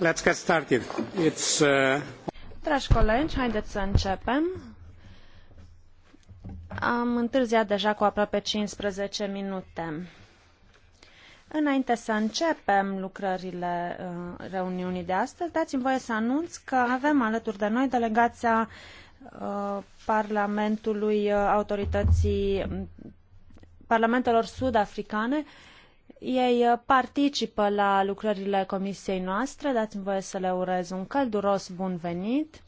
let's get started. It's, uh, Dragi colegi, haideți să începem. Am întârziat deja cu aproape 15 minute. Înainte să începem lucrările uh, reuniunii de astăzi, dați-mi voie să anunț că avem alături de noi delegația uh, Parlamentului Autorității mm, Parlamentelor Sud-Africane ei uh, participă la lucrările comisiei noastre, dați-mi voie să le urez un călduros bun venit.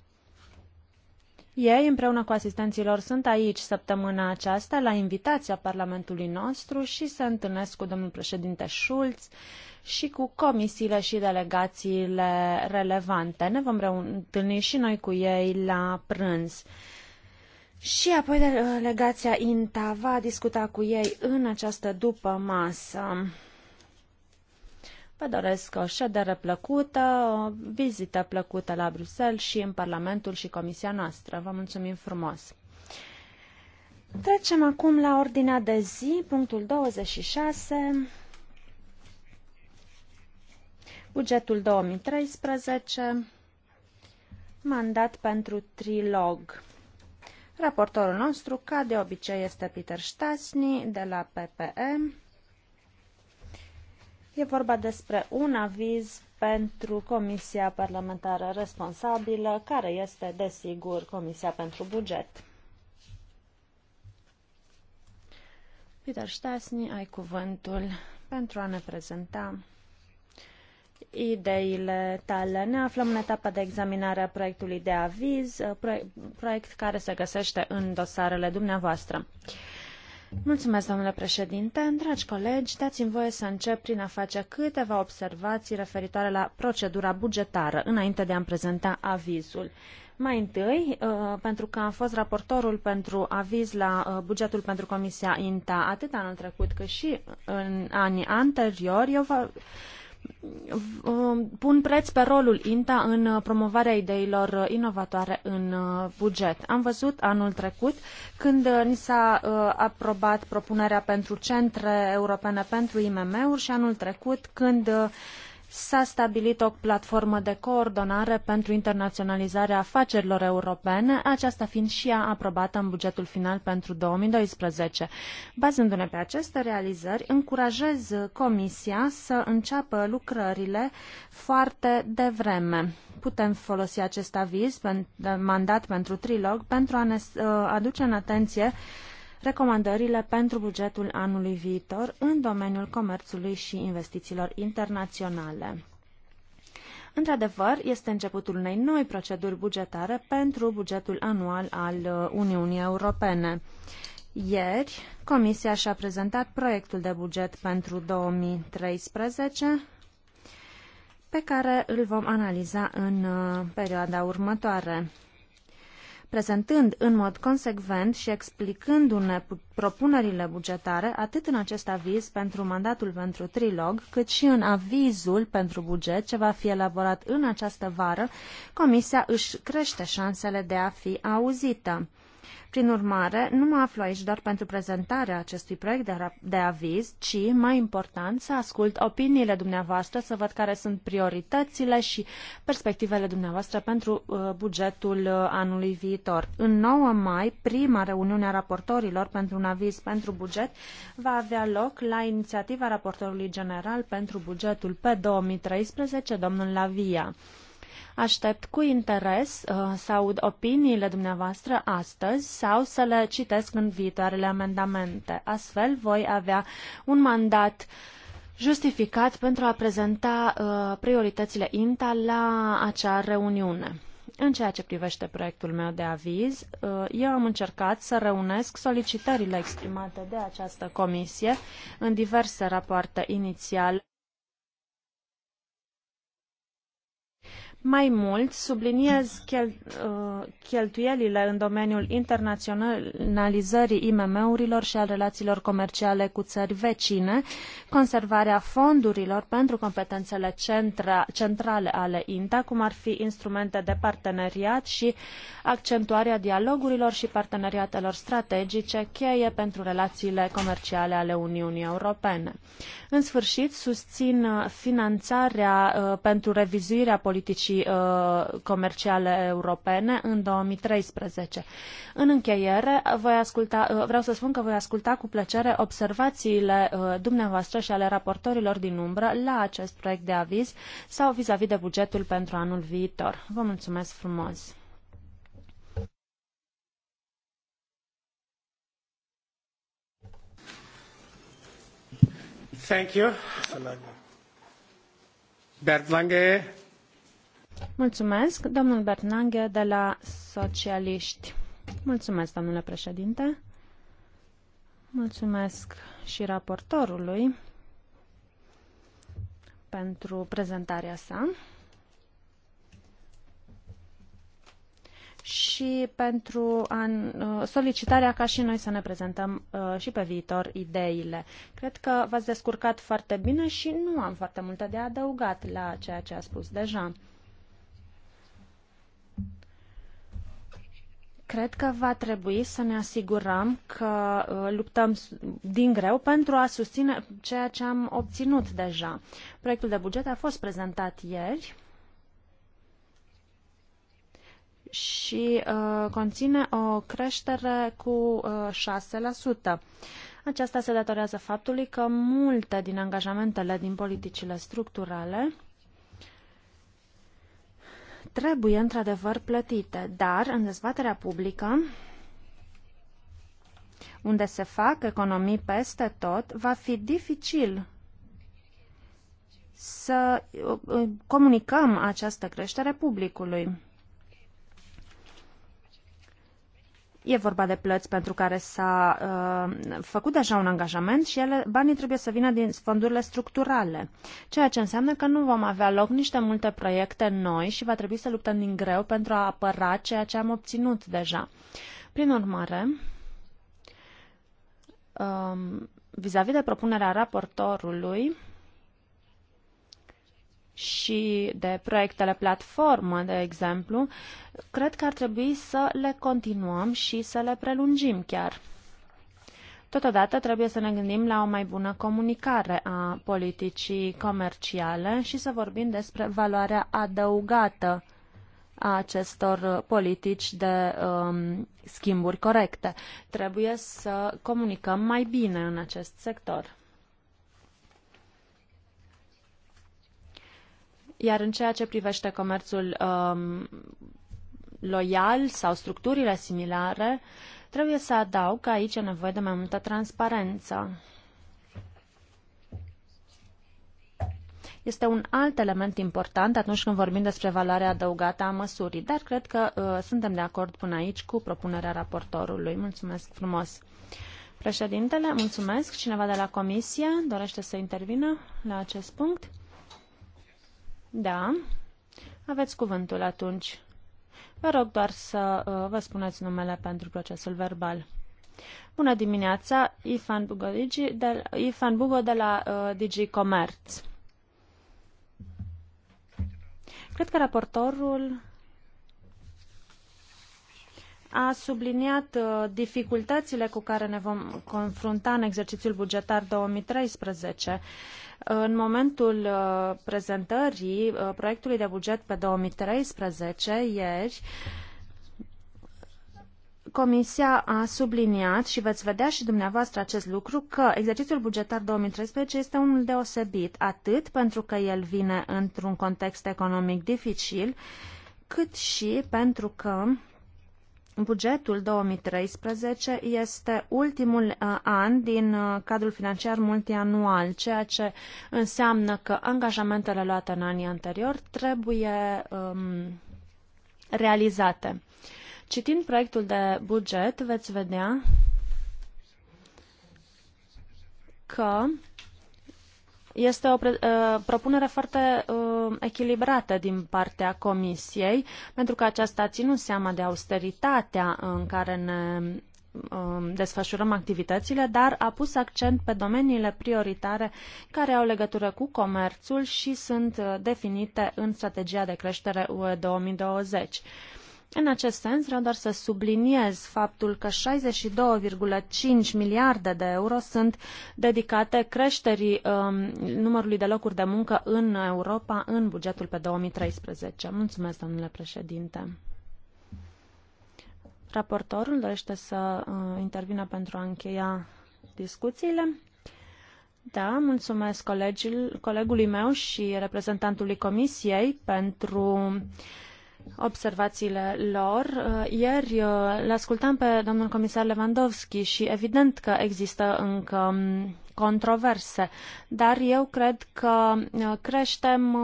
Ei, împreună cu asistenții lor, sunt aici săptămâna aceasta la invitația Parlamentului nostru și se întâlnesc cu domnul președinte Schulz și cu comisiile și delegațiile relevante. Ne vom întâlni și noi cu ei la prânz. Și apoi delegația uh, INTA va discuta cu ei în această după masă. Vă doresc o ședere plăcută, o vizită plăcută la Bruxelles și în Parlamentul și Comisia noastră. Vă mulțumim frumos! Trecem acum la ordinea de zi, punctul 26, bugetul 2013, mandat pentru trilog. Raportorul nostru, ca de obicei, este Peter Stasny de la PPM. E vorba despre un aviz pentru Comisia Parlamentară Responsabilă, care este, desigur, Comisia pentru Buget. Peter Stasny, ai cuvântul pentru a ne prezenta ideile tale. Ne aflăm în etapa de examinare a proiectului de aviz, uh, proiect care se găsește în dosarele dumneavoastră. Mulțumesc, domnule președinte. Dragi colegi, dați-mi voie să încep prin a face câteva observații referitoare la procedura bugetară, înainte de a-mi prezenta avizul. Mai întâi, uh, pentru că am fost raportorul pentru aviz la uh, bugetul pentru Comisia INTA atât anul trecut cât și în anii anteriori, eu vă Um, pun preț pe rolul INTA în uh, promovarea ideilor uh, inovatoare în uh, buget. Am văzut anul trecut când ni s-a aprobat propunerea pentru centre europene pentru IMM-uri și anul trecut când s-a stabilit o platformă de coordonare pentru internaționalizarea afacerilor europene, aceasta fiind și ea aprobată în bugetul final pentru 2012. Bazându-ne pe aceste realizări, încurajez Comisia să înceapă lucrările foarte devreme. Putem folosi acest aviz, mandat pentru trilog, pentru a ne uh, aduce în atenție recomandările pentru bugetul anului viitor în domeniul comerțului și investițiilor internaționale. Într-adevăr, este începutul unei noi proceduri bugetare pentru bugetul anual al Uniunii Europene. Ieri, Comisia și-a prezentat proiectul de buget pentru 2013, pe care îl vom analiza în uh, perioada următoare prezentând în mod consecvent și explicându-ne propunerile bugetare, atât în acest aviz pentru mandatul pentru trilog, cât și în avizul pentru buget ce va fi elaborat în această vară, Comisia își crește șansele de a fi auzită. Prin urmare, nu mă aflu aici doar pentru prezentarea acestui proiect de, de aviz, ci, mai important, să ascult opiniile dumneavoastră, să văd care sunt prioritățile și perspectivele dumneavoastră pentru uh, bugetul uh, anului viitor. În 9 mai, prima reuniune a raportorilor pentru un aviz pentru buget va avea loc la inițiativa raportorului general pentru bugetul pe 2013, domnul Lavia. Aștept cu interes uh, să aud opiniile dumneavoastră astăzi sau să le citesc în viitoarele amendamente. Astfel voi avea un mandat justificat pentru a prezenta uh, prioritățile INTA la acea reuniune. În ceea ce privește proiectul meu de aviz, uh, eu am încercat să reunesc solicitările exprimate de această comisie în diverse rapoarte inițiale Mai mult, subliniez chel, uh, cheltuielile în domeniul internaționalizării IMM-urilor și al relațiilor comerciale cu țări vecine, conservarea fondurilor pentru competențele centra, centrale ale INTA, cum ar fi instrumente de parteneriat și accentuarea dialogurilor și parteneriatelor strategice cheie pentru relațiile comerciale ale Uniunii Europene. În sfârșit, susțin uh, finanțarea uh, pentru revizuirea politicii și uh, comerciale europene în 2013. În încheiere, voi asculta, uh, vreau să spun că voi asculta cu plăcere observațiile uh, dumneavoastră și ale raportorilor din umbră la acest proiect de aviz sau vis-a-vis -vis de bugetul pentru anul viitor. Vă mulțumesc frumos! Thank you. Bert Lange Mulțumesc, domnul Bernanghe de la Socialiști. Mulțumesc, domnule președinte. Mulțumesc și raportorului pentru prezentarea sa și pentru an, uh, solicitarea ca și noi să ne prezentăm uh, și pe viitor ideile. Cred că v-ați descurcat foarte bine și nu am foarte multe de adăugat la ceea ce a spus deja. Cred că va trebui să ne asigurăm că uh, luptăm din greu pentru a susține ceea ce am obținut deja. Proiectul de buget a fost prezentat ieri și uh, conține o creștere cu uh, 6%. Aceasta se datorează faptului că multe din angajamentele din politicile structurale trebuie într-adevăr plătite, dar în dezbaterea publică, unde se fac economii peste tot, va fi dificil să uh, uh, comunicăm această creștere publicului. E vorba de plăți pentru care s-a uh, făcut deja un angajament și ele, banii trebuie să vină din fondurile structurale, ceea ce înseamnă că nu vom avea loc niște multe proiecte noi și va trebui să luptăm din greu pentru a apăra ceea ce am obținut deja. Prin urmare, um, vis-a-vis -vis de propunerea raportorului, și de proiectele platformă, de exemplu, cred că ar trebui să le continuăm și să le prelungim chiar. Totodată trebuie să ne gândim la o mai bună comunicare a politicii comerciale și să vorbim despre valoarea adăugată a acestor politici de um, schimburi corecte. Trebuie să comunicăm mai bine în acest sector. Iar în ceea ce privește comerțul um, loial sau structurile similare, trebuie să adaug că aici e nevoie de mai multă transparență. Este un alt element important atunci când vorbim despre valoarea adăugată a măsurii, dar cred că uh, suntem de acord până aici cu propunerea raportorului. Mulțumesc frumos! Președintele, mulțumesc. Cineva de la comisie dorește să intervină la acest punct? Da. Aveți cuvântul atunci. Vă rog doar să uh, vă spuneți numele pentru procesul verbal. Bună dimineața, Ifan Bugo, Digi, de, Ifan Bugo de la uh, Digi Comerț. Cred că raportorul a subliniat uh, dificultățile cu care ne vom confrunta în exercițiul bugetar 2013. Uh, în momentul uh, prezentării uh, proiectului de buget pe 2013, ieri, Comisia a subliniat și veți vedea și dumneavoastră acest lucru că exercițiul bugetar 2013 este unul deosebit, atât pentru că el vine într-un context economic dificil, cât și pentru că bugetul 2013 este ultimul uh, an din uh, cadrul financiar multianual, ceea ce înseamnă că angajamentele luate în anii anterior trebuie um, realizate. Citind proiectul de buget, veți vedea că este o uh, propunere foarte uh, echilibrată din partea Comisiei, pentru că aceasta a ținut seama de austeritatea în care ne um, desfășurăm activitățile, dar a pus accent pe domeniile prioritare care au legătură cu comerțul și sunt uh, definite în strategia de creștere UE 2020. În acest sens, vreau doar să subliniez faptul că 62,5 miliarde de euro sunt dedicate creșterii um, numărului de locuri de muncă în Europa în bugetul pe 2013. Mulțumesc, domnule președinte. Raportorul dorește să uh, intervină pentru a încheia discuțiile. Da, mulțumesc colegul colegului meu și reprezentantului Comisiei pentru uh, observațiile lor. Uh, ieri îl uh, ascultam pe domnul comisar Lewandowski și evident că există încă um, controverse, dar eu cred că uh, creștem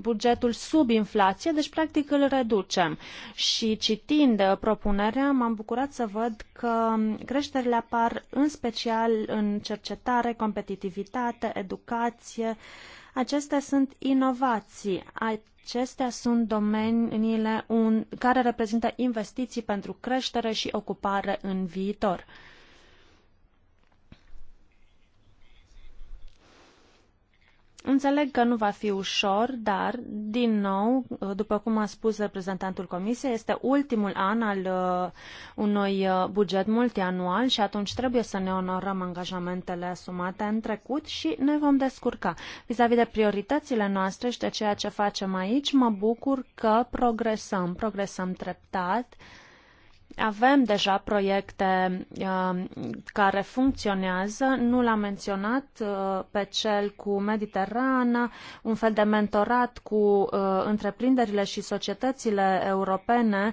bugetul sub inflație, deci practic îl reducem. Și citind propunerea, m-am bucurat să văd că um, creșterile apar în special în cercetare, competitivitate, educație, Acestea sunt inovații. Acestea sunt domeniile un, care reprezintă investiții pentru creștere și ocupare în viitor. Înțeleg că nu va fi ușor, dar, din nou, după cum a spus reprezentantul Comisiei, este ultimul an al uh, unui uh, buget multianual și atunci trebuie să ne onorăm angajamentele asumate în trecut și ne vom descurca. Vis-a-vis -vis de prioritățile noastre și de ceea ce facem aici, mă bucur că progresăm, progresăm treptat. Uh, avem deja proiecte uh, care funcționează, nu l-am menționat uh, pe cel cu Mediterana, un fel de mentorat cu uh, întreprinderile și societățile europene uh,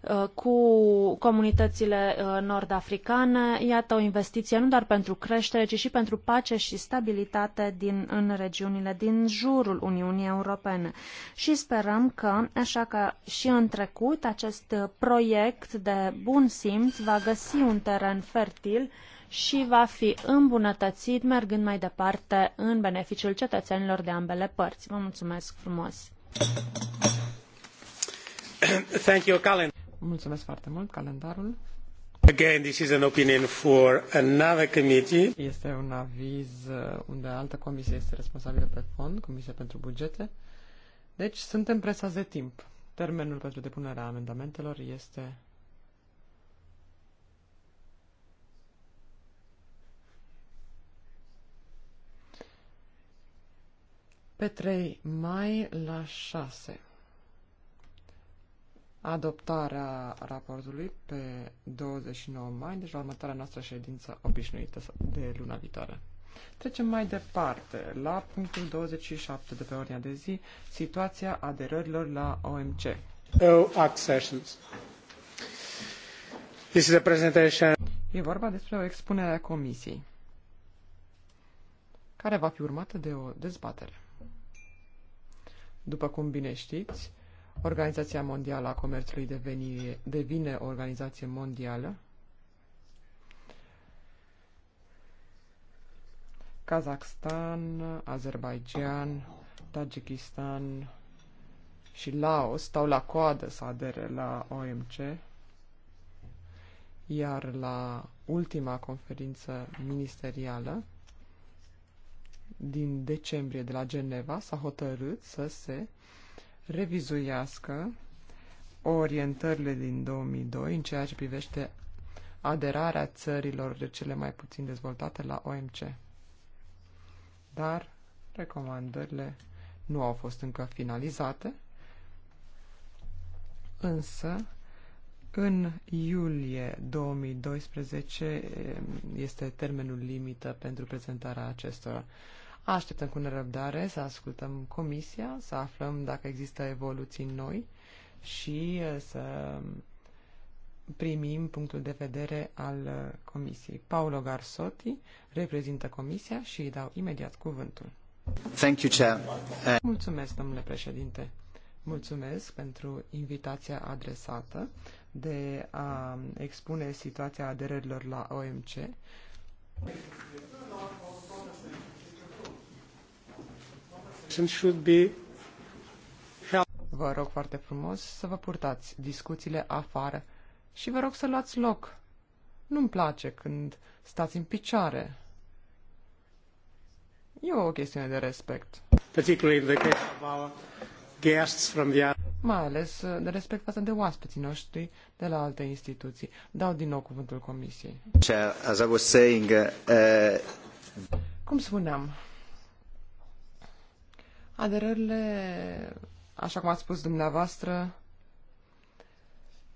Uh, cu comunitățile uh, nord-africane. Iată o investiție nu doar pentru creștere, ci și pentru pace și stabilitate din, în regiunile din jurul Uniunii Europene. Și sperăm că, așa ca și în trecut, acest uh, proiect de bun simț va găsi un teren fertil și va fi îmbunătățit mergând mai departe în beneficiul cetățenilor de ambele părți. Vă mulțumesc frumos! Thank you, Colin. Mulțumesc foarte mult. Calendarul. Again, this is an opinion for another committee. Este un aviz uh, unde altă comisie este responsabilă pe fond, Comisia pentru Bugete. Deci suntem presați de timp. Termenul pentru depunerea amendamentelor este pe 3 mai la 6 adoptarea raportului pe 29 mai, deci la următoarea noastră ședință obișnuită de luna viitoare. Trecem mai departe la punctul 27 de pe ordinea de zi, situația aderărilor la OMC. EU accessions. This is a presentation. E vorba despre o expunere a comisiei, care va fi urmată de o dezbatere. După cum bine știți, Organizația Mondială a Comerțului devine o organizație mondială. Kazakhstan, Azerbaijan, Tajikistan și Laos stau la coadă să adere la OMC, iar la ultima conferință ministerială din decembrie de la Geneva s-a hotărât să se revizuiască orientările din 2002 în ceea ce privește aderarea țărilor de cele mai puțin dezvoltate la OMC. Dar recomandările nu au fost încă finalizate, însă în iulie 2012 este termenul limită pentru prezentarea acestora. Așteptăm cu nerăbdare să ascultăm comisia, să aflăm dacă există evoluții noi și uh, să primim punctul de vedere al uh, comisiei. Paolo Garsotti reprezintă comisia și îi dau imediat cuvântul. Thank you, Chair. Uh, Mulțumesc, domnule președinte. Mulțumesc pentru invitația adresată de a um, expune situația aderărilor la OMC. Vă rog foarte frumos să vă purtați discuțiile afară și vă rog să luați loc. Nu-mi place când stați în picioare. E o chestiune de respect. Mai ales uh, de respect față de oaspeții noștri de la alte instituții. Dau din nou cuvântul comisiei. Uh, uh, Cum spuneam, Aderările, așa cum ați spus dumneavoastră,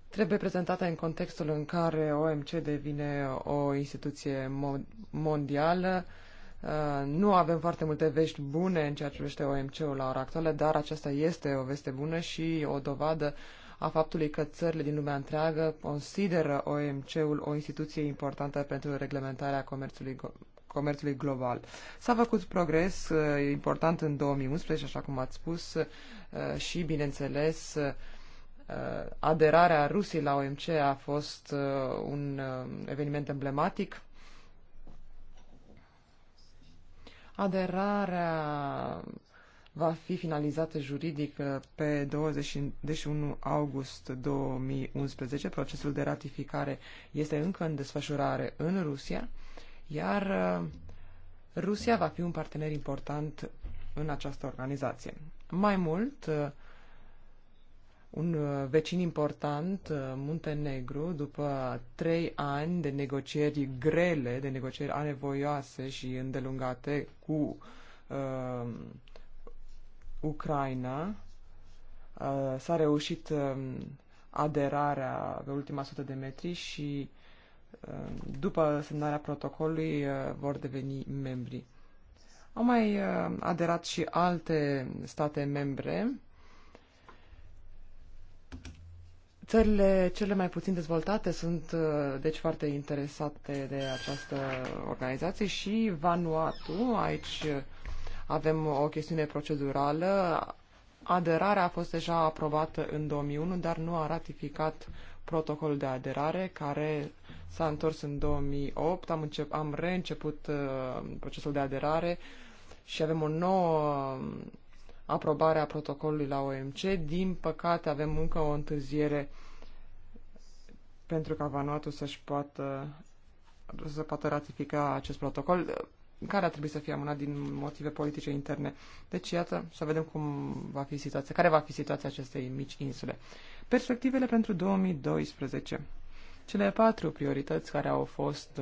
trebuie prezentate în contextul în care OMC devine o instituție mondială. Uh, nu avem foarte multe vești bune în ceea ce privește OMC-ul la ora actuală, dar aceasta este o veste bună și o dovadă a faptului că țările din lumea întreagă consideră OMC-ul o instituție importantă pentru reglementarea comerțului comerțului global. S-a făcut progres uh, important în 2011, așa cum ați spus, uh, și, bineînțeles, uh, aderarea Rusiei la OMC a fost un eveniment emblematic. Aderarea va fi finalizată juridic pe 21 deci, august 2011. Procesul de ratificare este încă în desfășurare în Rusia iar uh, Rusia va fi un partener important în această organizație. Mai mult, uh, un uh, vecin important, Muntenegru, după trei ani de negocieri grele, de negocieri anevoioase și îndelungate cu uh, Ucraina, uh, s-a reușit uh, aderarea pe ultima sută de metri și Uh, după semnarea protocolului, uh, vor deveni membri. Au mai uh, aderat și alte state membre. Țările cele mai puțin dezvoltate sunt deci foarte interesate de această organizație și Vanuatu, aici avem o chestiune procedurală. Aderarea a fost deja aprobată în 2001, dar nu a ratificat protocolul de aderare care s-a întors în 2008, am, încep, am reînceput uh, procesul de aderare și avem o nouă um, aprobare a protocolului la OMC. Din păcate avem încă o întârziere pentru ca Vanuatu să-și poată, să poată ratifica acest protocol uh, care ar trebui să fie amânat din motive politice interne. Deci, iată, să vedem cum va fi situația, care va fi situația acestei mici insule. Perspectivele pentru 2012. Cele patru priorități care au fost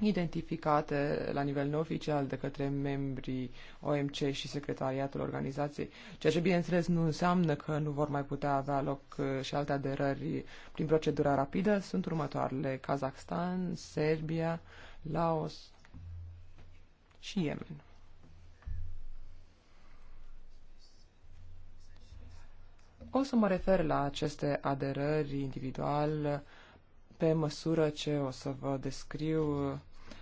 identificate la nivel neoficial de către membrii OMC și secretariatul organizației, ceea ce bineînțeles nu înseamnă că nu vor mai putea avea loc uh, și alte aderări prin procedura rapidă, sunt următoarele Kazakhstan, Serbia, Laos și Yemen. O să mă refer la aceste aderări individuale pe măsură ce o să vă descriu uh,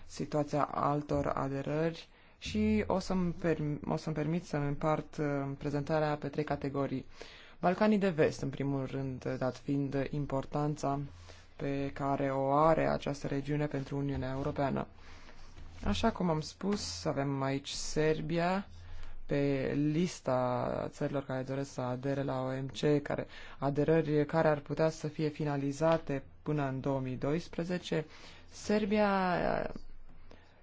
situația altor aderări și o să-mi, perm- o să-mi permit să-mi împart uh, prezentarea pe trei categorii. Balcanii de vest, în primul rând, uh, dat fiind importanța pe care o are această regiune pentru Uniunea Europeană. Așa cum am spus, avem aici Serbia, pe lista țărilor care doresc să adere la OMC, care, aderări care ar putea să fie finalizate până în 2012, Serbia eh,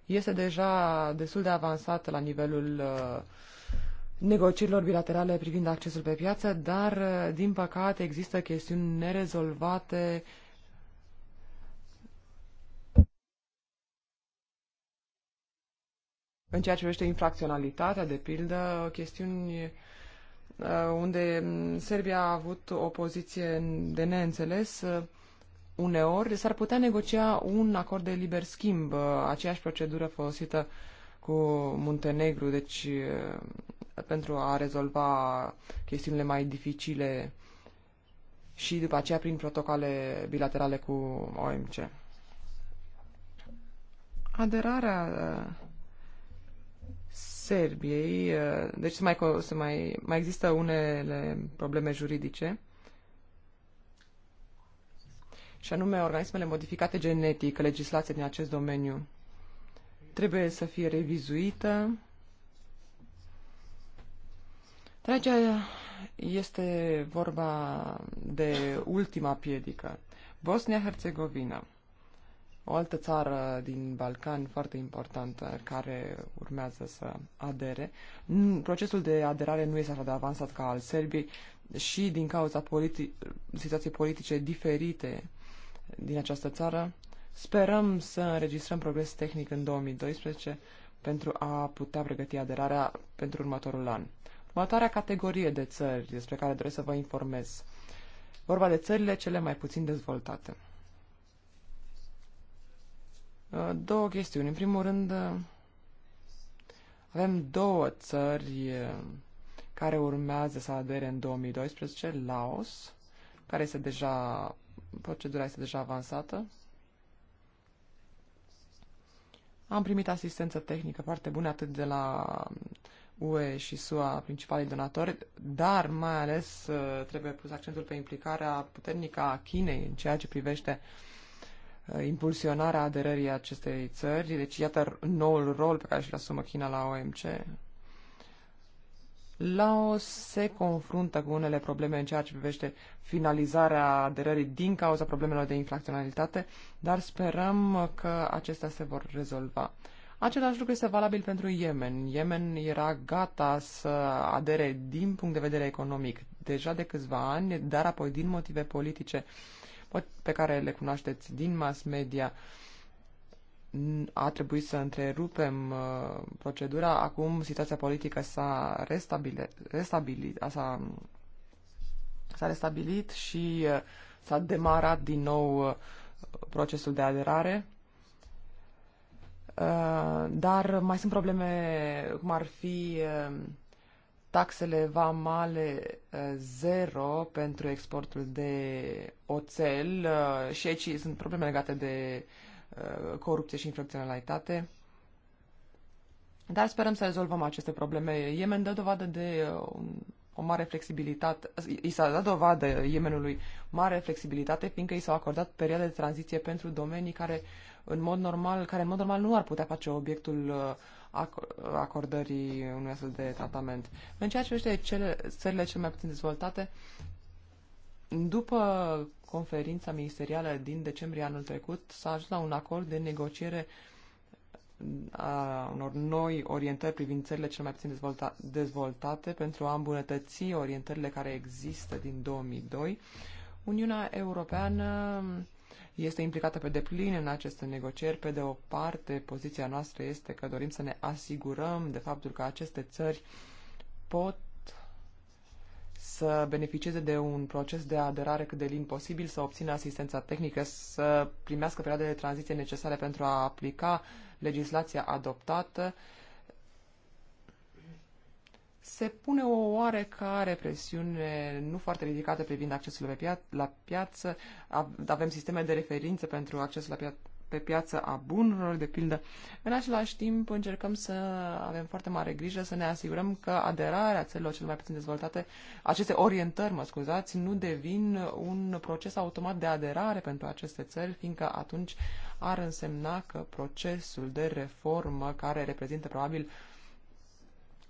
este deja destul de avansată la nivelul eh, negocierilor bilaterale privind accesul pe piață, dar, eh, din păcate, există chestiuni nerezolvate În ceea ce privește infracționalitatea, de pildă, chestiuni uh, unde mm, Serbia a avut o poziție de neînțeles, uh, uneori s-ar putea negocia un acord de liber schimb, uh, aceeași procedură folosită cu Muntenegru, deci pentru a rezolva chestiunile mai dificile și după aceea prin protocoale bilaterale cu OMC. Aderarea Serbiei, uh, deci se mai, se mai, mai există unele probleme juridice, și anume organismele modificate genetic, legislația din acest domeniu trebuie să fie revizuită. Dragi, este vorba de ultima piedică. Bosnia-Herzegovina o altă țară din Balcani foarte importantă care urmează să adere. Procesul de aderare nu este așa de avansat ca al Serbiei și din cauza politi- situației politice diferite din această țară, sperăm să înregistrăm progres tehnic în 2012 pentru a putea pregăti aderarea pentru următorul an. Următoarea categorie de țări despre care doresc să vă informez. Vorba de țările cele mai puțin dezvoltate. Uh, două chestiuni. În primul rând, uh, avem două țări uh, care urmează să adere în 2012, Laos, care este deja, procedura este deja avansată. Am primit asistență tehnică foarte bună atât de la UE um, și SUA, principalii donatori, dar mai ales trebuie pus accentul pe implicarea puternică a Chinei în ceea ce privește uh, Uh, impulsionarea aderării acestei țări. Deci, iată noul rol pe care și-l asumă China la OMC. Laos se confruntă cu unele probleme în ceea ce privește finalizarea aderării din cauza problemelor de infracționalitate, dar sperăm că acestea se vor rezolva. Același lucru este valabil pentru Yemen. Yemen era gata să adere din punct de vedere economic deja de câțiva ani, dar apoi din motive politice uh, pe care le cunoașteți din mass media. A trebuit să întrerupem uh, procedura. Acum situația politică s-a restabilit, s-a, restabilit și uh, s-a demarat din nou uh, procesul de aderare dar mai sunt probleme cum ar fi taxele vamale uh, zero pentru exportul de oțel uh, și aici sunt probleme legate de uh, corupție și infracționalitate. Dar sperăm să rezolvăm aceste probleme. Yemen dă dovadă de o mare flexibilitate, i s-a dat dovadă Yemenului mare flexibilitate, fiindcă i s-au acordat perioade de tranziție pentru domenii care în mod normal, care în mod normal nu ar putea face obiectul uh, acordării unui astfel de tratament. În ceea ce vește cele, țările cele mai puțin dezvoltate, după conferința ministerială din decembrie anul trecut, s-a ajuns la un acord de negociere a unor noi orientări privind țările cele mai puțin dezvolta, dezvoltate pentru a îmbunătăți orientările care există din 2002. Uniunea Europeană este implicată pe deplin în aceste negocieri. Pe de o parte, poziția noastră este că dorim să ne asigurăm de faptul că aceste țări pot să beneficieze de un proces de aderare cât de lin posibil, să obțină asistența tehnică, să primească perioadele de tranziție necesare pentru a aplica legislația adoptată uh, se pune o oarecare presiune nu foarte ridicată privind accesul pe pia- la piață. Avem sisteme de referință pentru accesul la piață pe piață a bunurilor, de pildă. În același timp, încercăm să avem foarte mare grijă să ne asigurăm că aderarea țărilor cel mai puțin dezvoltate, aceste orientări, mă scuzați, nu devin un proces automat de aderare pentru aceste țări, fiindcă atunci ar însemna că procesul de reformă, care reprezintă probabil uh,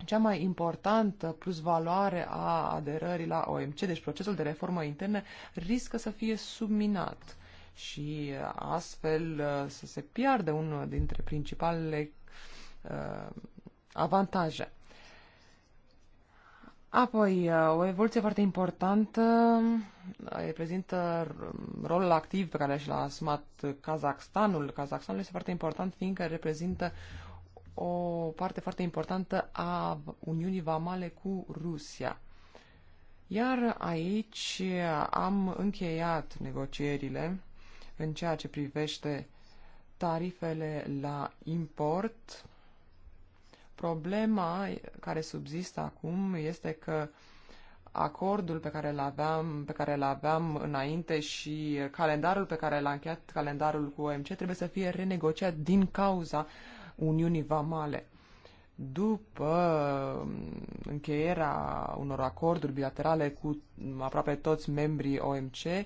cea mai importantă plus valoare a aderării la OMC, deci procesul de reformă interne, riscă să fie subminat și astfel uh, să se piardă unul dintre principalele uh, avantaje. Apoi, uh, o evoluție foarte importantă uh, reprezintă rolul activ pe care și l-a asumat Kazakhstanul. Kazakhstanul este foarte important fiindcă reprezintă uh, o parte foarte importantă a Uniunii Vamale cu Rusia. Iar aici am încheiat negocierile în ceea ce privește tarifele la import. Problema care subzistă acum este că acordul pe care l aveam, pe care îl aveam înainte și calendarul pe care l-a încheiat calendarul cu OMC trebuie să fie renegociat din cauza uh, Uniunii Vamale. După um, încheierea unor acorduri bilaterale cu um, aproape toți membrii OMC,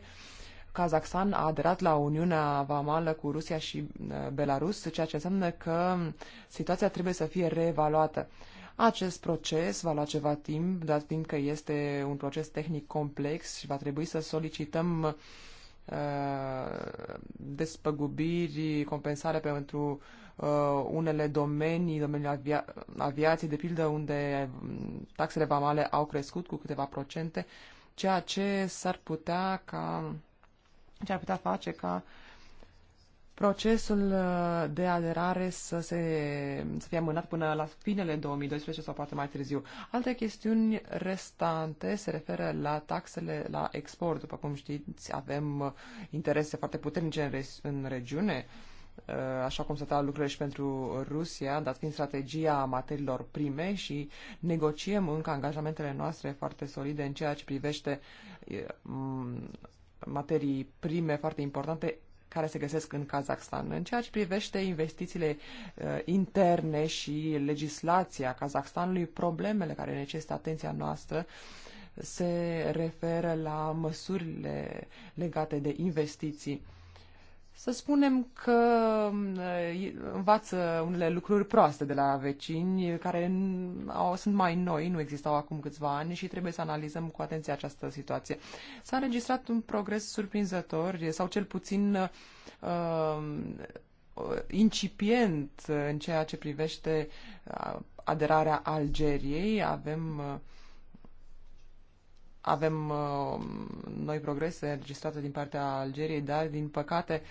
Kazakhstan a aderat la Uniunea Vamală cu Rusia și uh, Belarus, ceea ce înseamnă că um, situația trebuie să fie reevaluată. Acest proces va lua ceva timp, dat fiindcă este un proces tehnic complex și va trebui să solicităm Uh, despăgubiri, compensare pentru uh, unele domenii, domeniul avia- aviației, de pildă, unde mm, taxele vamale au crescut cu câteva procente, ceea ce s-ar putea ca ce ar putea face ca procesul uh, de aderare să, se, să fie amânat până la finele 2012 sau poate mai târziu. Alte chestiuni restante se referă la taxele la export. După cum știți, avem uh, interese foarte puternice în, re- în regiune, uh, așa cum stau lucrurile și pentru Rusia, dat fiind strategia materiilor prime și negociem încă angajamentele noastre foarte solide în ceea ce privește materii prime foarte importante care se găsesc în Kazakhstan. În ceea ce privește investițiile uh, interne și legislația Kazakhstanului, problemele care necesită atenția noastră se referă la măsurile legate de investiții să spunem că mm, învață unele lucruri proaste de la vecini care au, sunt mai noi, nu existau acum câțiva ani și trebuie să analizăm cu atenție această situație. S-a înregistrat un progres surprinzător sau cel puțin uh, incipient în ceea ce privește aderarea Algeriei. Avem uh, avem uh, noi progrese înregistrate din partea Algeriei, dar, din păcate,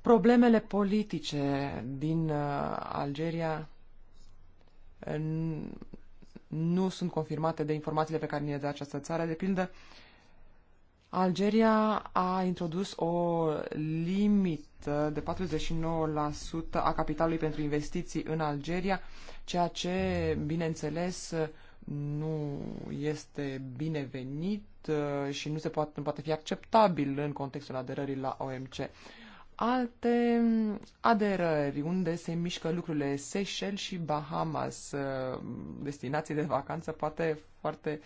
problemele politice din uh, Algeria nu sunt confirmate de informațiile pe care ne le dă această țară. De pildă, Algeria a introdus o limită de 49% a capitalului pentru investiții în Algeria, ceea ce, bineînțeles, uh, nu este binevenit uh, și nu se poate, nu poate fi acceptabil în contextul aderării la OMC. Alte aderări unde se mișcă lucrurile, Seychelles și Bahamas, uh, destinații de vacanță poate foarte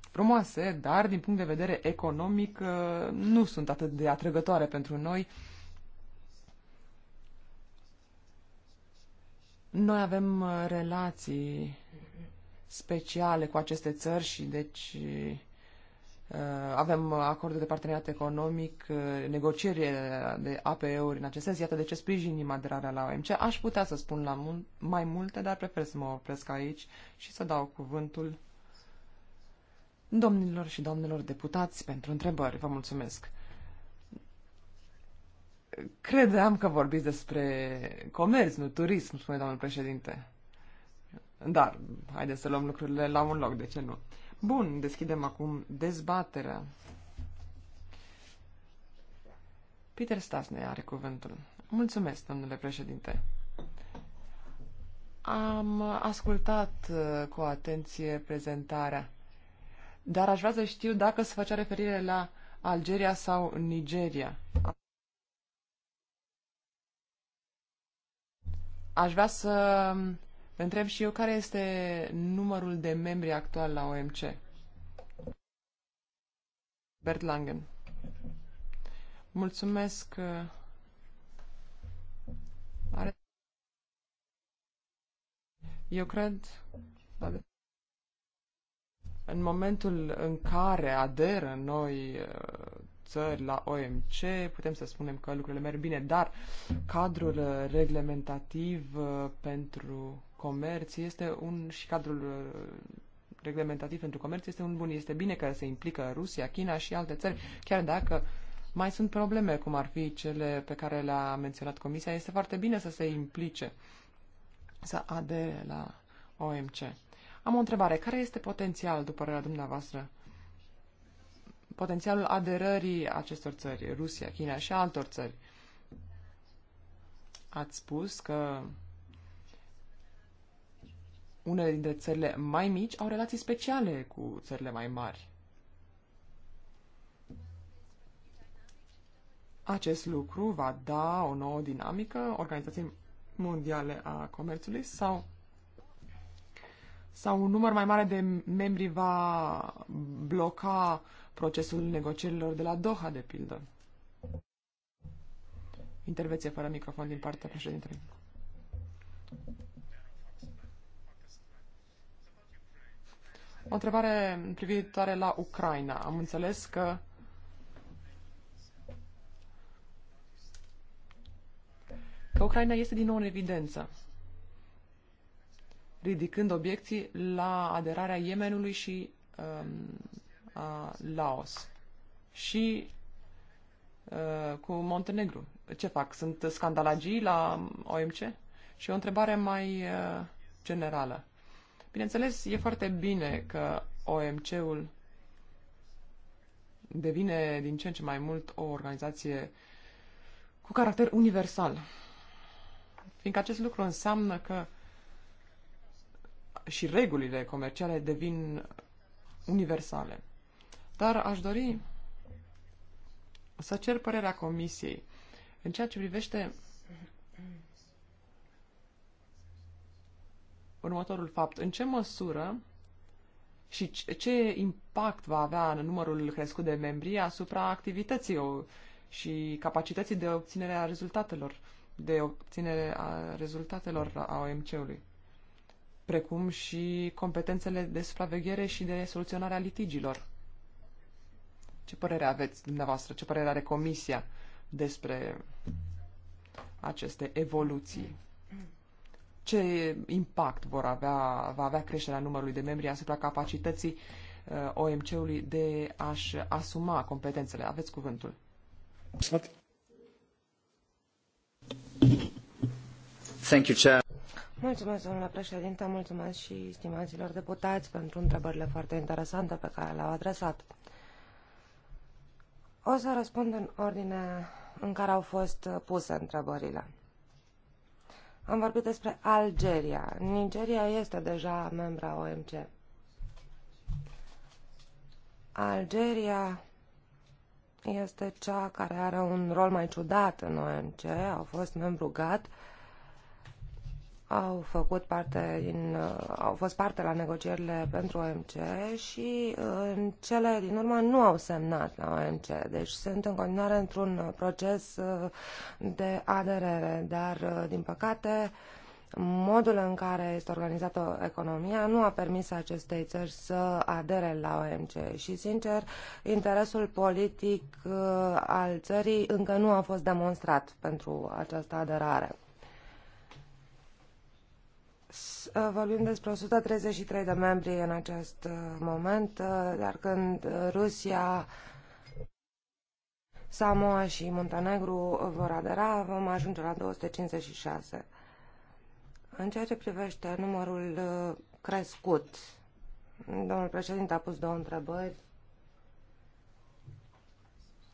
frumoase, dar din punct de vedere economic uh, nu sunt atât de atrăgătoare pentru noi. Noi avem relații speciale cu aceste țări și deci uh, avem acorduri de parteneriat economic, uh, negocieri uh, de APE-uri în acest sens. Iată de ce sprijinim aderarea la OMC. Aș putea să spun la mul- mai multe, dar prefer să mă opresc aici și să dau cuvântul domnilor și domnilor deputați pentru întrebări. Vă mulțumesc! Credeam că vorbiți despre comerț, nu turism, spune domnul președinte. Dar, haideți să luăm lucrurile la un loc, de ce nu? Bun, deschidem acum dezbaterea. Peter Stasne are cuvântul. Mulțumesc, domnule președinte. Am ascultat uh, cu atenție prezentarea, dar aș vrea să știu dacă se făcea referire la Algeria sau Nigeria. Aș vrea să întreb și eu care este numărul de membri actual la OMC. Bert Langen. Mulțumesc. Uh, are... Eu cred, în momentul în care aderă noi uh, țări la OMC, putem să spunem că lucrurile merg bine, dar cadrul uh, reglementativ pentru comerț este un și cadrul uh, reglementativ pentru comerț este un bun. Este bine că se implică Rusia, China și alte țări, chiar dacă mai sunt probleme, cum ar fi cele pe care le-a menționat Comisia. Este foarte bine să se implice, să adere la OMC. Am o întrebare. Care este potențial, după părerea dumneavoastră, potențialul aderării acestor țări, Rusia, China și altor țări? Ați spus că unele dintre țările mai mici au relații speciale cu țările mai mari. Acest lucru va da o nouă dinamică Organizației Mondiale a Comerțului sau, sau un număr mai mare de membri va bloca procesul negocierilor de la Doha, de pildă. Intervenție fără microfon din partea președintelui. O întrebare privitoare la Ucraina. Am înțeles că că Ucraina este din nou în evidență, ridicând obiecții la aderarea Yemenului și um, a Laos și uh, cu Montenegru. Ce fac? Sunt scandalagii la OMC? Și o întrebare mai uh, generală. Bineînțeles, e foarte bine că OMC-ul devine din ce în ce mai mult o organizație cu caracter universal. Fiindcă acest lucru înseamnă că și regulile comerciale devin universale. Dar aș dori să cer părerea Comisiei în ceea ce privește următorul fapt. În ce măsură și ce impact va avea în numărul crescut de membri asupra activității și capacității de obținere a rezultatelor, de obținere a rezultatelor a OMC-ului, precum și competențele de supraveghere și de soluționare a litigilor. Ce părere aveți dumneavoastră? Ce părere are Comisia despre aceste evoluții? ce impact vor avea, va avea creșterea numărului de membri asupra capacității uh, OMC-ului de a-și asuma competențele. Aveți cuvântul. Thank you, Chair. Mulțumesc, domnule președinte, mulțumesc și stimaților deputați pentru întrebările foarte interesante pe care le-au adresat. O să răspund în ordine în care au fost puse întrebările. Am vorbit despre Algeria. Nigeria este deja membra OMC. Algeria este cea care are un rol mai ciudat în OMC, au fost membru GATT, au făcut parte din, uh, au fost parte la negocierile pentru OMC și uh, în cele din urmă nu au semnat la OMC. Deci sunt în continuare într-un uh, proces de aderere, dar din păcate modul în care este organizată economia nu a permis acestei țări să adere la OMC și, sincer, interesul politic al țării încă nu a fost demonstrat pentru această aderare vorbim despre 133 de membri în acest uh, moment, uh, dar când Rusia, Samoa și Muntenegru vor adera, vom ajunge la 256. În ceea ce privește numărul uh, crescut, domnul președinte a pus două întrebări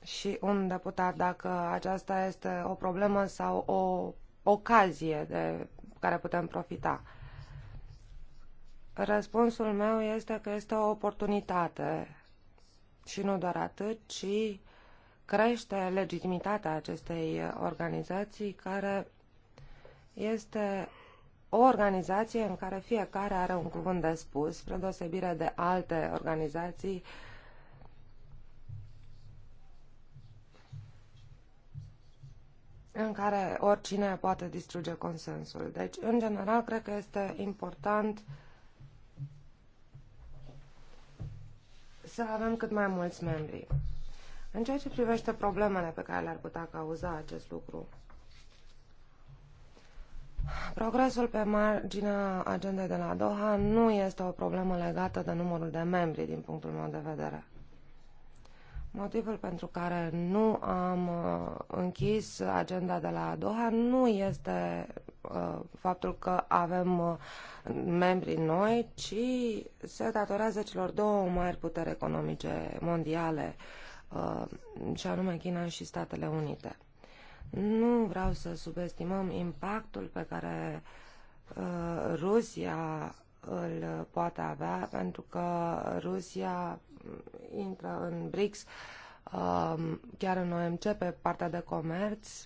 și un deputat dacă aceasta este o problemă sau o ocazie de care putem profita. Răspunsul meu este că este o oportunitate și nu doar atât, ci crește legitimitatea acestei organizații care este o organizație în care fiecare are un cuvânt de spus, spre deosebire de alte organizații uh, în care oricine poate distruge consensul. Deci, în general, cred că este important să avem cât mai mulți membri. În ceea ce privește problemele pe care le-ar putea cauza acest lucru, progresul pe marginea agendei de la Doha nu este o problemă legată de numărul de membri, din punctul meu de vedere. Motivul pentru care nu am uh, închis agenda de la Doha nu este uh, faptul că avem uh, membri noi, ci se datorează celor două mari puteri economice mondiale, și anume China și Statele Unite. Nu vreau să subestimăm impactul pe care Rusia îl poate avea, pentru că Rusia intră în BRICS, um, chiar în OMC, pe partea de comerț.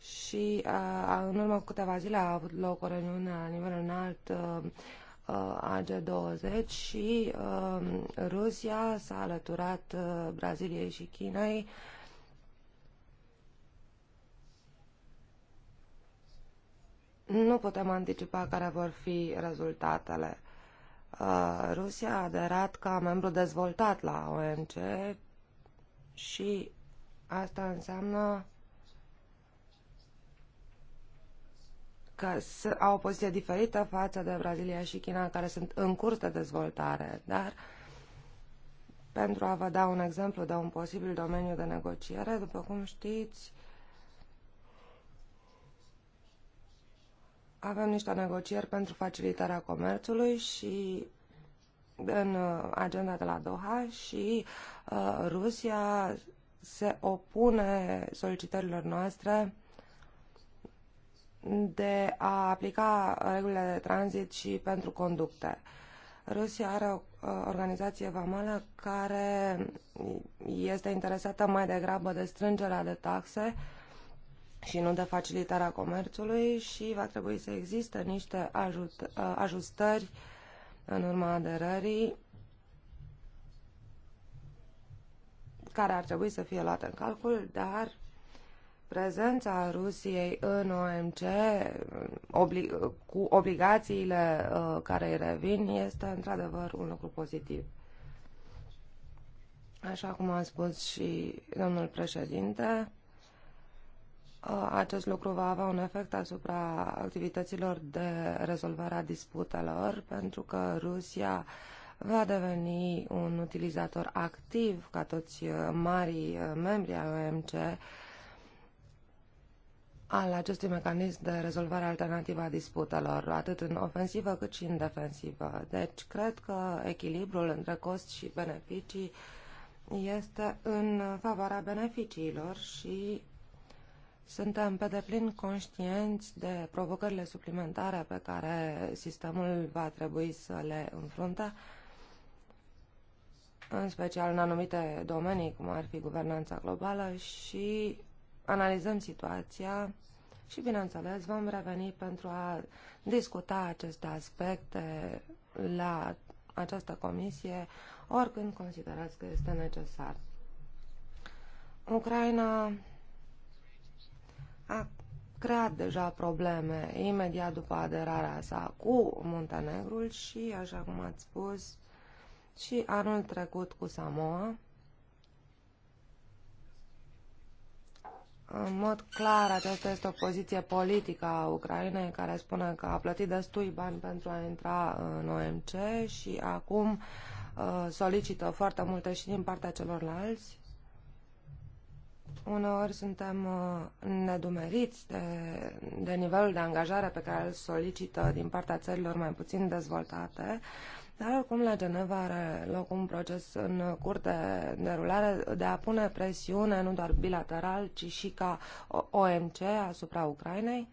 Și uh, în urmă cu câteva zile a avut loc o reuniune la nivel înalt uh, uh, AG20 și um, Rusia s-a alăturat Braziliei și Chinei nu putem anticipa care vor fi rezultatele. Uh, Rusia a aderat ca membru dezvoltat la OMC și asta înseamnă că au o poziție diferită față de Brazilia și China, care sunt în curs de dezvoltare, dar pentru a vă da un exemplu de un posibil domeniu de negociere, după cum știți, avem niște negocieri pentru facilitarea comerțului și în uh, agenda de la Doha și uh, Rusia se opune solicitărilor noastre de a aplica regulile de tranzit și pentru conducte. Rusia are o uh, organizație vamală care este interesată mai degrabă de strângerea de taxe uh, și nu de facilitarea comerțului și va trebui să existe niște ajut, ajustări în urma aderării care ar trebui să fie luate în calcul, dar prezența Rusiei în OMC obli cu obligațiile uh, care îi revin este într-adevăr un lucru pozitiv. Așa cum a spus și domnul președinte, Uh, acest lucru va avea un efect asupra activităților de rezolvare a disputelor, pentru că Rusia va deveni un utilizator activ, ca toți uh, marii uh, membri ai OMC, al acestui mecanism de rezolvare alternativă a disputelor, atât în ofensivă cât și în defensivă. Deci, cred că echilibrul între cost și beneficii este în favoarea beneficiilor și suntem pe deplin conștienți de provocările suplimentare pe care sistemul va trebui să le înfrunte, în special în anumite domenii, cum ar fi guvernanța globală, și analizăm situația și, bineînțeles, vom reveni pentru a discuta aceste aspecte la această comisie oricând considerați că este necesar. Ucraina a creat deja probleme imediat după aderarea sa cu Muntenegrul și, așa cum ați spus, și anul trecut cu Samoa. În mod clar, aceasta este o poziție politică a Ucrainei care spune că a plătit destui bani pentru a intra în OMC și acum uh, solicită foarte multe și din partea celorlalți Uneori suntem uh, nedumeriți de, de nivelul de angajare pe care îl solicită din partea țărilor mai puțin dezvoltate, dar oricum la Geneva are loc un proces în curte de rulare, de a pune presiune nu doar bilateral, ci și ca OMC asupra Ucrainei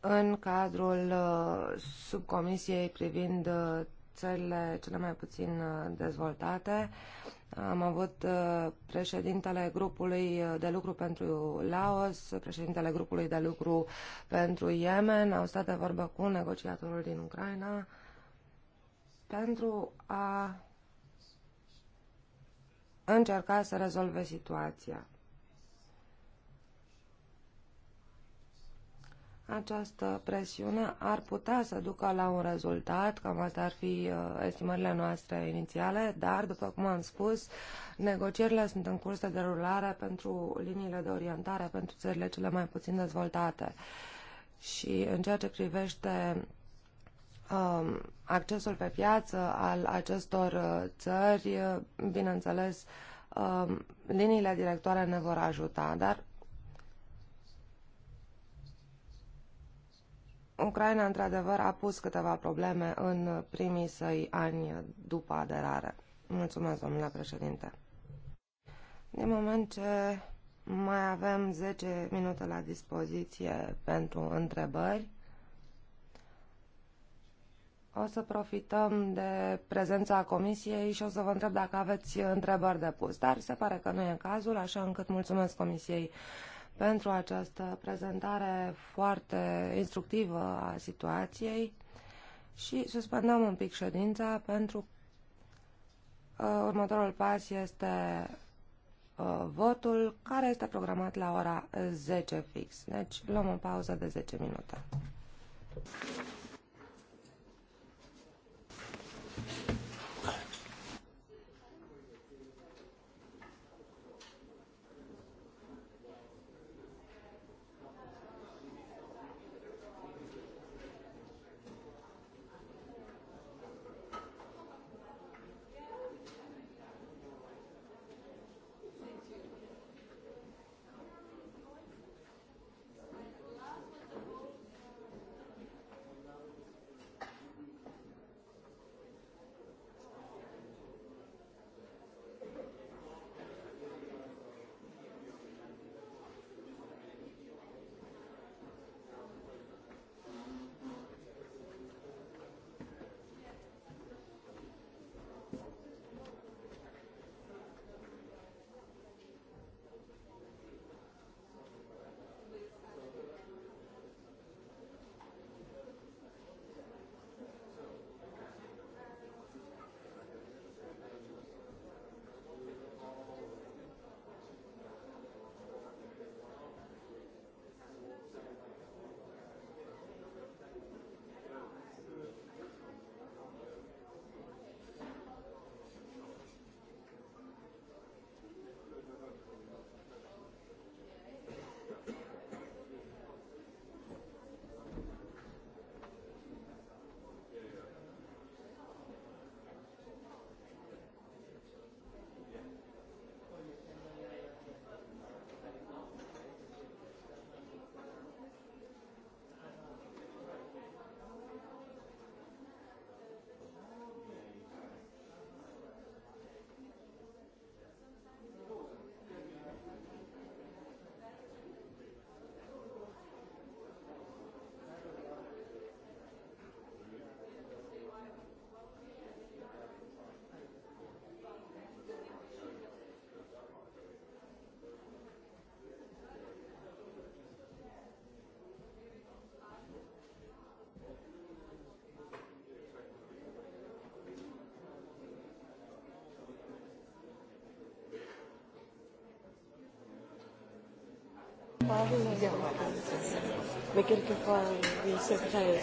în cadrul uh, subcomisiei privind uh, țările cele mai puțin dezvoltate am avut uh, președintele grupului uh, de lucru pentru Laos, președintele grupului de lucru pentru Yemen, au stat de vorbă cu negociatorul din Ucraina pentru a încerca să rezolve situația. această presiune ar putea să ducă la un rezultat, cam asta ar fi uh, estimările noastre inițiale, dar, după cum am spus, negocierile sunt în curs de derulare pentru liniile de orientare pentru țările cele mai puțin dezvoltate. Și în ceea ce privește uh, accesul pe piață al acestor uh, țări, uh, bineînțeles, uh, liniile directoare ne vor ajuta, dar Ucraina, într-adevăr, a pus câteva probleme în primii săi ani după aderare. Mulțumesc, domnule președinte. Din moment ce mai avem 10 minute la dispoziție pentru întrebări, o să profităm de prezența comisiei și o să vă întreb dacă aveți întrebări de pus, dar se pare că nu e cazul, așa încât mulțumesc comisiei pentru această prezentare foarte instructivă a situației și suspendăm un pic ședința pentru uh, următorul pas este uh, votul care este programat la ora 10 fix. Deci luăm o pauză de 10 minute. Mais quelquefois, oui, c'est vrai.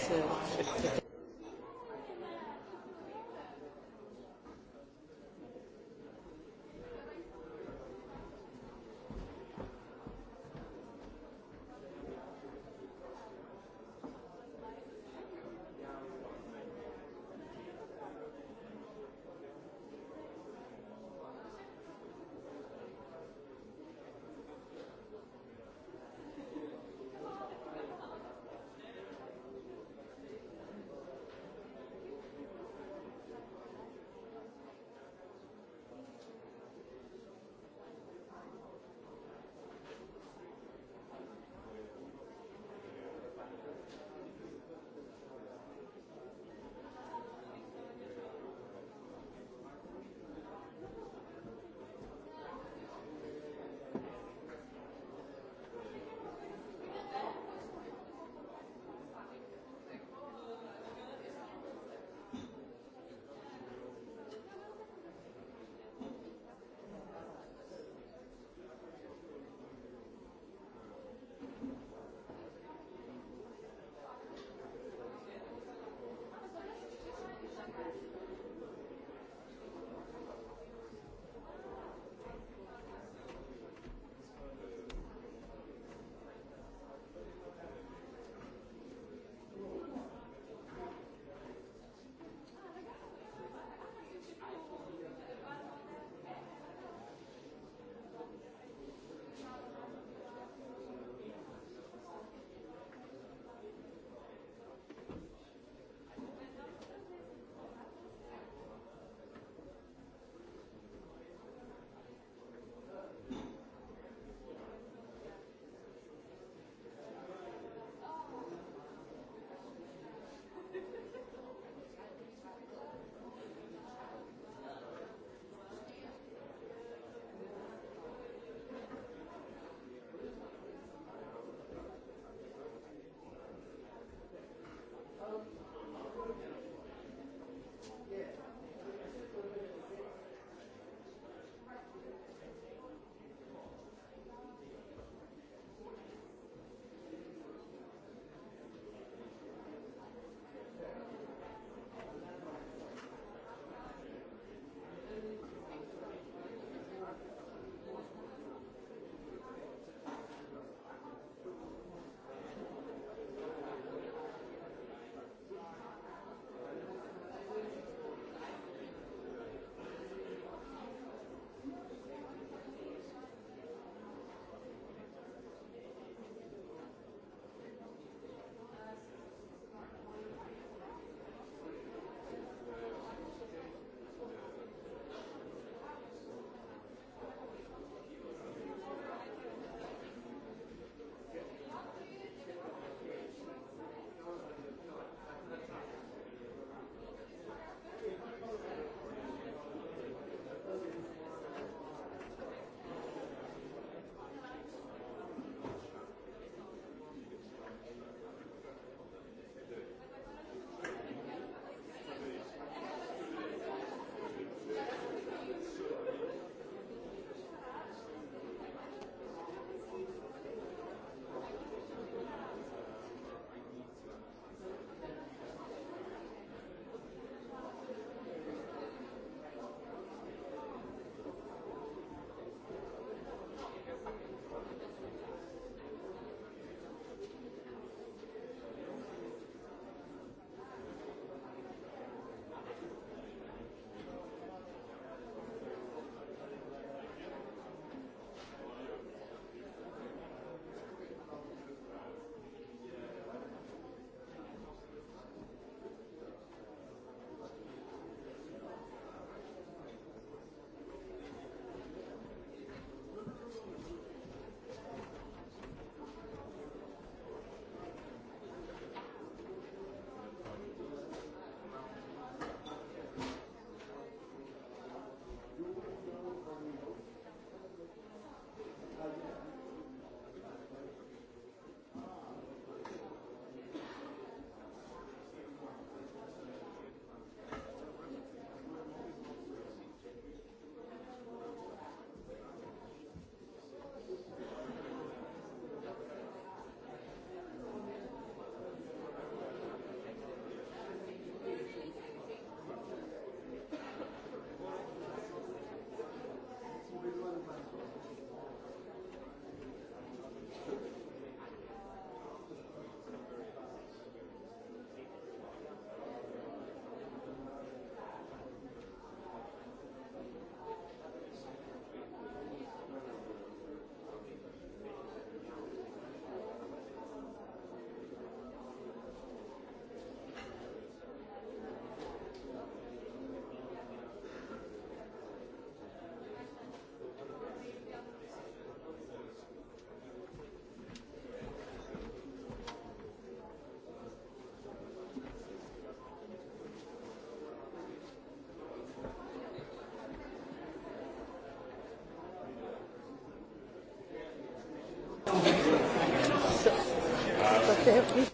Este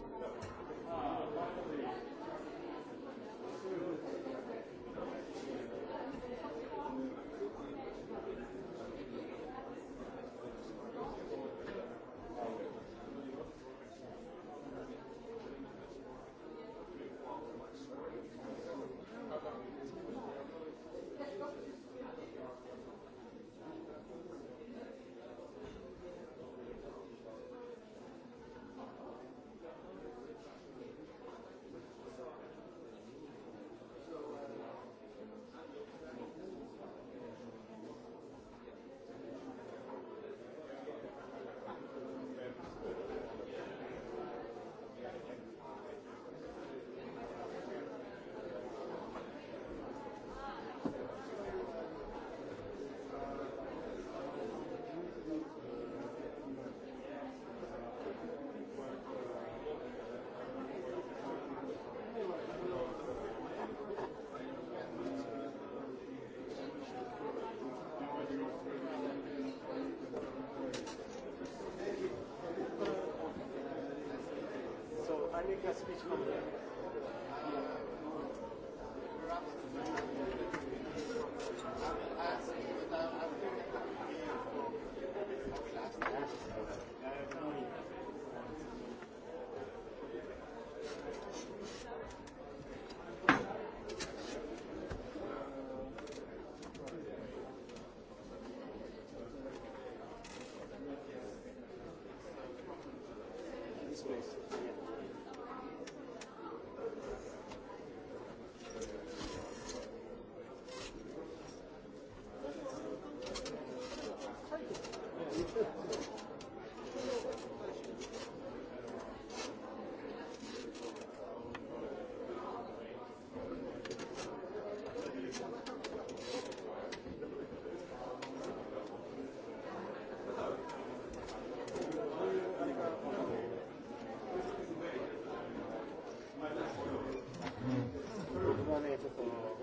das nicht komplett. uh,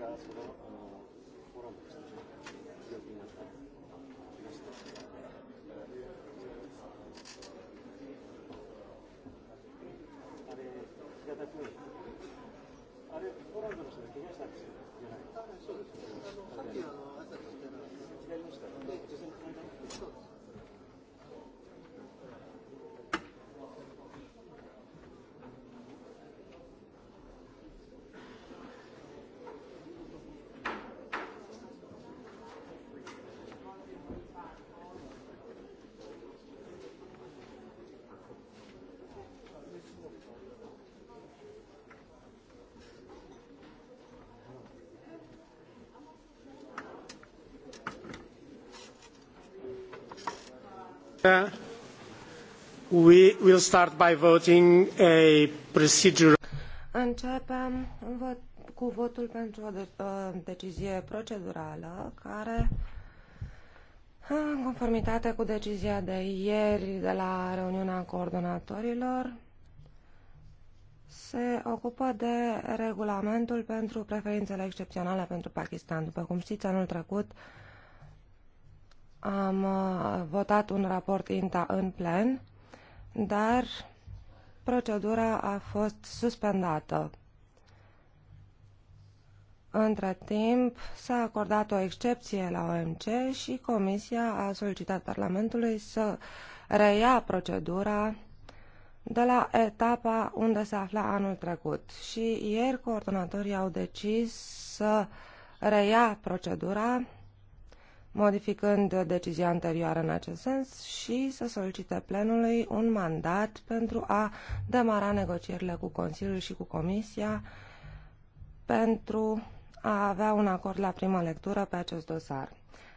がそのあのフォローの人たちの強気になった話です。あれ、平田君、あれ、ポーランドの人が怪我したんですよ。じゃない。あ、そうです。さっきあの Începem cu votul pentru o decizie procedurală care în conformitate cu decizia de ieri de la reuniunea coordonatorilor se ocupă de regulamentul pentru preferințele excepționale pentru Pakistan. După cum știți, anul trecut am uh, votat un raport INTA în plen, dar procedura a fost suspendată. Între timp, s-a acordat o excepție la OMC și Comisia a solicitat Parlamentului să reia procedura de la etapa unde se afla anul trecut. Și ieri coordonatorii au decis să reia procedura modificând decizia anterioară în acest sens și să solicite plenului un mandat pentru a demara negocierile cu Consiliul și cu Comisia pentru a avea un acord la prima lectură pe acest dosar.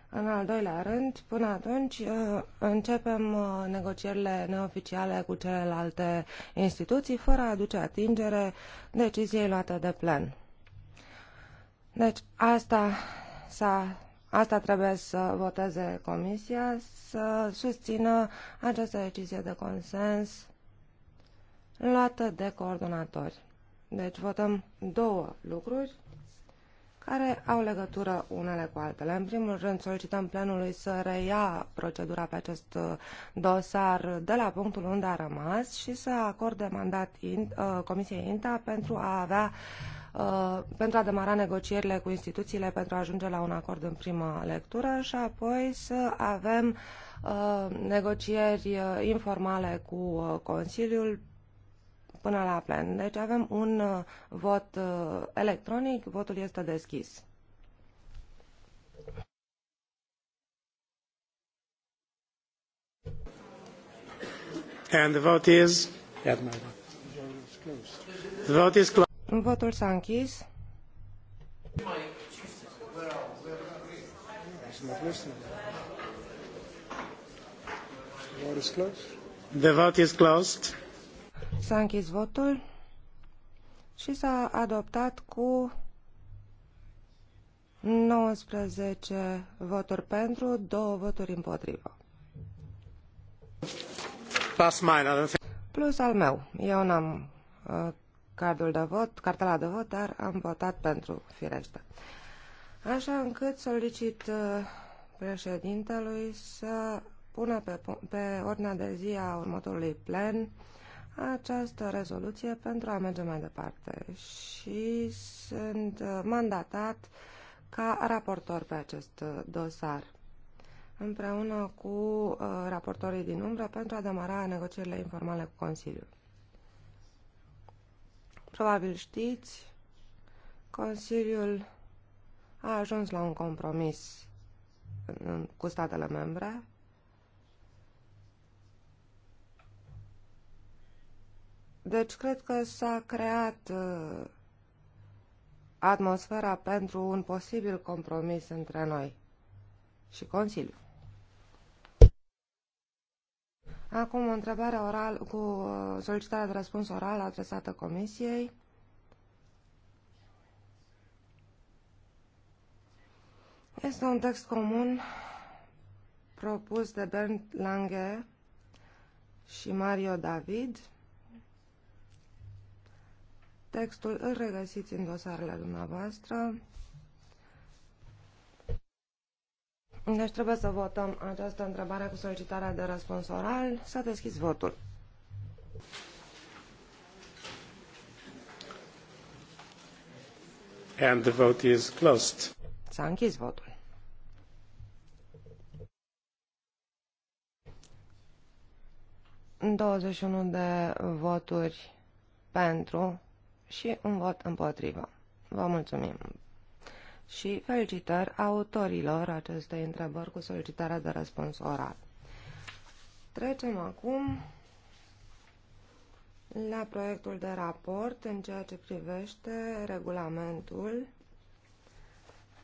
În al doilea rând, până atunci, uh, începem uh, negocierile neoficiale cu celelalte instituții, fără a aduce atingere deciziei luate de plen. Deci, asta s-a asta trebuie să voteze Comisia, să susțină această decizie de consens luată de coordonatori. Deci votăm două lucruri care au legătură unele cu altele. În primul rând, solicităm plenului să reia procedura pe acest uh, dosar de la punctul unde a rămas și să acorde mandat in, uh, Comisiei INTA pentru a avea uh, Uh, pentru a demara negocierile cu instituțiile pentru a ajunge la un acord în prima lectură și apoi să avem uh, negocieri uh, informale cu Consiliul până la plen. Deci avem un vot electronic, votul este deschis. And the vote is? The vote is closed. Votul s-a închis. The vote is closed. S-a închis votul și s-a adoptat cu 19 voturi pentru, 2 voturi împotrivă. Plus al meu. Eu n-am uh, cardul de vot, cartela de vot, dar am votat pentru, firește. Așa încât solicit uh, președintelui să pună pe, pe ordinea de zi a următorului plen această rezoluție pentru a merge mai departe și sunt uh, mandatat ca raportor pe acest uh, dosar împreună cu raportorii din umbră pentru a demara negocierile informale cu Consiliul. Probabil știți, Consiliul a ajuns la un compromis cu statele membre Deci cred că s-a creat uh, atmosfera pentru un posibil compromis între noi și Consiliu. Acum o întrebare oral cu uh, solicitarea de răspuns oral adresată Comisiei. Este un text comun propus de Bernd Lange și Mario David. Textul îl regăsiți în dosarele dumneavoastră. Deci trebuie să votăm această întrebare cu solicitarea de răspuns oral. S-a deschis votul. And the vote is closed. S-a închis votul. În 21 de voturi pentru și un vot împotrivă. Vă mulțumim și felicitări autorilor acestei întrebări cu solicitarea de răspuns oral. Trecem acum la proiectul de raport în ceea ce privește regulamentul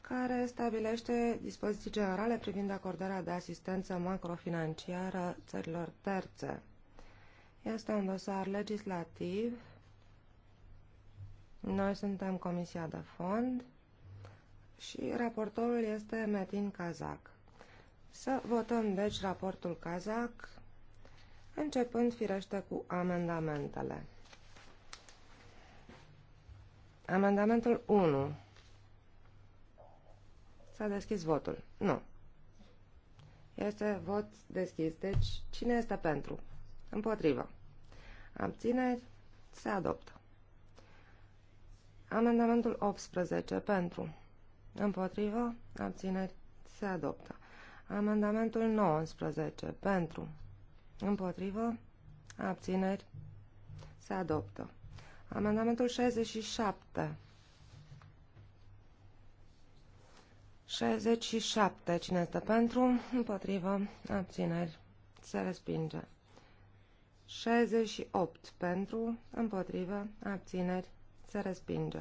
care stabilește dispoziții generale privind acordarea de asistență macrofinanciară țărilor terțe. Este un dosar legislativ. Noi suntem Comisia de Fond și raportorul este Metin Kazak. Să votăm deci raportul Kazak, începând firește cu amendamentele. Amendamentul 1. S-a deschis votul. Nu. Este vot deschis. Deci, cine este pentru? Împotrivă. Abțineri? Se adoptă. Amendamentul 18. Pentru. Împotrivă? Abțineri? Se adoptă. Amendamentul 19. Pentru. Împotrivă? Abțineri? Se adoptă. Amendamentul 67. 67. Cine este pentru? Împotrivă? Abțineri? Se respinge. 68. Pentru? Împotrivă? Abțineri? Se respinge.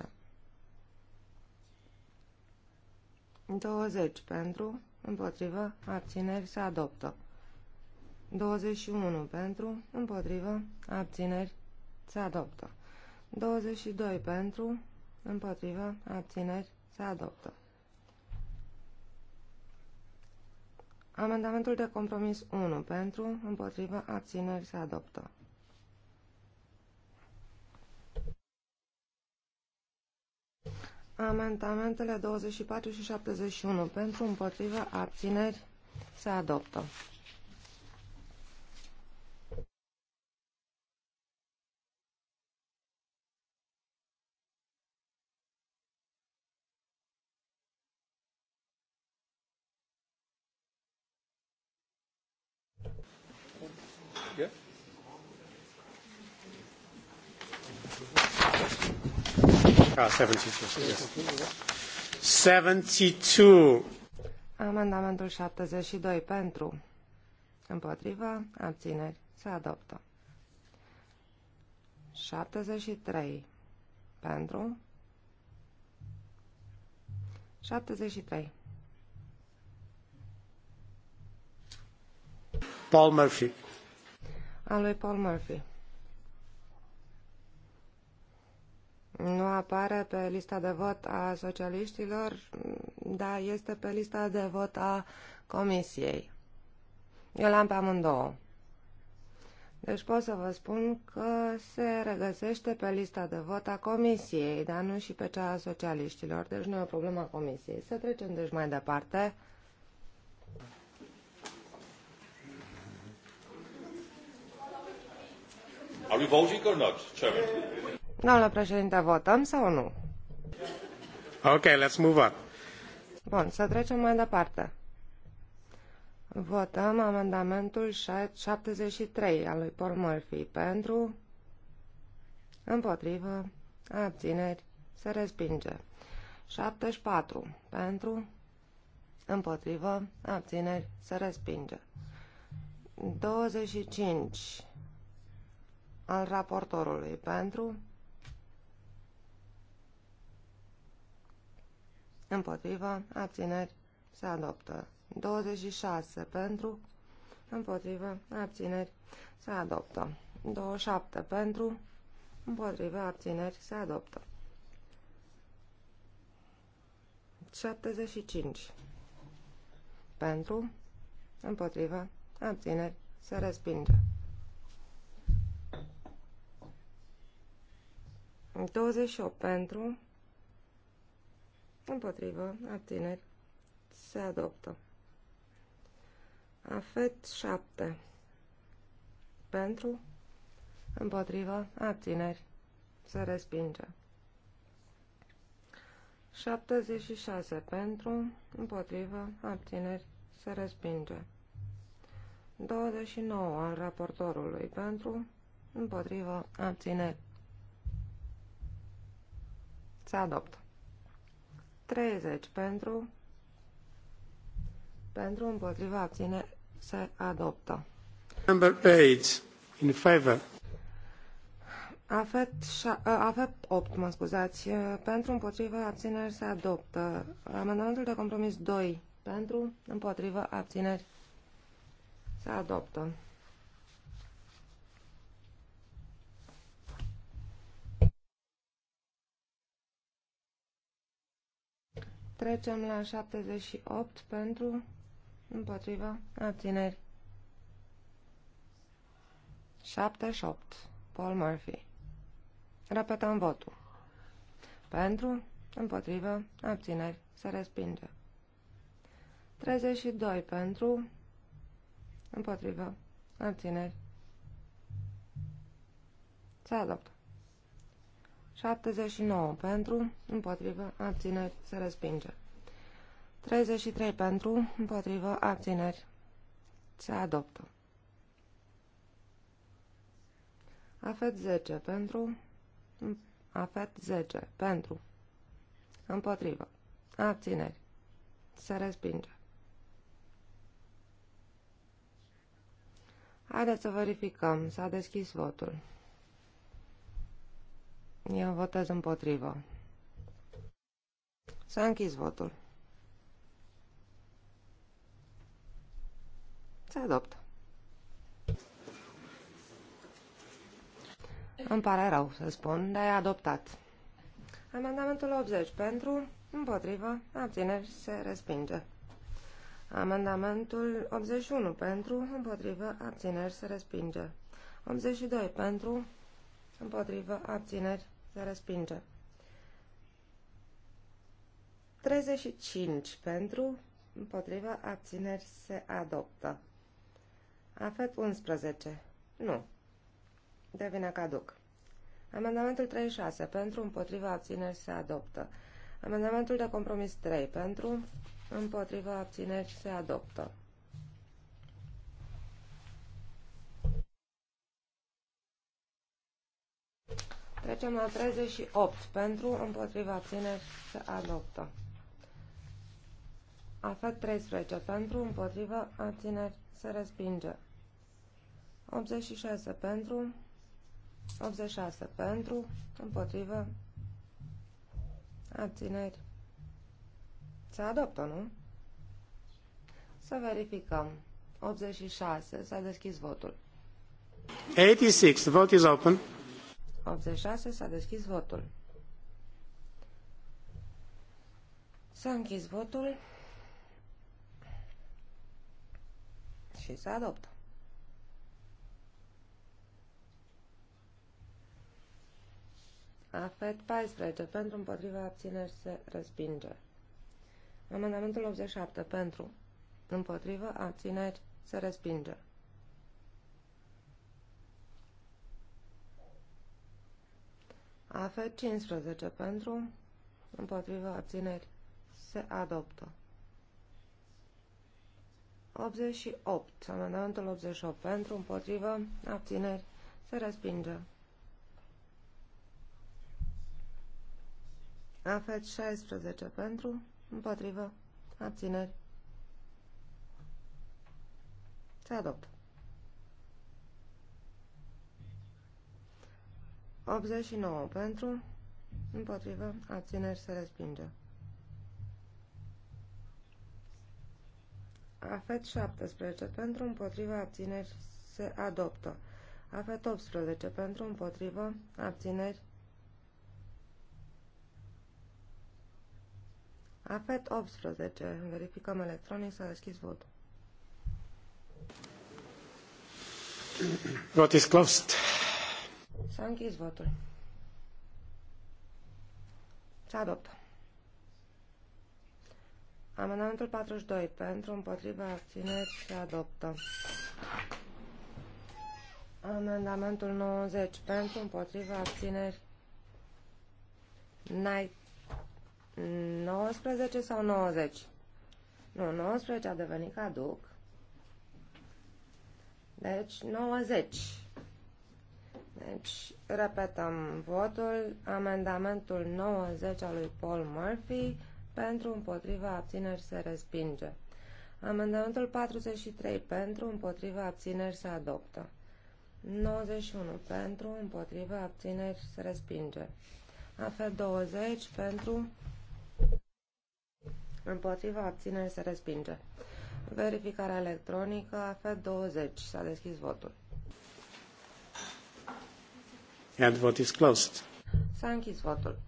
20 pentru, împotrivă, abțineri se adoptă. 21 pentru, împotrivă, abțineri se adoptă. 22 pentru, împotrivă, abțineri se adoptă. Amendamentul de compromis 1 pentru, împotrivă, abțineri se adoptă. Amendamentele 24 și 71 pentru împotriva abțineri se adoptă. 72. Ah, Amendamentul 72 pentru. Împotriva, abțineri, se adoptă. 73 pentru. 73. Paul Murphy. A lui Paul Murphy. nu apare pe lista de vot a socialiștilor, dar este pe lista de vot a comisiei. Eu l-am pe amândouă. Deci pot să vă spun că se regăsește pe lista de vot a comisiei, dar nu și pe cea a socialiștilor. Deci nu e o problemă a comisiei. Să trecem deci mai departe. Are we voting or not, Chairman? Doamna președinte, votăm sau nu? Ok, let's move on. Bun, să trecem mai departe. Votăm amendamentul 73 al lui Paul Murphy pentru, împotrivă, abțineri, se respinge. 74 pentru, împotrivă, abțineri, se respinge. 25 al raportorului pentru, împotrivă, abțineri, se adoptă. 26 pentru, împotrivă, abțineri, se adoptă. 27 pentru, împotrivă, abțineri, se adoptă. 75 pentru, împotrivă, abțineri, se respinge. 28 pentru, împotrivă, abțineri, se adoptă. Afet 7. Pentru, împotrivă, abțineri, se respinge. 76. Pentru, împotrivă, abțineri, se respinge. 29. Al raportorului. Pentru, împotrivă, abțineri, se adoptă. 30 pentru, pentru împotriva abține se adoptă. Number 8 in favor. Afet, ă, afect 8, mă scuzați. Ă, pentru împotriva abțineri se adoptă. Amendamentul de compromis 2. Pentru împotriva abțineri se adoptă. Trecem la 78 pentru, împotriva, abțineri. 78. Paul Murphy. Repetăm votul. Pentru, împotrivă, abțineri, se respinge. 32 pentru, împotrivă, abțineri, se adoptă. 79 pentru, împotrivă, abțineri, se respinge. 33 pentru, împotrivă, abțineri, se adoptă. Afet 10 pentru, afet 10 pentru, împotrivă, abțineri, se respinge. Haideți să verificăm, s-a deschis votul. Eu votez împotrivă. S-a închis votul. Se adoptă. Îmi pare rău să spun, dar e adoptat. Amendamentul 80 pentru, împotrivă, abțineri, se respinge. Amendamentul 81 pentru, împotrivă, abțineri, se respinge. 82 pentru, împotrivă, abțineri, se respinge. 35 pentru, împotriva, abțineri, se adoptă. Afet 11. Nu. Devine caduc. Amendamentul 36. Pentru, împotriva, abțineri, se adoptă. Amendamentul de compromis 3. Pentru, împotriva, abțineri, se adoptă. Trecem la 38. Pentru, împotriva, abțineri, se adoptă. Afet 13. Pentru, împotriva, abțineri, se respinge. 86. Pentru, 86. Pentru, împotriva, abțineri, se adoptă, nu? Să verificăm. 86. S-a deschis votul. 86. The vote is open. 86 s-a deschis votul. S-a închis votul și s-a adoptat. Afet 14. Pentru împotriva abțineri se respinge. Amendamentul 87. Pentru împotriva abțineri se respinge. AFE 15 pentru, împotriva abțineri, se adoptă. 88, amendamentul 88 pentru, împotriva abțineri, se respinge. AFE 16 pentru, împotriva abțineri, se adoptă. 89 pentru, împotrivă, abțineri se respinge. Afet 17 pentru, împotrivă, abțineri se adoptă. Afet 18 pentru, împotrivă, abțineri. Afet 18. Verificăm electronic, s-a deschis vot. Vote is closed. S-a închis votul. Se adoptă. Amendamentul 42. Pentru, împotriva, abțineri, se adoptă. Amendamentul 90. Pentru, împotriva, abțineri. N-ai 19 sau 90? Nu, 19 a devenit caduc. Deci, 90. Deci, repetăm votul. Amendamentul 90 al lui Paul Murphy pentru împotriva abțineri se respinge. Amendamentul 43 pentru împotriva abțineri se adoptă. 91 pentru împotriva abțineri se respinge. AF 20 pentru împotriva abțineri se respinge. Verificarea electronică AF 20 s-a deschis votul. And vote is closed. S-a închis votul.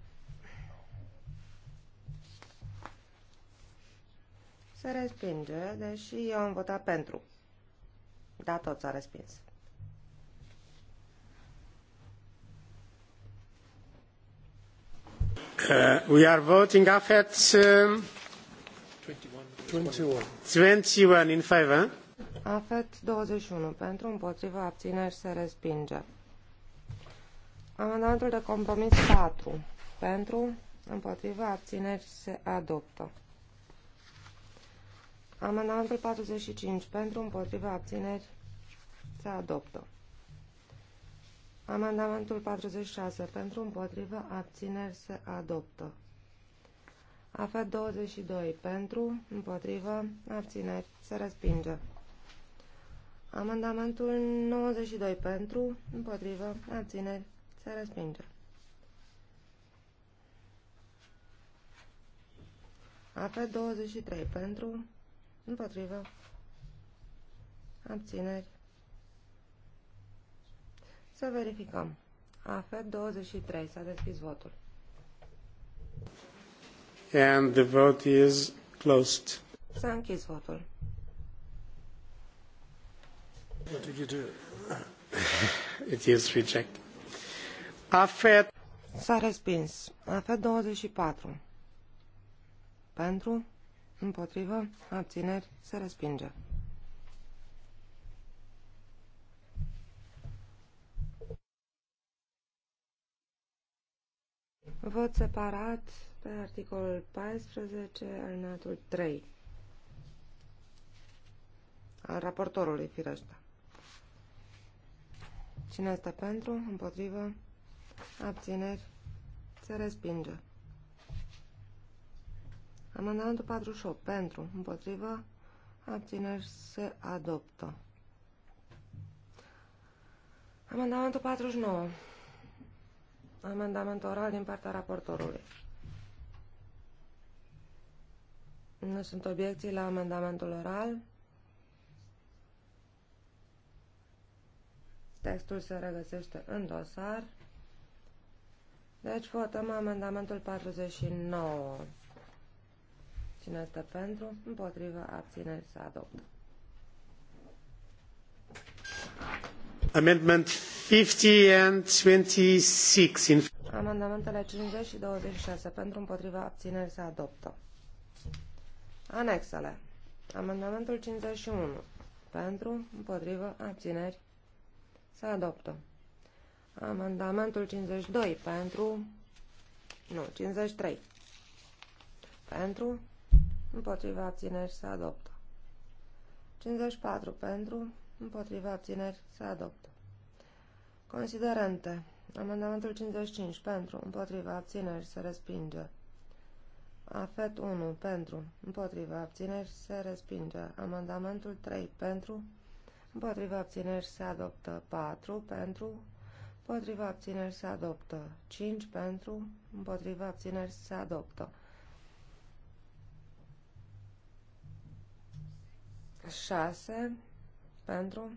Se respinge, deși eu am votat pentru. Da, tot s-a respins. Uh, we are voting AFET uh, 21. 21. 21 in favor. AFET 21 pentru, împotriva, abțineri, se respinge. Amendamentul de compromis 4. Pentru, împotriva abțineri se adoptă. Amendamentul 45. Pentru, împotriva abțineri se adoptă. Amendamentul 46. Pentru, împotriva abțineri se adoptă. Afer 22. Pentru, împotriva abțineri se respinge. Amendamentul 92. Pentru, împotrivă, abțineri să respinge. AP23 pentru, împotrivă, abțineri. Să verificăm. AP23, s-a deschis votul. And the vote is closed. S-a închis votul. What did you do? It is rejected. Afet. S-a respins. Afet 24. Pentru, împotrivă, abțineri, se respinge. Vot separat pe articolul 14, alineatul 3 al raportorului, firește. Cine este pentru, împotrivă, abțineri, se respinge. Amendamentul 48 pentru, împotrivă, abțineri, se adoptă. Amendamentul 49. Amendament oral din partea raportorului. Nu sunt obiecții la amendamentul oral. Textul se regăsește în dosar. Deci votăm amendamentul 49. Cine este pentru? Împotrivă. Abțineri. Se adoptă. Amendment 50 and 26. In... Amendamentele 50 și 26 pentru împotriva abțineri se adoptă. Anexele. Amendamentul 51 pentru împotriva abțineri se adoptă. Amendamentul 52 pentru... Nu, 53. Pentru... Împotriva abțineri se adoptă. 54 pentru... Împotriva abțineri se adoptă. Considerente. Amendamentul 55 pentru... Împotriva abțineri se respinge. Afet 1 pentru... Împotriva abțineri se respinge. Amendamentul 3 pentru... Împotriva abțineri se adoptă. 4 pentru împotriva abțineri se adoptă. 5 pentru, împotriva abțineri se adoptă. 6 pentru,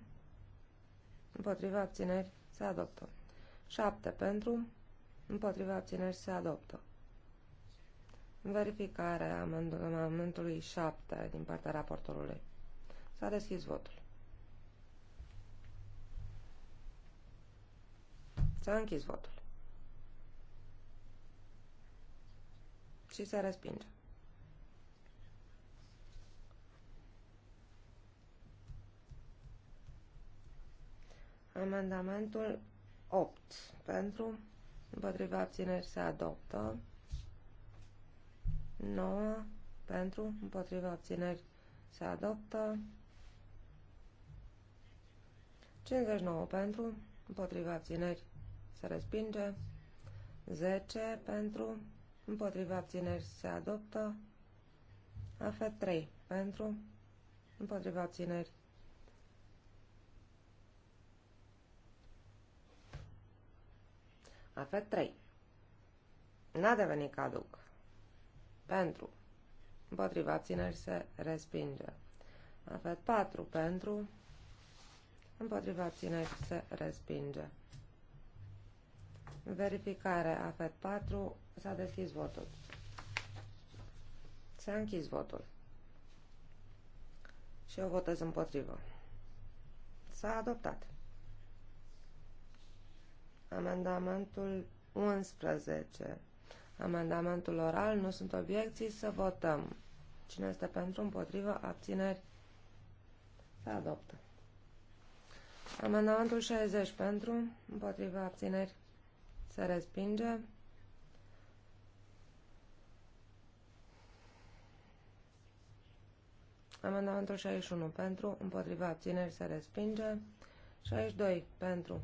împotriva abțineri se adoptă. 7 pentru, împotriva abțineri se adoptă. Verificarea amendamentului 7 din partea raportorului. S-a deschis votul. S-a închis votul. Și se respinge. Amendamentul 8 pentru, împotriva abțineri se adoptă, 9 pentru, împotriva abțineri se adoptă, 59 pentru, împotriva abțineri se respinge. 10 pentru, împotriva abțineri se adoptă. AFET 3 pentru, împotriva abțineri. AFET 3 n-a devenit caduc. Pentru, împotriva abțineri se respinge. AFET 4 pentru, împotriva abțineri se respinge. Verificare AFET 4. S-a deschis votul. S-a închis votul. Și eu votez împotrivă. S-a adoptat. Amendamentul 11. Amendamentul oral. Nu sunt obiecții. Să votăm. Cine este pentru, împotrivă, abțineri, se adoptă. Amendamentul 60 pentru, împotrivă, abțineri, se respinge. Amendamentul 61 pentru, împotriva abțineri se respinge. 62 pentru,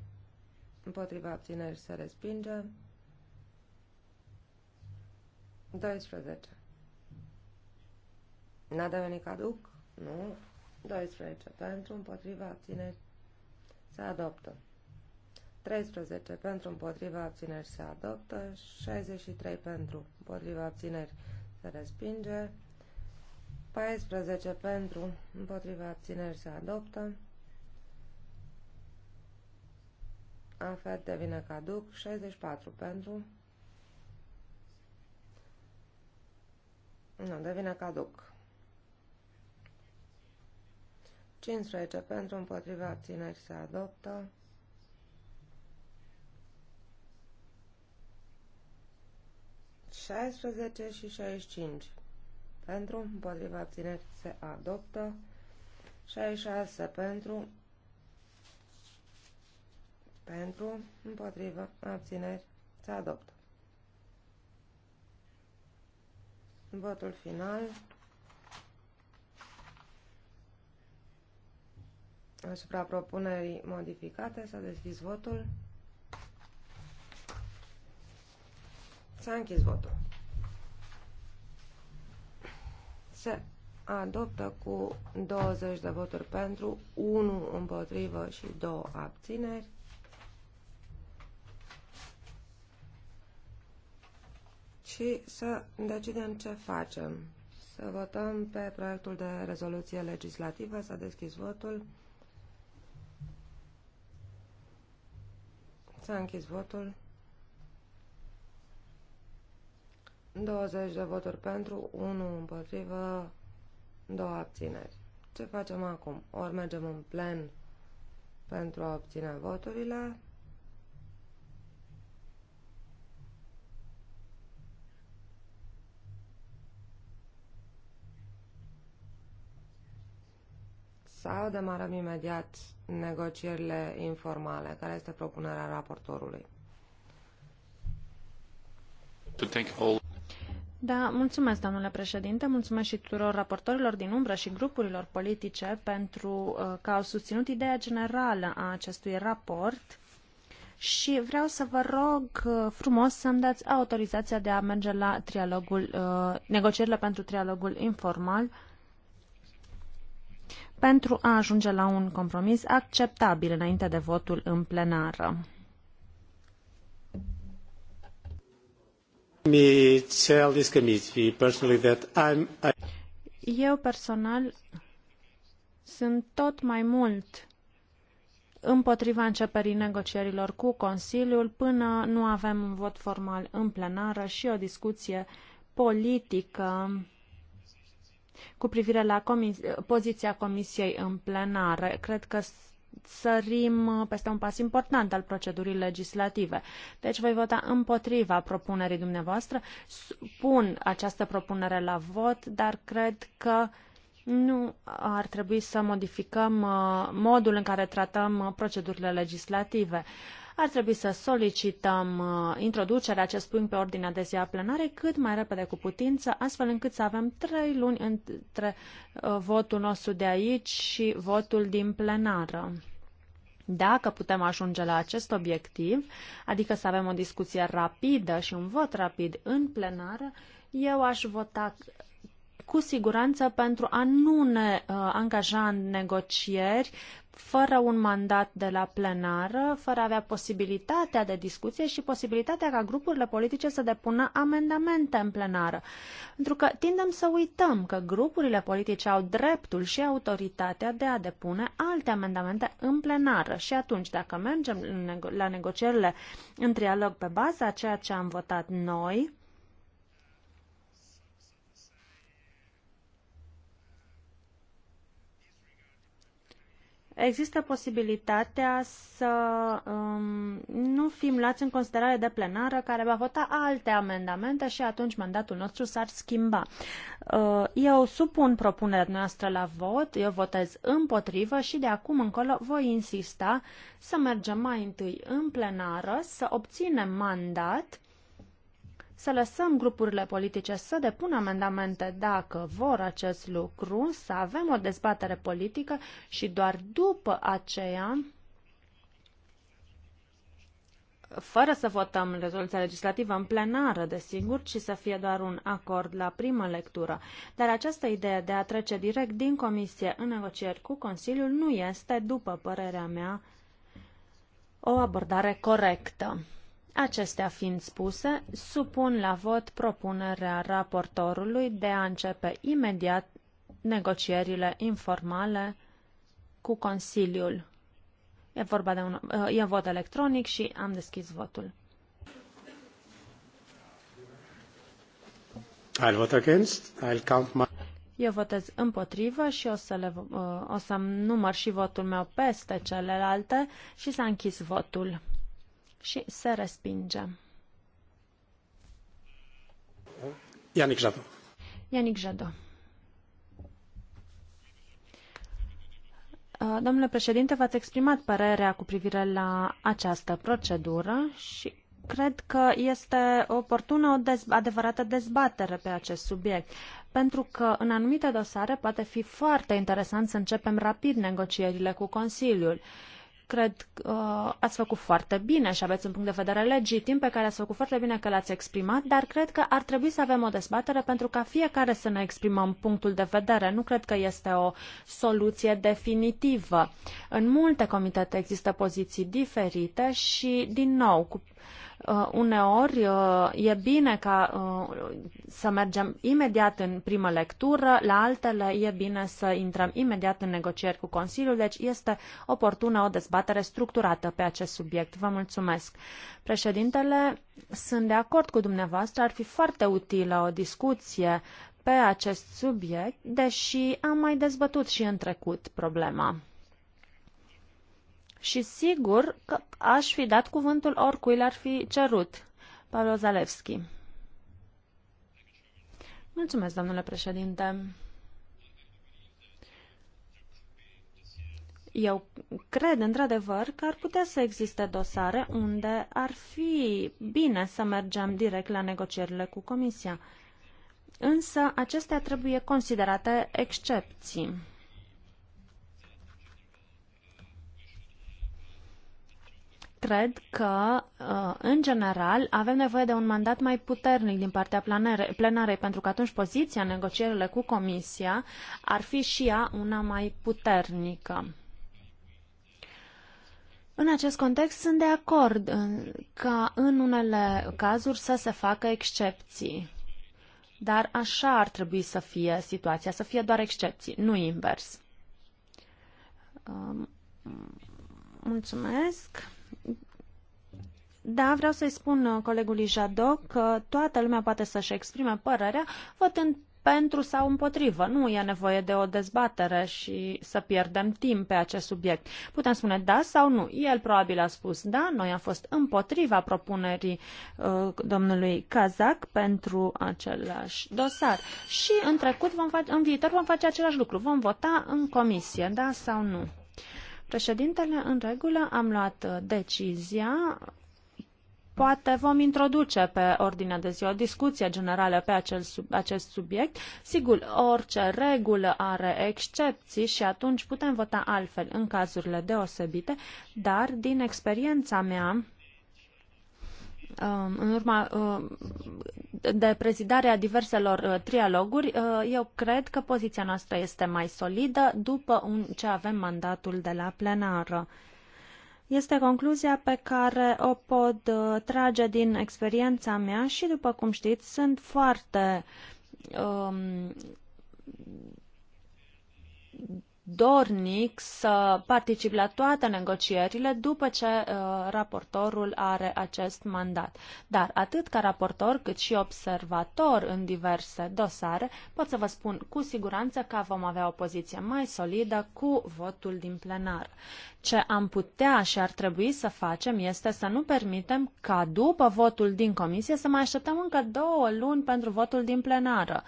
împotriva abțineri se respinge. 12. N-a devenit caduc? Nu. 12 pentru, împotriva abțineri se adoptă. 13 pentru împotriva abțineri se adoptă, 63 pentru împotriva abțineri se respinge, 14 pentru împotriva abțineri se adoptă, afet devine caduc, 64 pentru, nu, devine caduc, 15 pentru împotriva abțineri se adoptă, 16 și 65. Pentru, împotriva abțineri se adoptă. 66 pentru, pentru, împotriva abțineri se adoptă. Votul final. Asupra propunerii modificate s-a deschis votul. S-a închis votul. Se adoptă cu 20 de voturi pentru, 1 împotrivă și 2 abțineri. Și să decidem ce facem. Să votăm pe proiectul de rezoluție legislativă. S-a deschis votul. S-a închis votul. 20 de voturi pentru, 1 împotrivă, 2 abțineri. Ce facem acum? Ori mergem în plen pentru a obține voturile, sau demarăm imediat negocierile informale? Care este propunerea raportorului? To take all... Da, mulțumesc, domnule președinte, mulțumesc și tuturor raportorilor din umbră și grupurilor politice pentru uh, că au susținut ideea generală a acestui raport și vreau să vă rog uh, frumos să-mi dați autorizația de a merge la trialogul, uh, negocierile pentru trialogul informal pentru a ajunge la un compromis acceptabil înainte de votul în plenară. Eu personal sunt tot mai mult împotriva începerii negocierilor cu Consiliul până nu avem un vot formal în plenară și o discuție politică cu privire la comis- poziția Comisiei în plenară. Cred că sărim uh, peste un pas important al procedurii legislative. Deci voi vota împotriva propunerii dumneavoastră. Pun această propunere la vot, dar cred că nu ar trebui să modificăm uh, modul în care tratăm uh, procedurile legislative. Ar trebui să solicităm introducerea acest punct pe ordinea de zi a plenarei cât mai repede cu putință, astfel încât să avem trei luni între votul nostru de aici și votul din plenară. Dacă putem ajunge la acest obiectiv, adică să avem o discuție rapidă și un vot rapid în plenară, eu aș vota cu siguranță pentru a nu ne uh, angaja în negocieri fără un mandat de la plenară, fără a avea posibilitatea de discuție și posibilitatea ca grupurile politice să depună amendamente în plenară. Pentru că tindem să uităm că grupurile politice au dreptul și autoritatea de a depune alte amendamente în plenară. Și atunci, dacă mergem la negocierile în trialog pe baza ceea ce am votat noi, există posibilitatea să um, nu fim luați în considerare de plenară care va vota alte amendamente și atunci mandatul nostru s-ar schimba. Uh, eu supun propunerea noastră la vot, eu votez împotrivă și de acum încolo voi insista să mergem mai întâi în plenară, să obținem mandat să lăsăm grupurile politice să depună amendamente dacă vor acest lucru, să avem o dezbatere politică și doar după aceea, fără să votăm rezoluția legislativă în plenară, desigur, ci să fie doar un acord la primă lectură. Dar această idee de a trece direct din comisie în negocieri cu Consiliul nu este, după părerea mea, o abordare corectă. Acestea fiind spuse, supun la vot propunerea raportorului de a începe imediat negocierile informale cu Consiliul. E vorba de un e vot electronic și am deschis votul. I'll vote against. I'll count my... Eu votez împotrivă și o să, le, uh, o să număr și votul meu peste celelalte și s-a închis votul și se respinge. Ianic Jadot. Ianic Jadot. Uh, domnule președinte, v-ați exprimat părerea cu privire la această procedură și cred că este oportună o dez- adevărată dezbatere pe acest subiect, pentru că în anumite dosare poate fi foarte interesant să începem rapid negocierile cu Consiliul. Uh, cred că uh, ați făcut foarte bine și aveți un punct de vedere legitim pe care ați făcut foarte bine că l-ați exprimat, dar cred că ar trebui să avem o dezbatere pentru ca fiecare să ne exprimăm punctul de vedere. Nu cred că este o soluție definitivă. În multe comitete există poziții diferite și, din nou, cu Uh, uneori uh, e bine ca uh, să mergem imediat în primă lectură, la altele e bine să intrăm imediat în negocieri cu Consiliul, deci este oportună o dezbatere structurată pe acest subiect. Vă mulțumesc. Președintele, sunt de acord cu dumneavoastră, ar fi foarte utilă o discuție pe acest subiect, deși am mai dezbătut și în trecut problema și sigur că aș fi dat cuvântul oricui l-ar fi cerut. Pavel Zalewski. Mulțumesc, domnule președinte. Eu cred, într-adevăr, că ar putea să existe dosare unde ar fi bine să mergem direct la negocierile cu Comisia. Însă, acestea trebuie considerate excepții. cred că, uh, în general, avem nevoie de un mandat mai puternic din partea plenarei, pentru că atunci poziția negocierile cu Comisia ar fi și ea una mai puternică. În acest context, sunt de acord ca în unele cazuri să se facă excepții. Dar așa ar trebui să fie situația, să fie doar excepții, nu invers. Um, mulțumesc. Da, vreau să-i spun uh, colegului Jadot că toată lumea poate să-și exprime părerea votând pentru sau împotrivă. Nu e nevoie de o dezbatere și să pierdem timp pe acest subiect. Putem spune da sau nu. El probabil a spus da, noi am fost împotriva propunerii uh, domnului Kazak pentru același dosar. Și în trecut, vom face, în viitor, vom face același lucru. Vom vota în comisie, da sau nu. Președintele, în regulă, am luat uh, decizia, poate vom introduce pe ordinea de zi o discuție generală pe acel sub, acest subiect. Sigur, orice regulă are excepții și atunci putem vota altfel în cazurile deosebite, dar din experiența mea, um, în urma um, de prezidarea diverselor uh, trialoguri, uh, eu cred că poziția noastră este mai solidă după ce avem mandatul de la plenară. Este concluzia pe care o pot uh, trage din experiența mea și, după cum știți, sunt foarte um, dornic să particip la toate negocierile după ce uh, raportorul are acest mandat. Dar atât ca raportor cât și observator în diverse dosare, pot să vă spun cu siguranță că vom avea o poziție mai solidă cu votul din plenar. Ce am putea și ar trebui să facem este să nu permitem ca după votul din comisie să mai așteptăm încă două luni pentru votul din plenară.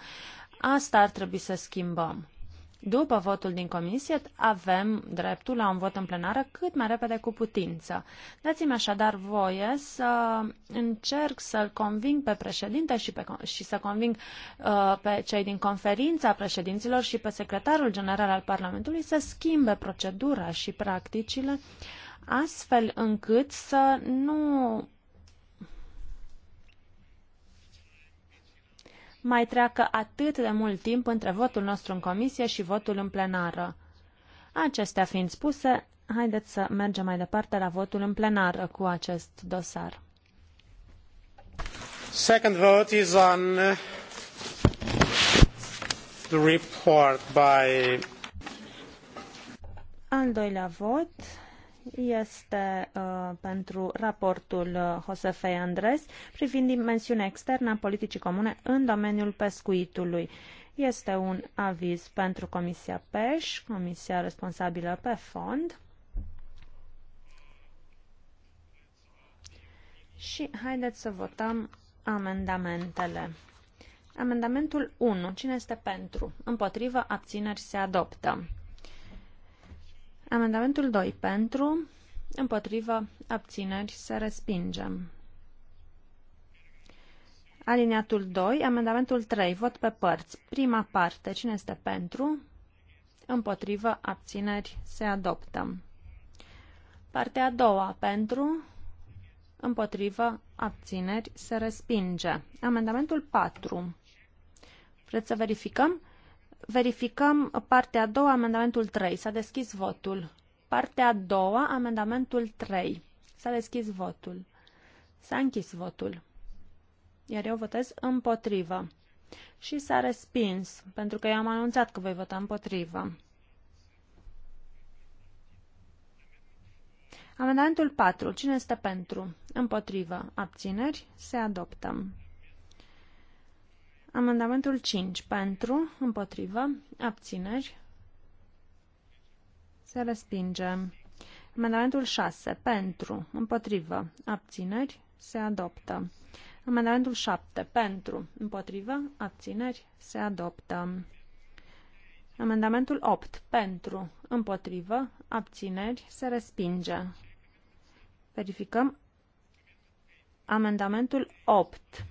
Asta ar trebui să schimbăm după votul din comisie, avem dreptul la un vot în plenară cât mai repede cu putință. Dați-mi așadar voie să încerc să-l conving pe președinte și, pe, și să conving uh, pe cei din conferința președinților și pe secretarul general al Parlamentului să schimbe procedura și practicile astfel încât să nu mai treacă atât de mult timp între votul nostru în comisie și votul în plenară. Acestea fiind spuse, haideți să mergem mai departe la votul în plenară cu acest dosar. Second vote is on the report by Al doilea vot este uh, pentru raportul uh, Josefei Andres privind dimensiunea externă a politicii comune în domeniul pescuitului. Este un aviz pentru Comisia PEș, comisia responsabilă pe fond. Și haideți să votăm amendamentele. Amendamentul 1. Cine este pentru? Împotrivă, abțineri se adoptă. Amendamentul 2 pentru, împotrivă, abțineri, se respingem. Alineatul 2, amendamentul 3, vot pe părți. Prima parte, cine este pentru? Împotrivă, abțineri, se adoptă. Partea a doua, pentru? Împotrivă, abțineri, se respinge. Amendamentul 4. Vreți să verificăm? verificăm partea a doua, amendamentul 3. S-a deschis votul. Partea a doua, amendamentul 3. S-a deschis votul. S-a închis votul. Iar eu votez împotrivă. Și s-a respins, pentru că eu am anunțat că voi vota împotrivă. Amendamentul 4. Cine este pentru? Împotrivă. Abțineri? Se adoptăm. Amendamentul 5. Pentru, împotrivă, abțineri, se respinge. Amendamentul 6. Pentru, împotrivă, abțineri, se adoptă. Amendamentul 7. Pentru, împotrivă, abțineri, se adoptă. Amendamentul 8. Pentru, împotrivă, abțineri, se respinge. Verificăm amendamentul 8.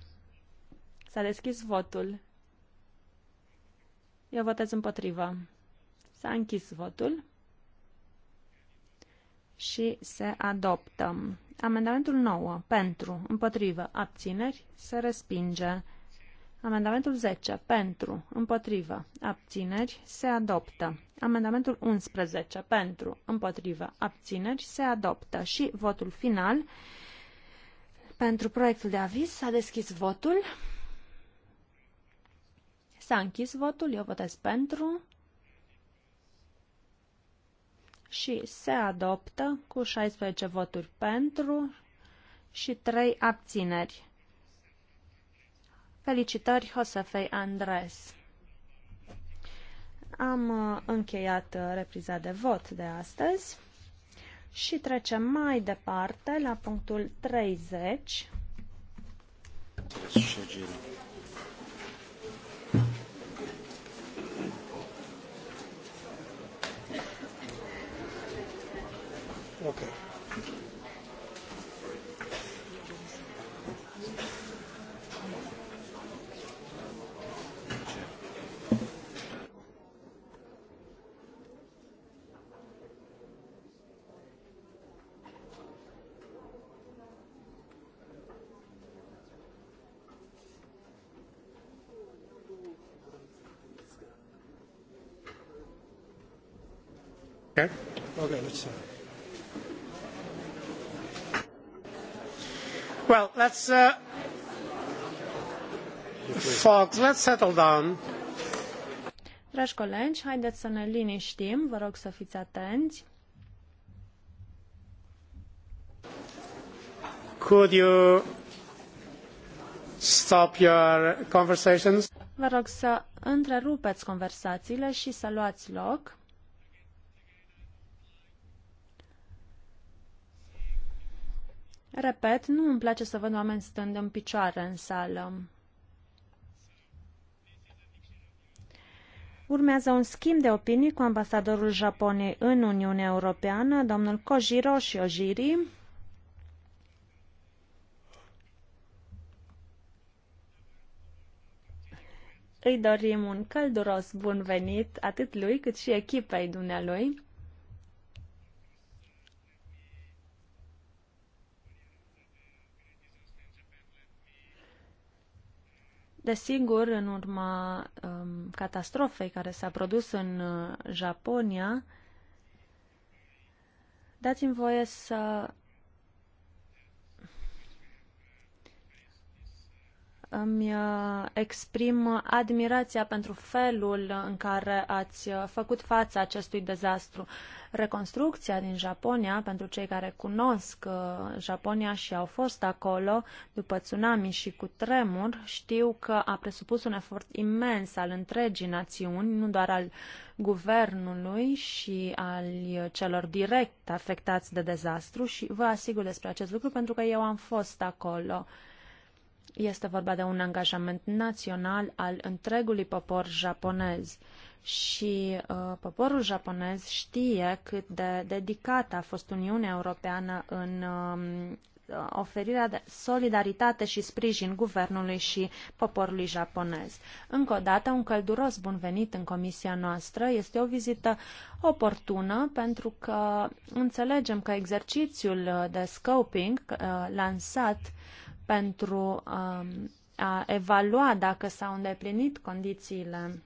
S-a deschis votul. Eu votez împotrivă. S-a închis votul și se adoptă. Amendamentul 9. Pentru. Împotrivă. Abțineri. Se respinge. Amendamentul 10. Pentru. Împotrivă. Abțineri. Se adoptă. Amendamentul 11. Pentru. Împotrivă. Abțineri. Se adoptă. Și votul final. Pentru proiectul de aviz s-a deschis votul. S-a închis votul, eu votez pentru și se adoptă cu 16 voturi pentru și 3 abțineri. Felicitări Josefei Andres. Am uh, încheiat uh, repriza de vot de astăzi și trecem mai departe la punctul 30. Okay. Okay. Okay, let's deci see. let's, uh, folks, let's settle down. Dragi colegi, haideți să ne liniștim, vă rog să fiți atenți. Could you stop your conversations? Vă rog să întrerupeți conversațiile și să luați loc. Repet, nu îmi place să văd oameni stând în picioare în sală. Urmează un schimb de opinii cu ambasadorul Japoniei în Uniunea Europeană, domnul Kojiro Shiojiri. Îi dorim un călduros bun venit atât lui cât și echipei dumnealui. Desigur, în urma um, catastrofei care s-a produs în uh, Japonia, dați-mi voie să îmi uh, exprim admirația pentru felul în care ați uh, făcut față acestui dezastru. Reconstrucția din Japonia, pentru cei care cunosc uh, Japonia și au fost acolo după tsunami și cu tremur, știu că a presupus un efort imens al întregii națiuni, nu doar al guvernului și al celor direct afectați de dezastru și vă asigur despre acest lucru pentru că eu am fost acolo. Este vorba de un angajament național al întregului popor japonez și uh, poporul japonez știe cât de dedicată a fost Uniunea Europeană în um, uh, oferirea de solidaritate și sprijin guvernului și poporului japonez. Încă o dată, un călduros bun venit în comisia noastră. Este o vizită oportună pentru că înțelegem că exercițiul de scoping uh, lansat pentru um, a evalua dacă s-au îndeplinit condițiile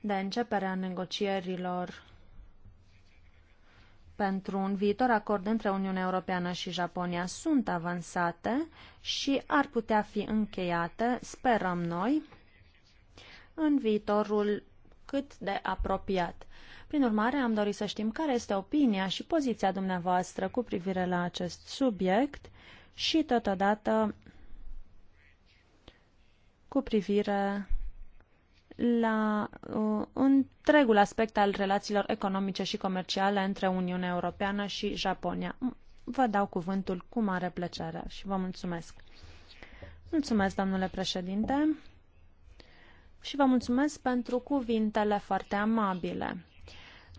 de începere a negocierilor pentru un viitor acord între Uniunea Europeană și Japonia sunt avansate și ar putea fi încheiate, sperăm noi, în viitorul cât de apropiat. Prin urmare, am dorit să știm care este opinia și poziția dumneavoastră cu privire la acest subiect și totodată cu privire la uh, întregul aspect al relațiilor economice și comerciale între Uniunea Europeană și Japonia. Vă dau cuvântul cu mare plăcere și vă mulțumesc. Mulțumesc, domnule președinte, și vă mulțumesc pentru cuvintele foarte amabile.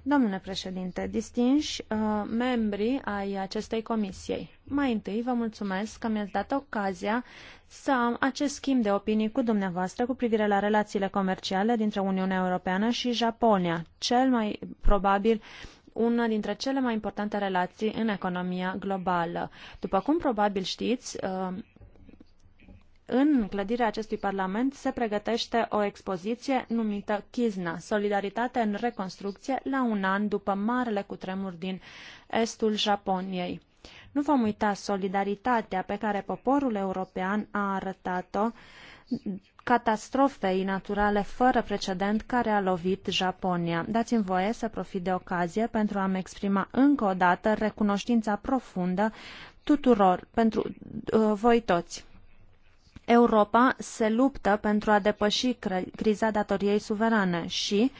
Domnule președinte, distinși uh, membrii ai acestei comisiei, mai întâi vă mulțumesc că mi-ați dat ocazia să am acest schimb de opinii cu dumneavoastră cu privire la relațiile comerciale dintre Uniunea Europeană și Japonia, cel mai probabil una dintre cele mai importante relații în economia globală. După cum probabil știți, uh, în clădirea acestui Parlament se pregătește o expoziție numită Chizna, Solidaritate în reconstrucție, la un an după marele cutremur din estul Japoniei. Nu vom uita solidaritatea pe care poporul european a arătat-o catastrofei naturale fără precedent care a lovit Japonia. Dați-mi voie să profit de ocazie pentru a-mi exprima încă o dată recunoștința profundă tuturor pentru uh, voi toți. Europa se luptă pentru a depăși criza datoriei suverane și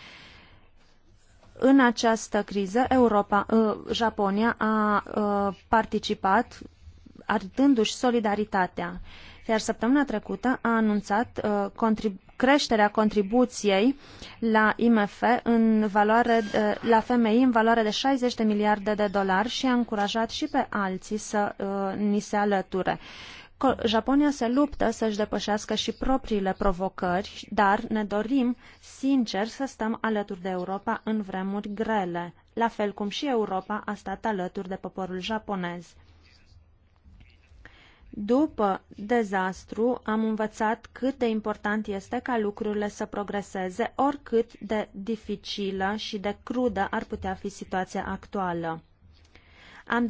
în această criză Europa, uh, Japonia a uh, participat arătându-și solidaritatea. Iar săptămâna trecută a anunțat uh, contribuția creșterea contribuției la IMF în valoare, la FMI în valoare de 60 de miliarde de dolari și a încurajat și pe alții să uh, ni se alăture. Japonia se luptă să-și depășească și propriile provocări, dar ne dorim, sincer, să stăm alături de Europa în vremuri grele, la fel cum și Europa a stat alături de poporul japonez. După dezastru, am învățat cât de important este ca lucrurile să progreseze, oricât de dificilă și de crudă ar putea fi situația actuală. Am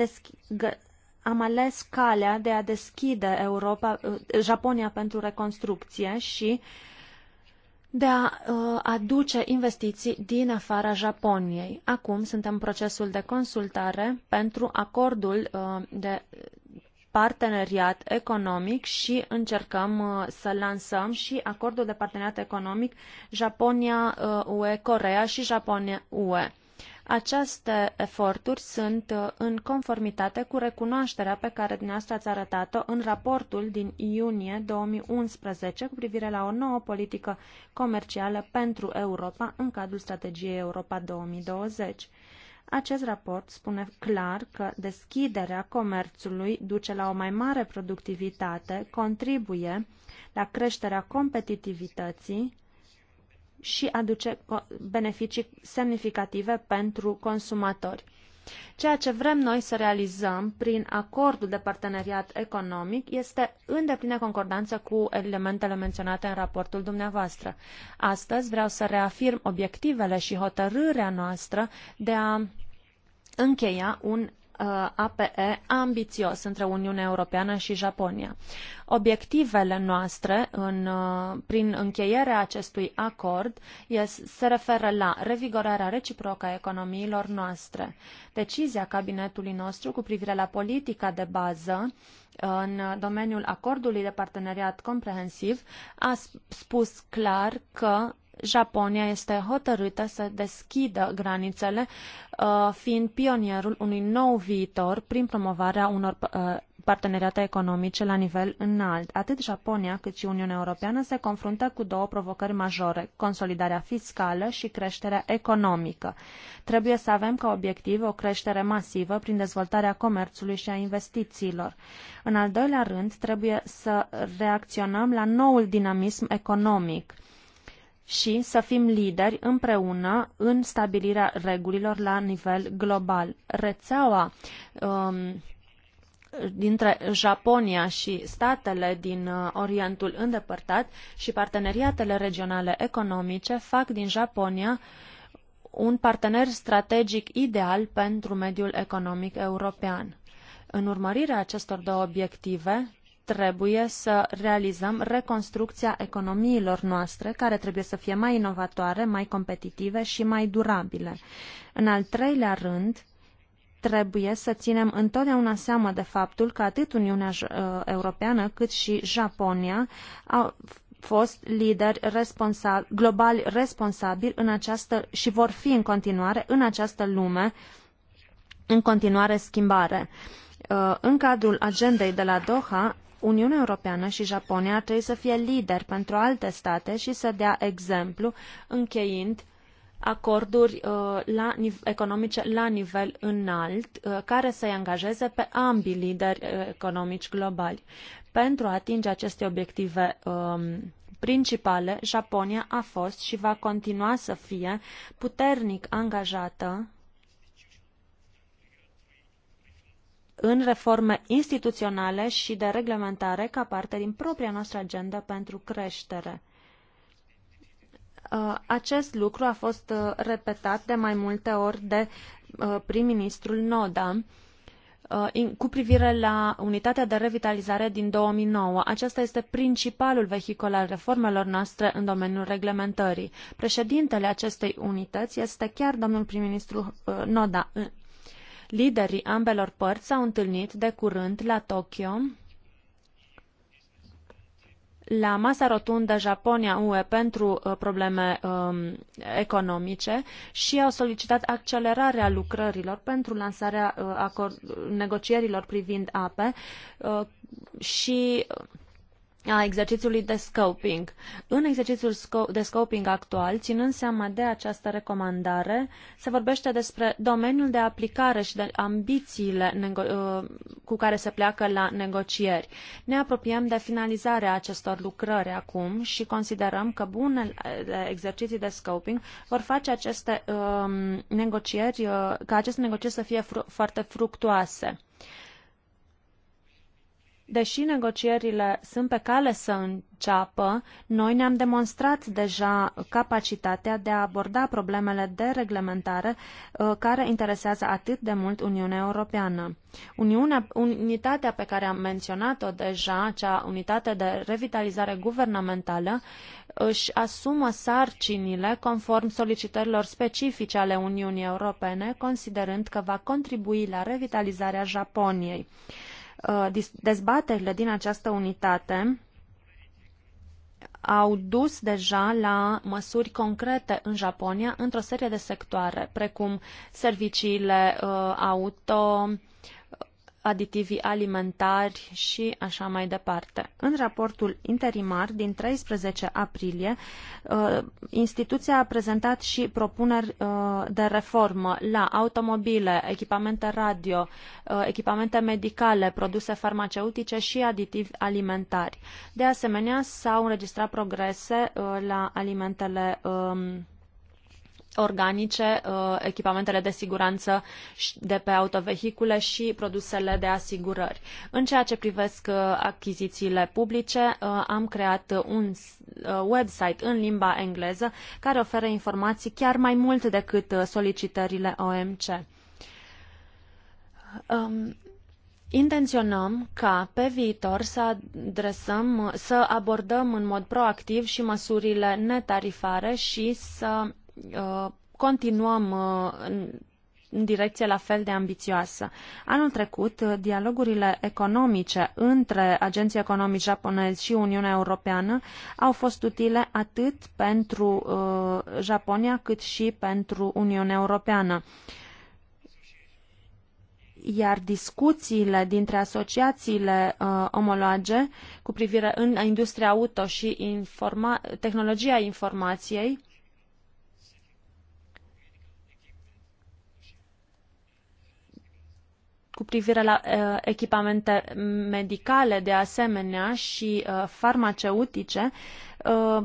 am ales calea de a deschide Europa, uh, Japonia pentru reconstrucție și de a uh, aduce investiții din afara Japoniei. Acum suntem în procesul de consultare pentru acordul uh, de parteneriat economic și încercăm să lansăm și acordul de parteneriat economic Japonia-UE, Corea și Japonia-UE aceste eforturi sunt uh, în conformitate cu recunoașterea pe care dumneavoastră ați arătat-o în raportul din iunie 2011 cu privire la o nouă politică comercială pentru Europa în cadrul strategiei Europa 2020. Acest raport spune clar că deschiderea comerțului duce la o mai mare productivitate, contribuie la creșterea competitivității, și aduce beneficii semnificative pentru consumatori. Ceea ce vrem noi să realizăm prin acordul de parteneriat economic este în deplină concordanță cu elementele menționate în raportul dumneavoastră. Astăzi vreau să reafirm obiectivele și hotărârea noastră de a încheia un Uh, APE ambițios între Uniunea Europeană și Japonia. Obiectivele noastre în, uh, prin încheierea acestui acord se referă la revigorarea reciprocă a economiilor noastre. Decizia cabinetului nostru cu privire la politica de bază în domeniul acordului de parteneriat comprehensiv a spus clar că Japonia este hotărâtă să deschidă granițele, uh, fiind pionierul unui nou viitor prin promovarea unor uh, parteneriate economice la nivel înalt. Atât Japonia cât și Uniunea Europeană se confruntă cu două provocări majore, consolidarea fiscală și creșterea economică. Trebuie să avem ca obiectiv o creștere masivă prin dezvoltarea comerțului și a investițiilor. În al doilea rând, trebuie să reacționăm la noul dinamism economic și să fim lideri împreună în stabilirea regulilor la nivel global. Rețeaua um, dintre Japonia și statele din uh, Orientul îndepărtat și parteneriatele regionale economice fac din Japonia un partener strategic ideal pentru mediul economic european. În urmărirea acestor două obiective, trebuie să realizăm reconstrucția economiilor noastre, care trebuie să fie mai inovatoare, mai competitive și mai durabile. În al treilea rând, trebuie să ținem întotdeauna seama de faptul că atât Uniunea uh, Europeană cât și Japonia au fost lideri responsa- globali responsabili în această și vor fi în continuare în această lume în continuare schimbare. Uh, în cadrul agendei de la Doha, Uniunea Europeană și Japonia ar trebui să fie lideri pentru alte state și să dea exemplu încheind acorduri uh, la, economice la nivel înalt uh, care să-i angajeze pe ambii lideri uh, economici globali. Pentru a atinge aceste obiective uh, principale, Japonia a fost și va continua să fie puternic angajată în reforme instituționale și de reglementare ca parte din propria noastră agendă pentru creștere. Uh, acest lucru a fost uh, repetat de mai multe ori de uh, prim-ministrul Noda cu privire la unitatea de revitalizare din 2009. Acesta este principalul vehicul al reformelor noastre în domeniul reglementării. Președintele acestei unități este chiar domnul prim-ministru Noda. Liderii ambelor părți s-au întâlnit de curând la Tokyo la masa rotundă Japonia-UE pentru uh, probleme um, economice și au solicitat accelerarea lucrărilor pentru lansarea uh, acord, negocierilor privind ape uh, și uh, a exercițiului de scoping. În exercițiul de scoping actual, ținând seama de această recomandare, se vorbește despre domeniul de aplicare și de ambițiile uh, cu care se pleacă la negocieri. Ne apropiem de finalizarea acestor lucrări acum și considerăm că bunele exerciții de scoping vor face aceste um, negocieri, uh, ca aceste negocieri să fie foarte fructuoase. Deși negocierile sunt pe cale să înceapă, noi ne-am demonstrat deja capacitatea de a aborda problemele de reglementare uh, care interesează atât de mult Uniunea Europeană. Uniunea, unitatea pe care am menționat-o deja, cea unitate de revitalizare guvernamentală, își asumă sarcinile conform solicitărilor specifice ale Uniunii Europene, considerând că va contribui la revitalizarea Japoniei. Uh, dezbaterile din această unitate au dus deja la măsuri concrete în Japonia într-o serie de sectoare, precum serviciile uh, auto, aditivii alimentari și așa mai departe. În raportul interimar din 13 aprilie, uh, instituția a prezentat și propuneri uh, de reformă la automobile, echipamente radio, uh, echipamente medicale, produse farmaceutice și aditivi alimentari. De asemenea, s-au înregistrat progrese la alimentele um, organice, uh, echipamentele de siguranță de pe autovehicule și produsele de asigurări. În ceea ce privesc uh, achizițiile publice, uh, am creat un website în limba engleză care oferă informații chiar mai mult decât solicitările OMC. Um, Intenționăm ca pe viitor să adresăm, să abordăm în mod proactiv și măsurile netarifare și să Uh, continuăm uh, în direcție la fel de ambițioasă. Anul trecut, uh, dialogurile economice între agenții economici japonezi și Uniunea Europeană au fost utile atât pentru Japonia cât și pentru Uniunea Europeană. Iar discuțiile dintre asociațiile uh, omologe cu privire în industria auto și informa- tehnologia informației cu privire la uh, echipamente medicale, de asemenea, și uh, farmaceutice, uh,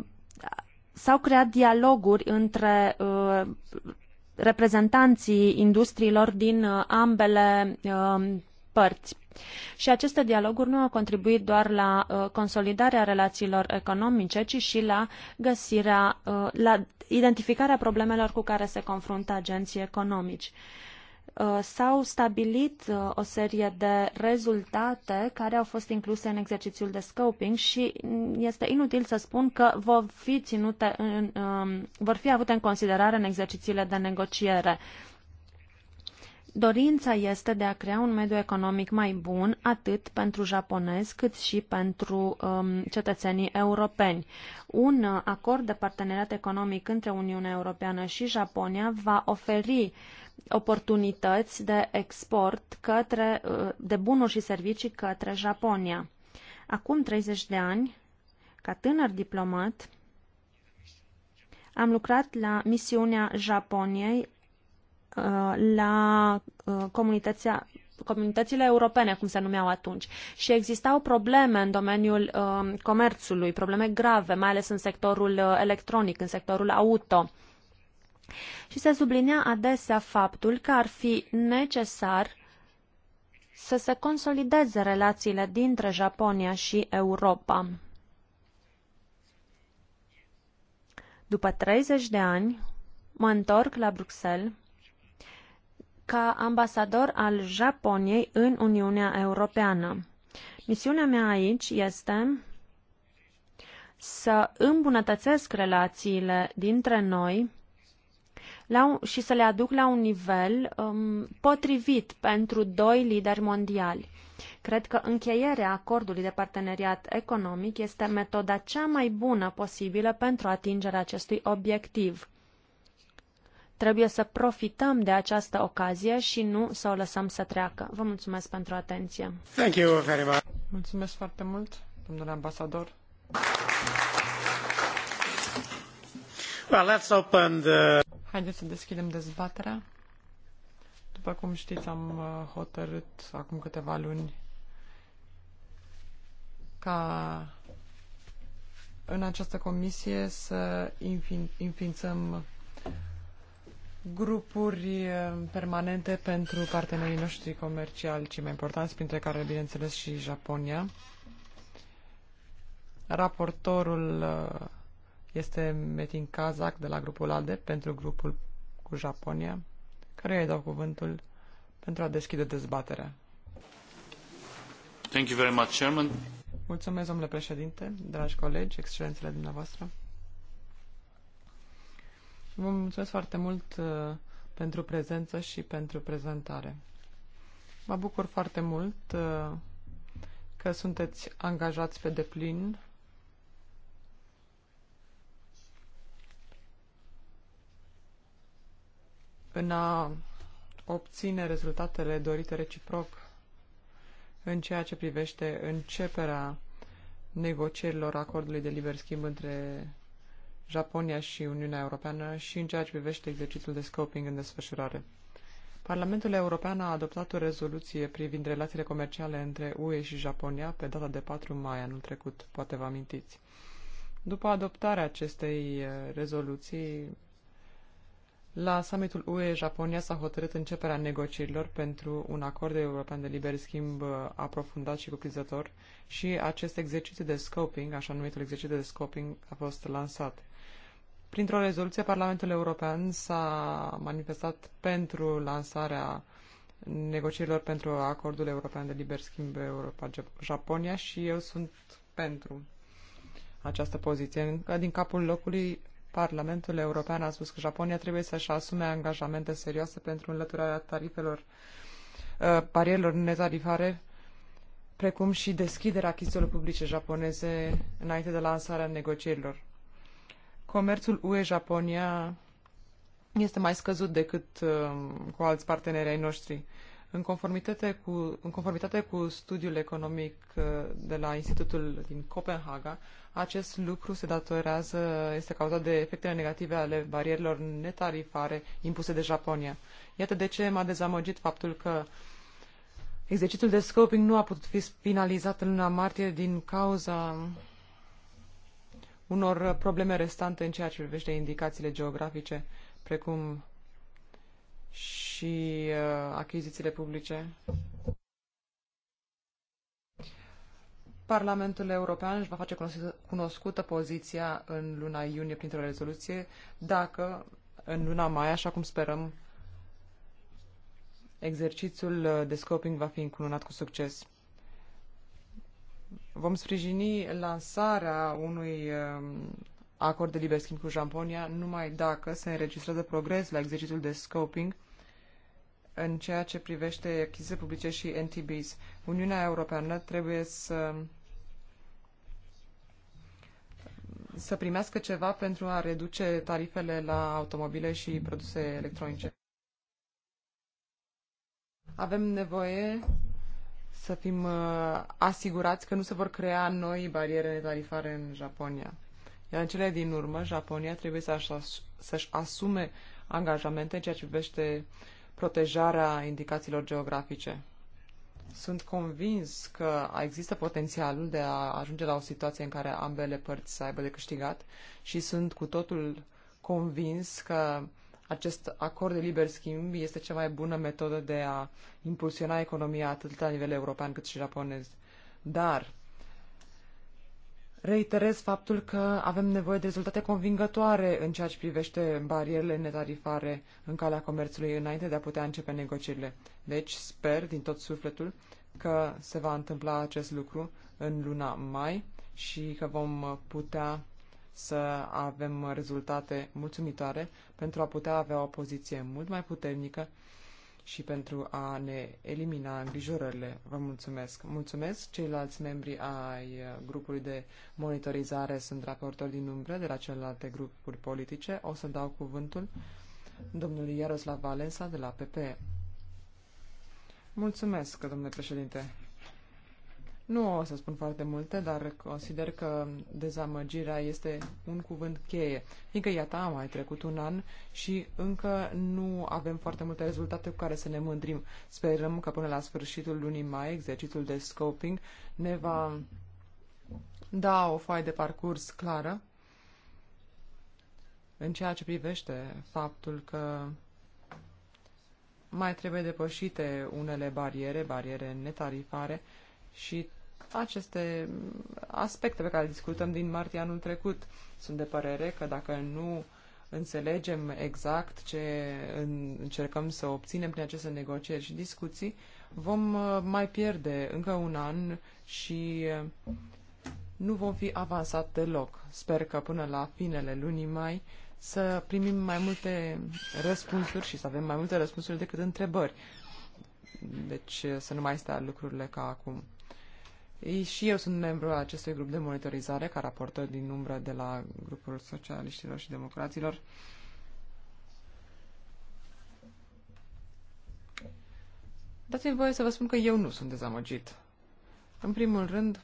s-au creat dialoguri între uh, reprezentanții industriilor din uh, ambele uh, părți. Și aceste dialoguri nu au contribuit doar la uh, consolidarea relațiilor economice, ci și la găsirea, uh, la identificarea problemelor cu care se confruntă agenții economici. Uh, Uh, s-au stabilit uh, o serie de rezultate care au fost incluse în exercițiul de scoping și este inutil să spun că vor fi, ținute în, um, vor fi avute în considerare în exercițiile de negociere. Dorința este de a crea un mediu economic mai bun atât pentru japonezi cât și pentru um, cetățenii europeni. Un uh, acord de parteneriat economic între Uniunea Europeană și Japonia va oferi uh, oportunități de export către, uh, de bunuri și servicii către Japonia. Acum 30 de ani, ca tânăr diplomat, am lucrat la misiunea Japoniei uh, la uh, comunitatea comunitățile europene, cum se numeau atunci. Și existau probleme în domeniul uh, comerțului, probleme grave, mai ales în sectorul uh, electronic, în sectorul auto. Uh, și se sublinea adesea faptul că ar fi necesar să se consolideze relațiile dintre Japonia și Europa. După 30 de ani, mă întorc la Bruxelles ca ambasador al Japoniei în Uniunea Europeană. Misiunea mea aici este să îmbunătățesc relațiile dintre noi la un, și să le aduc la un nivel um, potrivit pentru doi lideri mondiali. Cred că încheierea acordului de parteneriat economic este metoda cea mai bună posibilă pentru atingerea acestui obiectiv. Trebuie să profităm de această ocazie și nu să o lăsăm să treacă. Vă mulțumesc pentru atenție. Thank you very much. Mulțumesc foarte mult, domnule ambasador. Well, let's open the... Haideți să deschidem dezbaterea. După cum știți, am uh, hotărât acum câteva luni ca în această comisie să înființăm grupuri uh, permanente pentru partenerii noștri comerciali, cei mai importanți, printre care, bineînțeles, și Japonia. Raportorul uh, este Metin Kazak de la grupul ALDE pentru grupul cu Japonia, care îi dau cuvântul pentru a deschide dezbaterea. Thank you very much, Chairman. Mulțumesc, domnule președinte, dragi colegi, excelențele dumneavoastră. Vă mulțumesc foarte mult uh, pentru prezență și pentru prezentare. Mă bucur foarte mult uh, că sunteți angajați pe deplin în a obține rezultatele dorite reciproc în ceea ce privește începerea negocierilor acordului de liber schimb între Japonia și Uniunea Europeană și în ceea ce privește exercițiul de scoping în desfășurare. Parlamentul European a adoptat o rezoluție privind relațiile comerciale între UE și Japonia pe data de 4 mai anul trecut, poate vă amintiți. După adoptarea acestei eh, rezoluții, la summitul UE-Japonia s-a hotărât începerea negocierilor pentru un acord european de liber schimb uh, aprofundat și cuprinzător și acest exercițiu de scoping, așa numitul exercițiu de scoping, a fost lansat. Printr-o rezoluție, Parlamentul European s-a manifestat pentru lansarea negocierilor pentru acordul european de liber schimb Europa-Japonia și eu sunt pentru această poziție. Din capul locului Parlamentul European a spus că Japonia trebuie să-și asume angajamente serioase pentru înlăturarea tarifelor, uh, barierelor netarifare, precum și deschiderea achizițiilor publice japoneze înainte de lansarea negocierilor. Comerțul UE-Japonia este mai scăzut decât uh, cu alți parteneri ai noștri. În conformitate cu, în conformitate cu studiul economic uh, de la Institutul din Copenhaga, acest lucru se datorează, este cauzat de efectele negative ale barierelor netarifare impuse de Japonia. Iată de ce m-a dezamăgit faptul că exercițiul de scoping nu a putut fi finalizat în luna martie din cauza unor probleme restante în ceea ce privește indicațiile geografice, precum și și uh, achizițiile publice. Parlamentul European își va face cunoscută poziția în luna iunie printr-o rezoluție, dacă în luna mai, așa cum sperăm, exercițiul uh, de scoping va fi încununat cu succes. Vom sprijini lansarea unui um, acord de liber schimb cu Japonia numai dacă se înregistrează progres la exercițiul de scoping în ceea ce privește achizițiile publice și NTBs. Uniunea Europeană trebuie să să primească ceva pentru a reduce tarifele la automobile și produse electronice. Avem nevoie să fim uh, asigurați că nu se vor crea noi bariere tarifare în Japonia. Iar în cele din urmă, Japonia trebuie să-și asume angajamente în ceea ce privește uh, protejarea indicațiilor geografice. Sunt convins că există potențialul de a ajunge la o situație în care ambele părți să aibă de câștigat și sunt cu totul convins că acest acord de liber schimb este cea mai bună metodă de a impulsiona economia atât la nivel european cât și japonez. Dar Reiterez faptul că avem nevoie de rezultate convingătoare în ceea ce privește barierele netarifare în calea comerțului înainte de a putea începe negocierile. Deci sper din tot sufletul că se va întâmpla acest lucru în luna mai și că vom putea să avem rezultate mulțumitoare pentru a putea avea o poziție mult mai puternică și pentru a ne elimina îngrijorările. Vă mulțumesc. Mulțumesc. Ceilalți membri ai uh, grupului de monitorizare sunt raportori din umbră de la celelalte grupuri politice. O să dau cuvântul domnului Iaroslav Valensa de la PP. Mulțumesc, domnule președinte. Nu o să spun foarte multe, dar consider că dezamăgirea este un cuvânt cheie, fiindcă iată a mai trecut un an și încă nu avem foarte multe rezultate cu care să ne mândrim. Sperăm că până la sfârșitul lunii mai exercițiul de scoping ne va da o foaie de parcurs clară în ceea ce privește faptul că mai trebuie depășite unele bariere, bariere netarifare, și aceste aspecte pe care le discutăm din martie anul trecut sunt de părere că dacă nu înțelegem exact ce încercăm să obținem prin aceste negocieri și discuții, vom uh, mai pierde încă un an și uh, nu vom fi avansat deloc. Sper că până la finele lunii mai să primim mai multe răspunsuri și să avem mai multe răspunsuri decât întrebări. Deci uh, să nu mai stea lucrurile ca acum. Și eu sunt membru a acestui grup de monitorizare, ca raportor din umbră de la grupul socialiștilor și democraților. Dați-mi voie să vă spun că eu nu sunt dezamăgit. În primul rând,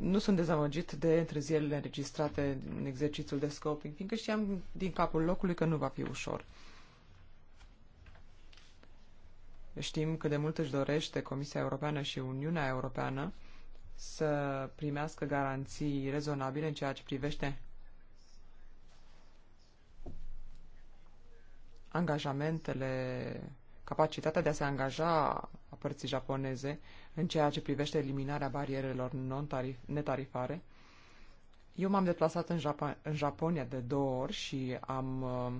nu sunt dezamăgit de întârzierile înregistrate în exercițiul de scoping, fiindcă știam din capul locului că nu va fi ușor. Știm cât de mult își dorește Comisia Europeană și Uniunea Europeană să primească garanții rezonabile în ceea ce privește angajamentele, capacitatea de a se angaja a părții japoneze în ceea ce privește eliminarea barierelor non-tarif, netarifare. Eu m-am deplasat în, Japo- în Japonia de două ori și am uh,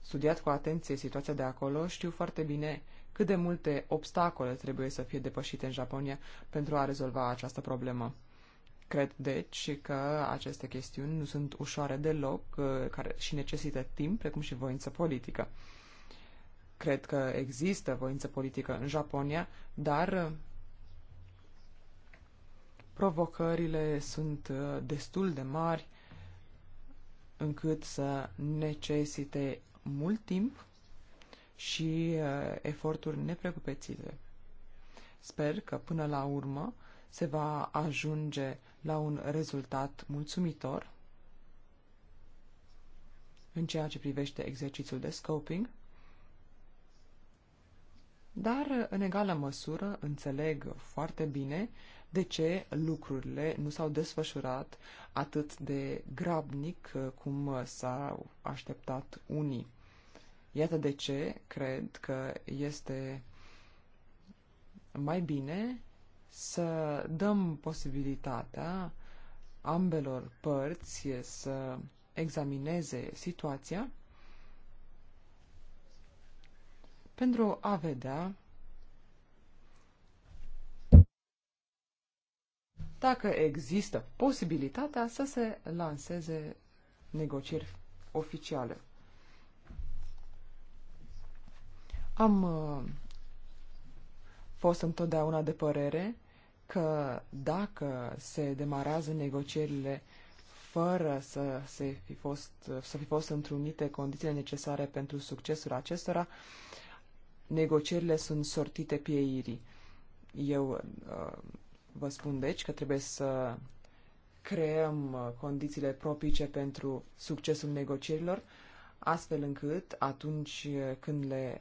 studiat cu atenție situația de acolo. Știu foarte bine cât de multe obstacole trebuie să fie depășite în Japonia pentru a rezolva această problemă. Cred, deci, că aceste chestiuni nu sunt ușoare deloc uh, care, și necesită timp, precum și voință politică. Cred că există voință politică în Japonia, dar uh, provocările sunt uh, destul de mari încât să necesite mult timp și uh, eforturi neprecupețite. Sper că până la urmă se va ajunge la un rezultat mulțumitor în ceea ce privește exercițiul de scoping, dar în egală măsură înțeleg foarte bine de ce lucrurile nu s-au desfășurat atât de grabnic uh, cum s-au așteptat unii. Iată de ce cred că este mai bine să dăm posibilitatea ambelor părți să examineze situația pentru a vedea dacă există posibilitatea să se lanseze negocieri oficiale. Am uh, fost întotdeauna de părere că dacă se demarează negocierile fără să, se fi fost, să fi fost întrunite condițiile necesare pentru succesul acestora, negocierile sunt sortite pieirii. Eu uh, vă spun deci că trebuie să creăm uh, condițiile propice pentru succesul negocierilor, astfel încât atunci uh, când le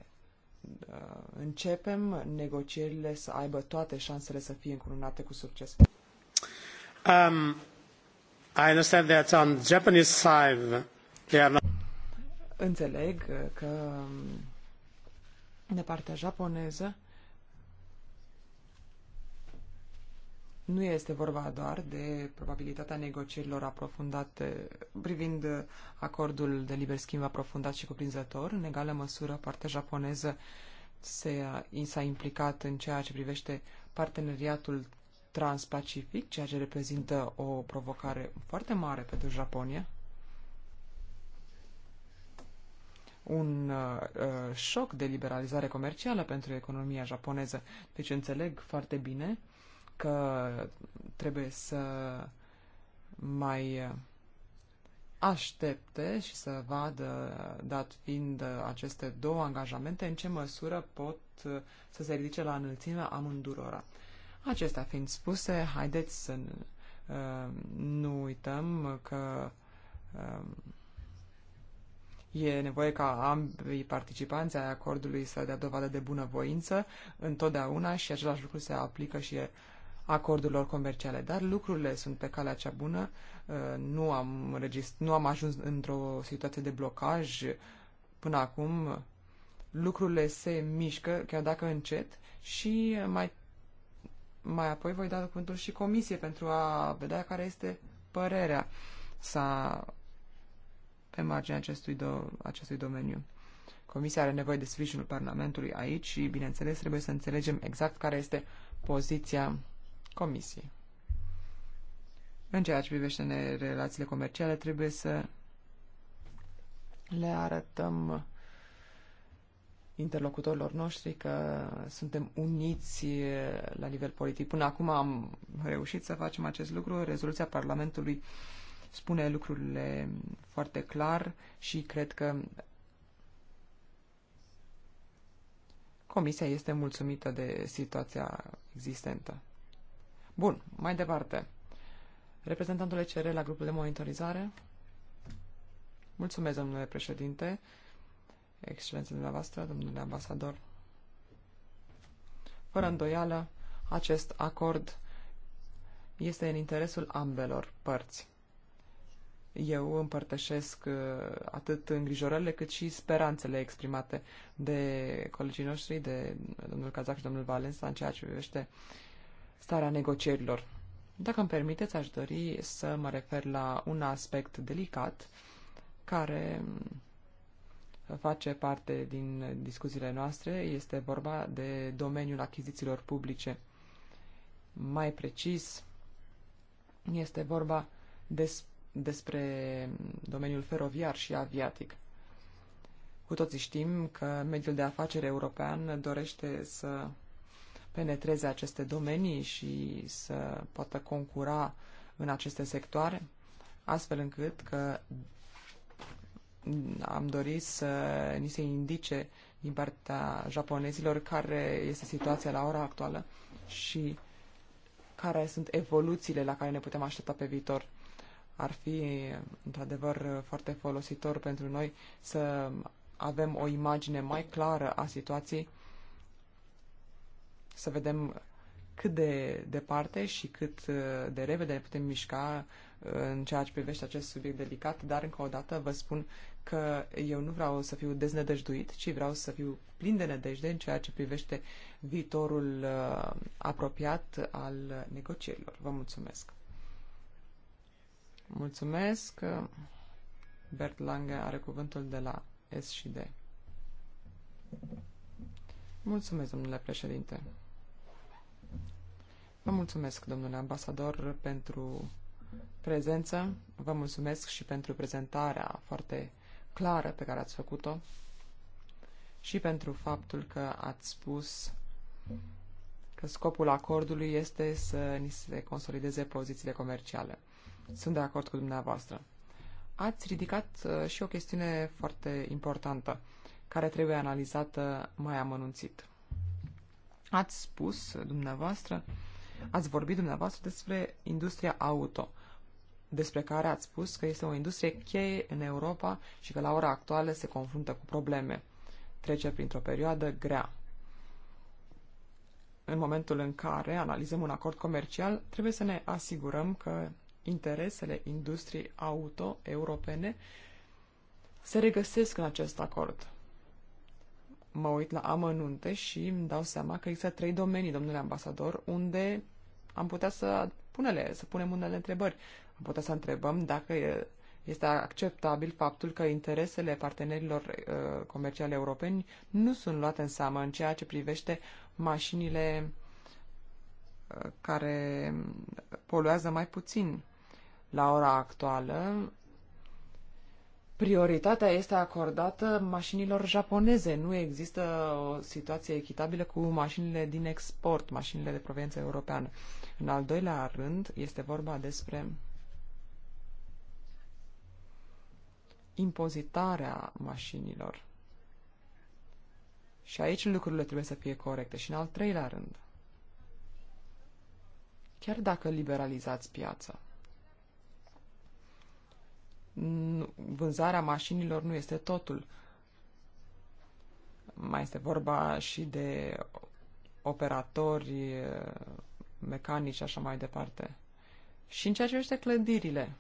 Uh, începem negocierile să aibă toate șansele să fie încununate cu succes. Um, I understand that on Japanese side they are not... Înțeleg că de partea japoneză Nu este vorba doar de probabilitatea negocierilor aprofundate privind acordul de liber schimb aprofundat și cuprinzător. În egală măsură, partea japoneză s-a implicat în ceea ce privește parteneriatul transpacific, ceea ce reprezintă o provocare foarte mare pentru Japonia. un uh, uh șoc de liberalizare comercială pentru economia japoneză. Deci înțeleg foarte bine că trebuie să mai aștepte și să vadă, dat fiind aceste două angajamente, în ce măsură pot să se ridice la înălțimea amândurora. Acestea fiind spuse, haideți să uh, nu uităm că uh, E nevoie ca ambii participanți ai acordului să dea dovadă de bunăvoință întotdeauna și același lucru se aplică și acordurilor comerciale, dar lucrurile sunt pe calea cea bună, uh, nu am, regist- nu am ajuns într-o situație de blocaj până acum, lucrurile se mișcă, chiar dacă încet, și mai, mai apoi voi da cuvântul și comisie pentru a vedea care este părerea sa pe marginea acestui, do- acestui domeniu. Comisia are nevoie de sprijinul Parlamentului aici și, bineînțeles, trebuie să înțelegem exact care este poziția Comisie. În ceea ce privește relațiile comerciale, trebuie să le arătăm interlocutorilor noștri că suntem uniți la nivel politic. Până acum am reușit să facem acest lucru. Rezoluția Parlamentului spune lucrurile foarte clar și cred că Comisia este mulțumită de situația existentă. Bun, mai departe. Reprezentantul ECR la grupul de monitorizare. Mulțumesc, domnule președinte, excelență dumneavoastră, domnule ambasador. Fără îndoială, acest acord este în interesul ambelor părți. Eu împărtășesc uh, atât îngrijorările cât și speranțele exprimate de colegii noștri, de domnul Cazac și domnul Valens în ceea ce privește uh, starea negocierilor. Dacă îmi permiteți, aș dori să mă refer la un aspect delicat care face parte din discuțiile noastre. Este vorba de domeniul achizițiilor publice. Mai precis, este vorba des, despre domeniul feroviar și aviatic. Cu toții știm că mediul de afaceri european dorește să penetreze aceste domenii și să poată concura în aceste sectoare, astfel încât că am dorit să ni se indice din partea japonezilor care este situația la ora actuală și care sunt evoluțiile la care ne putem aștepta pe viitor. Ar fi, într-adevăr, foarte folositor pentru noi să avem o imagine mai clară a situației să vedem cât de departe și cât uh, de repede ne putem mișca uh, în ceea ce privește acest subiect delicat, dar încă o dată vă spun că eu nu vreau să fiu deznădăjduit, ci vreau să fiu plin de nădejde în ceea ce privește viitorul uh, apropiat al negocierilor. Vă mulțumesc! Mulțumesc! Bert Lange are cuvântul de la S și D. Mulțumesc, domnule președinte! Vă mulțumesc, domnule ambasador, pentru prezență. Vă mulțumesc și pentru prezentarea foarte clară pe care ați făcut-o și pentru faptul că ați spus că scopul acordului este să ni se consolideze pozițiile comerciale. Sunt de acord cu dumneavoastră. Ați ridicat uh, și o chestiune foarte importantă care trebuie analizată mai amănunțit. Ați spus dumneavoastră Ați vorbit dumneavoastră despre industria auto, despre care ați spus că este o industrie cheie în Europa și că la ora actuală se confruntă cu probleme. Trece printr-o perioadă grea. În momentul în care analizăm un acord comercial, trebuie să ne asigurăm că interesele industriei auto europene se regăsesc în acest acord mă uit la amănunte și îmi dau seama că există trei domenii, domnule ambasador, unde am putea să, punele, să punem unele întrebări. Am putea să întrebăm dacă este acceptabil faptul că interesele partenerilor uh, comerciale europeni nu sunt luate în seamă în ceea ce privește mașinile uh, care poluează mai puțin. La ora actuală, prioritatea este acordată mașinilor japoneze. Nu există o situație echitabilă cu mașinile din export, mașinile de proveniență europeană. În al doilea rând, este vorba despre impozitarea mașinilor. Și aici lucrurile trebuie să fie corecte. Și în al treilea rând, chiar dacă liberalizați piața, vânzarea mașinilor nu este totul. Mai este vorba și de operatori mecanici, așa mai departe. Și în ceea ce este clădirile,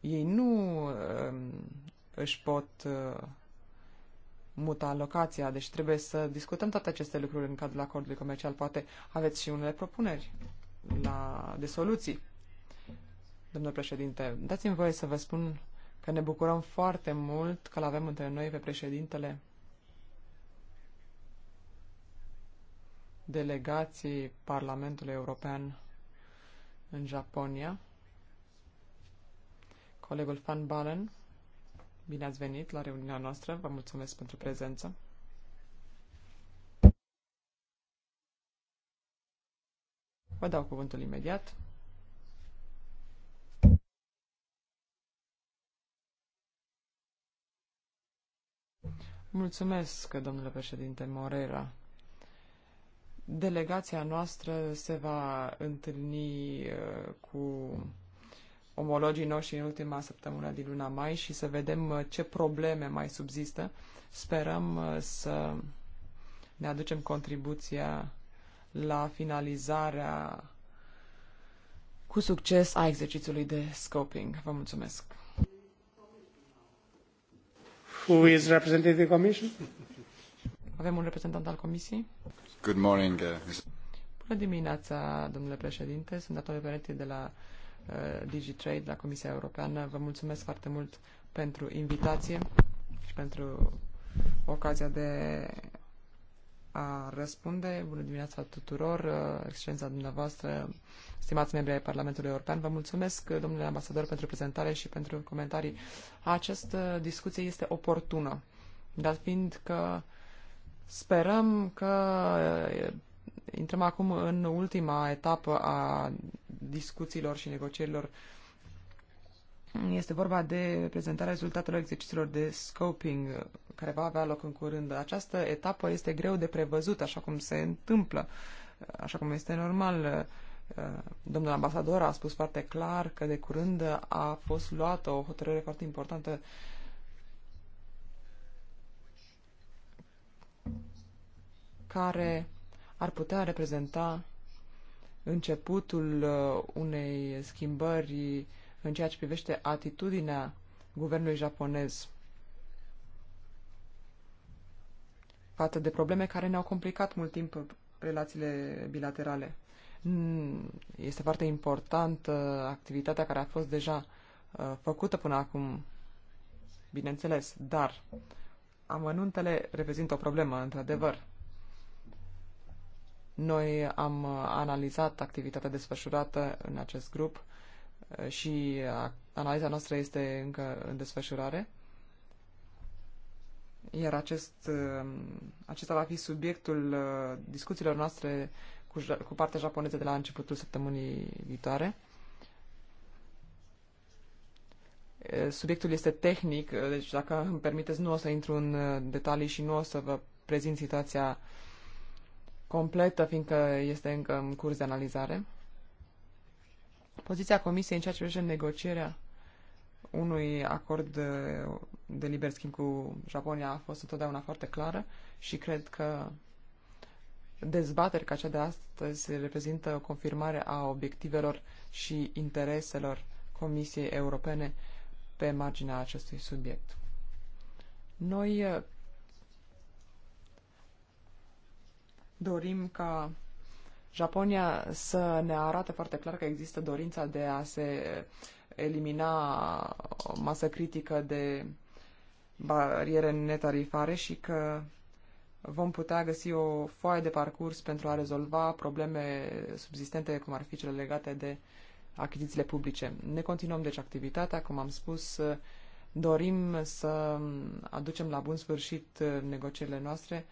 ei nu uh, își pot uh, muta locația, deci trebuie să discutăm toate aceste lucruri în cadrul acordului comercial. Poate aveți și unele propuneri la, de soluții domnul președinte. Dați-mi voie să vă spun că ne bucurăm foarte mult că-l avem între noi pe președintele delegații Parlamentului European în Japonia, colegul Van Balen. Bine ați venit la reuniunea noastră, vă mulțumesc pentru prezență. Vă dau cuvântul imediat. Mulțumesc, domnule președinte Morera. Delegația noastră se va întâlni uh, cu omologii noștri în ultima săptămână din luna mai și să vedem uh, ce probleme mai subzistă. Sperăm uh, să ne aducem contribuția la finalizarea cu succes a exercițiului de scoping. Vă mulțumesc! Avem un reprezentant al Comisiei. Good morning. Uh, Bună dimineața, domnule președinte. Sunt datorul Venetii de la uh, DigiTrade, la Comisia Europeană. Vă mulțumesc foarte mult pentru invitație și pentru ocazia de a răspunde. Bună dimineața tuturor, uh, excelența dumneavoastră, stimați membri ai Parlamentului European. Vă mulțumesc, uh, domnule ambasador, pentru prezentare și pentru comentarii. Această discuție este oportună, dat fiind că sperăm că uh, intrăm acum în ultima etapă a discuțiilor și negocierilor uh, este vorba de prezentarea rezultatelor exercițiilor de scoping uh, care va avea loc în curând. Această etapă este greu de prevăzut, așa cum se întâmplă, uh, așa cum este normal. Uh, domnul ambasador a spus foarte clar că de curând a fost luată o hotărâre foarte importantă care ar putea reprezenta începutul unei schimbări în ceea ce privește atitudinea guvernului japonez față de probleme care ne-au complicat mult timp relațiile bilaterale. Mm, este foarte importantă uh, activitatea care a fost deja uh, făcută până acum, bineînțeles, dar amănuntele reprezintă o problemă, într-adevăr. Noi am uh, analizat activitatea desfășurată în acest grup și analiza noastră este încă în desfășurare. Iar acest, uh, acesta va fi subiectul uh, discuțiilor noastre cu, cu partea japoneză de la începutul săptămânii viitoare. Uh, subiectul este tehnic, deci dacă îmi permiteți, nu o să intru în detalii și nu o să vă prezint situația completă, fiindcă este încă în curs de analizare poziția Comisiei în ceea ce privește negocierea unui acord de, de liber schimb cu Japonia a fost întotdeauna foarte clară și cred că dezbateri ca cea de astăzi reprezintă o confirmare a obiectivelor și intereselor Comisiei Europene pe marginea acestui subiect. Noi eh, dorim ca Japonia să ne arate foarte clar că există dorința de a se elimina o masă critică de bariere netarifare și că vom putea găsi o foaie de parcurs pentru a rezolva probleme subsistente, cum ar fi cele legate de achizițiile publice. Ne continuăm, deci, activitatea, cum am spus, dorim să aducem la bun sfârșit negocierile noastre.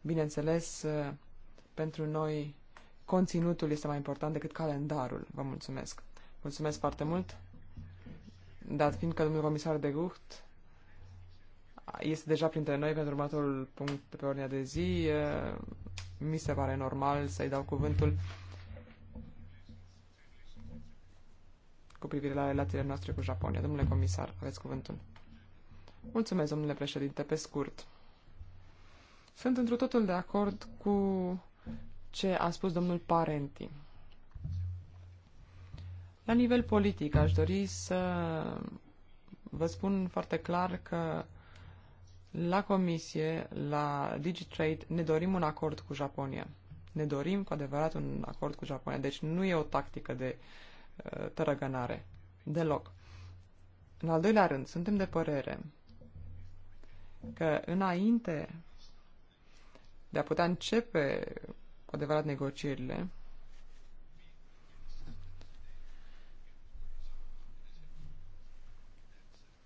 Bineînțeles, pentru noi conținutul este mai important decât calendarul. Vă mulțumesc. Mulțumesc foarte mult. Dar fiindcă domnul comisar de Gucht este deja printre noi pentru următorul punct pe ordinea de zi, mi se pare normal să-i dau cuvântul cu privire la relațiile noastre cu Japonia. Domnule comisar, aveți cuvântul. Mulțumesc, domnule președinte, pe scurt. Sunt într totul de acord cu ce a spus domnul Parenti. La nivel politic, aș dori să vă spun foarte clar că la Comisie, la DigiTrade, ne dorim un acord cu Japonia. Ne dorim cu adevărat un acord cu Japonia. Deci nu e o tactică de uh, tărăgănare. Deloc. În al doilea rând, suntem de părere că înainte de a putea începe cu adevărat negocierile.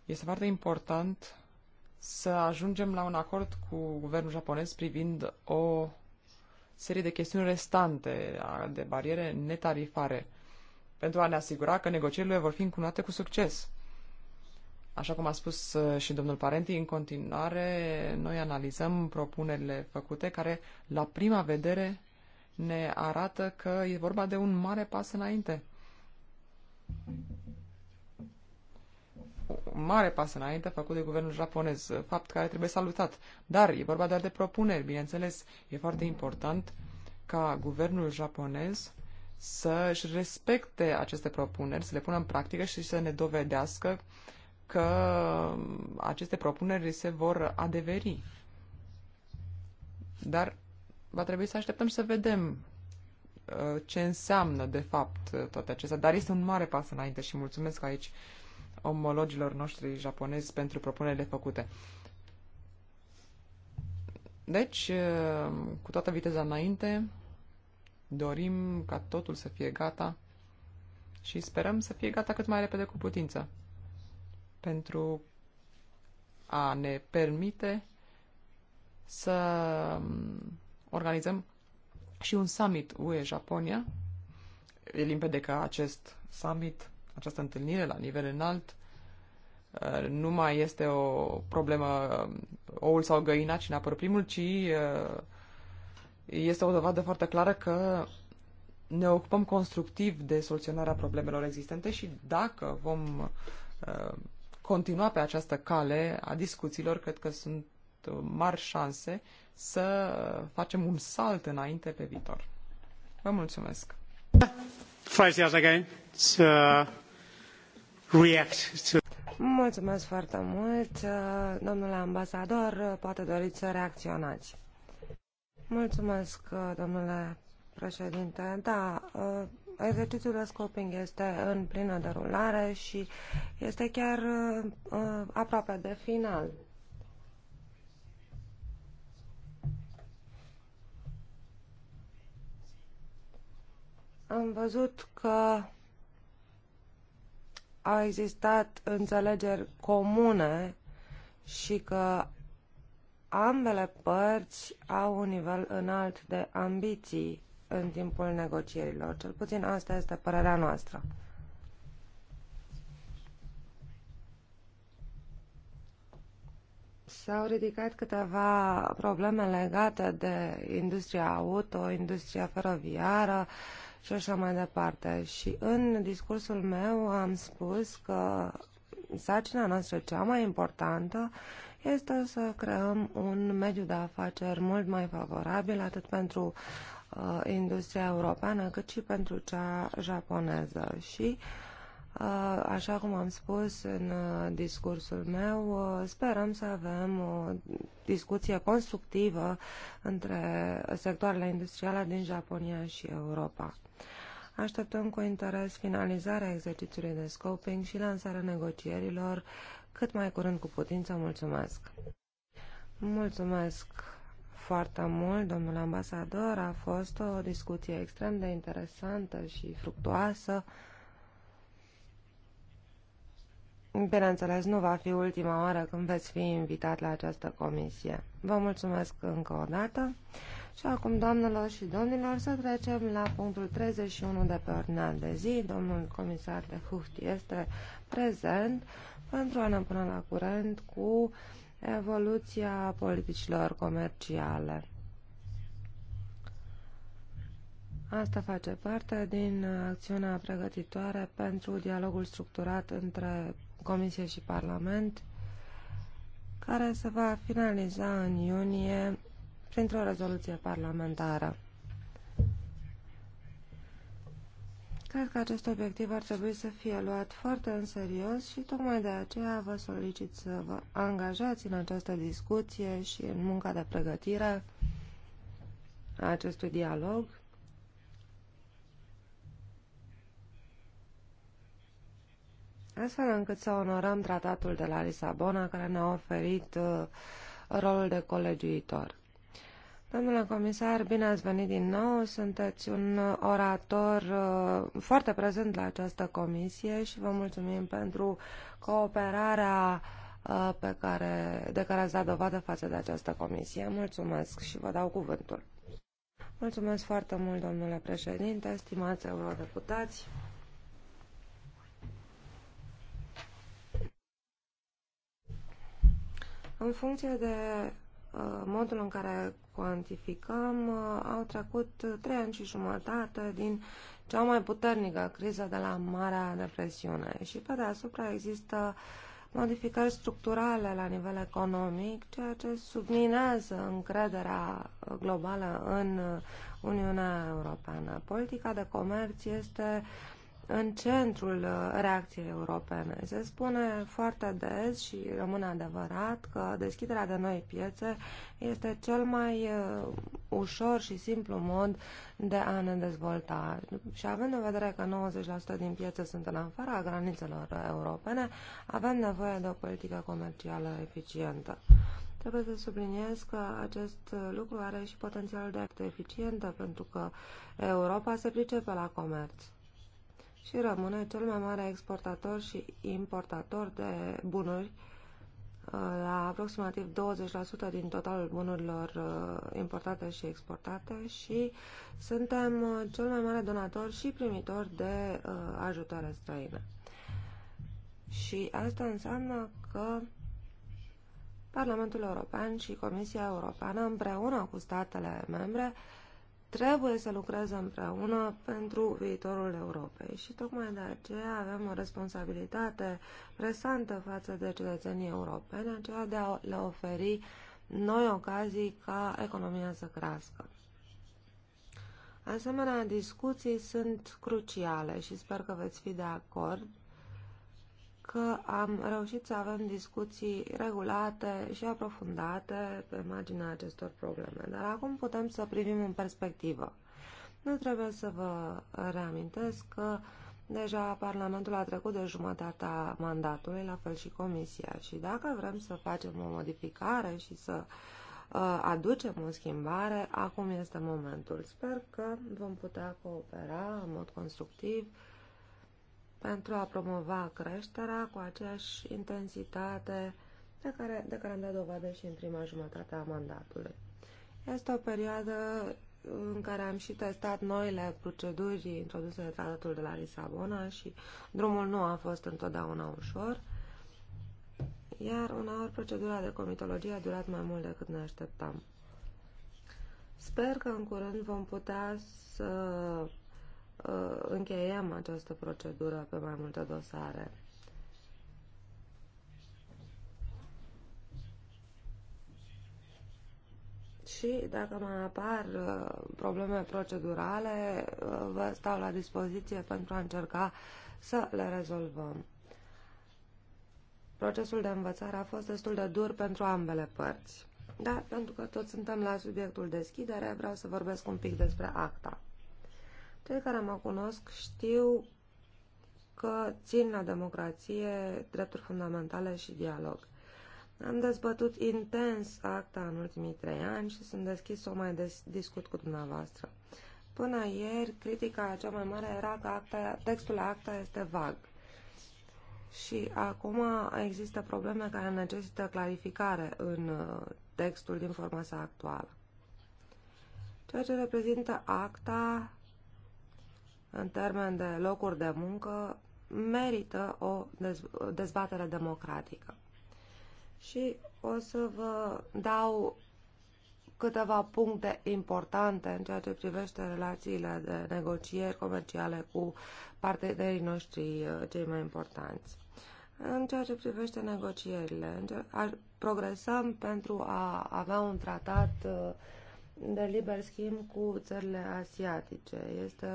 Este foarte important să ajungem la un acord cu guvernul japonez privind o serie de chestiuni restante de bariere netarifare pentru a ne asigura că negocierile vor fi încunate cu succes. Așa cum a spus uh, și domnul Parenti, în continuare noi analizăm propunerile făcute care, la prima vedere, ne arată că e vorba de un mare pas înainte. Un mare pas înainte făcut de guvernul japonez, fapt care trebuie salutat. Dar e vorba doar de propuneri, bineînțeles. E foarte important ca guvernul japonez să-și respecte aceste propuneri, să le pună în practică și să ne dovedească că aceste propuneri se vor adeveri. Dar va trebui să așteptăm și să vedem uh, ce înseamnă, de fapt, uh, toate acestea. Dar este un mare pas înainte și mulțumesc aici omologilor noștri japonezi pentru propunerile făcute. Deci, uh, cu toată viteza înainte, dorim ca totul să fie gata și sperăm să fie gata cât mai repede cu putință pentru a ne permite să um, organizăm și un summit UE-Japonia. E limpede că acest summit, această întâlnire la nivel înalt, uh, nu mai este o problemă um, oul sau găina, cine apără primul, ci uh, este o dovadă foarte clară că ne ocupăm constructiv de soluționarea problemelor existente și dacă vom uh, continua pe această cale a discuțiilor, cred că sunt mari șanse să facem un salt înainte pe viitor. Vă mulțumesc. Five years again. To uh, react to... Mulțumesc foarte mult. Uh, domnule ambasador, uh, poate doriți să reacționați. Mulțumesc, domnule președinte. Da, exercițiul de scoping este în plină derulare și este chiar aproape de final. Am văzut că au existat înțelegeri comune și că ambele părți au un nivel înalt de ambiții în timpul negocierilor. Cel puțin asta este părerea noastră. S-au ridicat câteva probleme legate de industria auto, industria feroviară, uh, și așa mai departe. Și în discursul meu am spus că sarcina noastră cea mai importantă este să creăm un mediu de afaceri mult mai favorabil atât pentru uh, industria europeană cât și pentru cea japoneză. Și uh, Așa cum am spus în discursul meu, sperăm să avem o discuție constructivă între sectoarele industriale din Japonia și Europa. Așteptăm cu interes finalizarea exercițiului de scoping și lansarea negocierilor cât mai curând cu putință. Mulțumesc! Mulțumesc foarte mult, domnul ambasador. A fost o discuție extrem de interesantă și fructuoasă. Bineînțeles, nu va fi ultima oară când veți fi invitat la această comisie. Vă mulțumesc încă o dată și acum, doamnelor și domnilor, să trecem la punctul 31 de pe ordinea de zi. Domnul comisar de Huft este prezent pentru a ne pune la curent cu evoluția politicilor comerciale. Asta face parte din acțiunea pregătitoare pentru dialogul structurat între Comisie și Parlament, care se va finaliza în iunie printr-o rezoluție parlamentară. Cred că acest obiectiv ar trebui să fie luat foarte în serios și tocmai de aceea vă solicit să vă angajați în această discuție și în munca de pregătire a acestui dialog astfel încât să onorăm tratatul de la Lisabona care ne-a oferit uh, rolul de colegiuitor. Domnule comisar, bine ați venit din nou. Sunteți un orator uh, foarte prezent la această comisie și vă mulțumim pentru cooperarea uh, pe care, de care ați dat dovadă față de această comisie. Mulțumesc și vă dau cuvântul. Mulțumesc foarte mult, domnule președinte, stimați eurodeputați. În funcție de uh, modul în care cuantificăm, uh, au trecut trei ani și jumătate din cea mai puternică criză de la Marea Depresiune și pe deasupra există modificări structurale la nivel economic, ceea ce subminează încrederea globală în Uniunea Europeană. Politica de comerț este uh, în centrul uh, reacției europene. Se spune foarte des și rămâne adevărat că deschiderea de noi piețe este cel mai uh, ușor și simplu mod de a ne dezvolta. Și având în vedere că 90% din piețe sunt în afara granițelor europene, avem nevoie de o politică comercială eficientă. Trebuie să subliniez că acest lucru are și potențial de acte eficientă, pentru că Europa se pricepe la comerț și rămâne cel mai mare exportator și importator de bunuri uh, la aproximativ 20% din totalul bunurilor uh, importate și exportate și suntem uh, cel mai mare donator și primitor de ajutoare străine. Și asta înseamnă că Parlamentul European și Comisia Europeană împreună cu statele membre trebuie să lucreze împreună pentru viitorul Europei și tocmai de aceea avem o responsabilitate presantă față de cetățenii europene, aceea de a le oferi noi ocazii ca economia să crească. Asemenea, discuții sunt cruciale și sper că veți fi de acord că am reușit să avem discuții regulate și aprofundate pe marginea acestor probleme, dar acum putem să privim în perspectivă. Nu trebuie să vă reamintesc că deja Parlamentul a trecut de jumătatea mandatului, la fel și Comisia, și dacă vrem să facem o modificare și să uh, aducem o schimbare, acum este momentul. Sper că vom putea coopera în mod constructiv pentru a promova creșterea cu aceeași intensitate de care, de care am dat dovadă și în prima jumătate a mandatului. Este o perioadă în care am și testat noile proceduri introduse de tratatul de la Lisabona și drumul nu a fost întotdeauna ușor, iar uneori procedura de comitologie a durat mai mult decât ne așteptam. Sper că în curând vom putea să Uh, încheiem această procedură pe mai multe dosare. și dacă mai apar uh, probleme procedurale, uh, vă stau la dispoziție pentru a încerca să le rezolvăm. Procesul de învățare a fost destul de dur pentru ambele părți. Dar pentru că toți suntem la subiectul deschidere, vreau să vorbesc un pic despre acta. Cei care mă cunosc știu că țin la democrație, drepturi fundamentale și dialog. Am dezbătut intens acta în ultimii trei ani și sunt deschis să o mai des- discut cu dumneavoastră. Până ieri, critica cea mai mare era că acta, textul acta este vag. Și acum există probleme care necesită clarificare în uh, textul din forma sa actuală. Ceea ce reprezintă acta în termen de locuri de muncă merită o dezbatere democratică. Și o să vă dau câteva puncte importante în ceea ce privește relațiile de negocieri comerciale cu partenerii noștri uh, cei mai importanți. În ceea ce privește negocierile, progresăm pentru a avea un tratat uh, de liber schimb cu țările asiatice. Este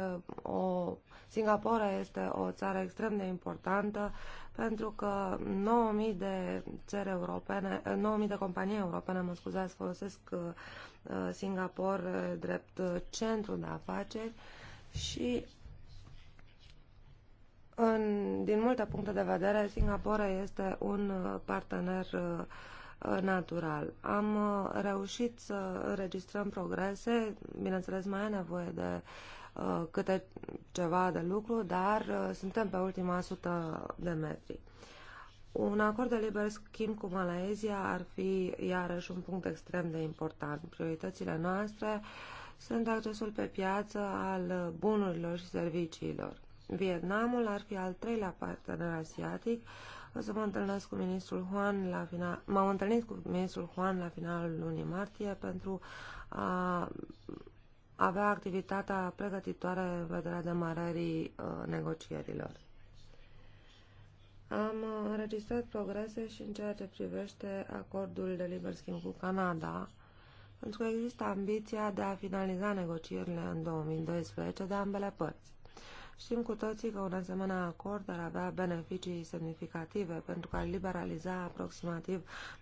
o, Singapore este o țară extrem de importantă pentru că 9.000 de țări europene, 9.000 de companii europene, mă scuzați, folosesc uh, uh, Singapore uh, drept centru de afaceri și în, din multe puncte de vedere, Singapore este un partener uh, Uh, natural. Am uh, reușit să înregistrăm progrese, bineînțeles mai e nevoie de uh, câte ceva de lucru, dar suntem pe ultima sută de metri. Un acord de liber schimb cu Malaezia ar fi iarăși un punct extrem de important. Prioritățile noastre sunt accesul pe piață al bunurilor și serviciilor. Vietnamul ar fi al treilea partener asiatic să mă întâlnesc cu ministrul Juan la final, m-am întâlnit cu ministrul Juan la finalul lunii martie pentru a avea activitatea pregătitoare în vederea demarării uh, negocierilor. Am uh, înregistrat progrese și în ceea ce privește acordul de liber schimb cu Canada, pentru că există ambiția de a finaliza negocierile în 2012 de ambele părți. Știm cu toții că un asemenea acord ar avea beneficii semnificative pentru că ar liberaliza aproximativ 99%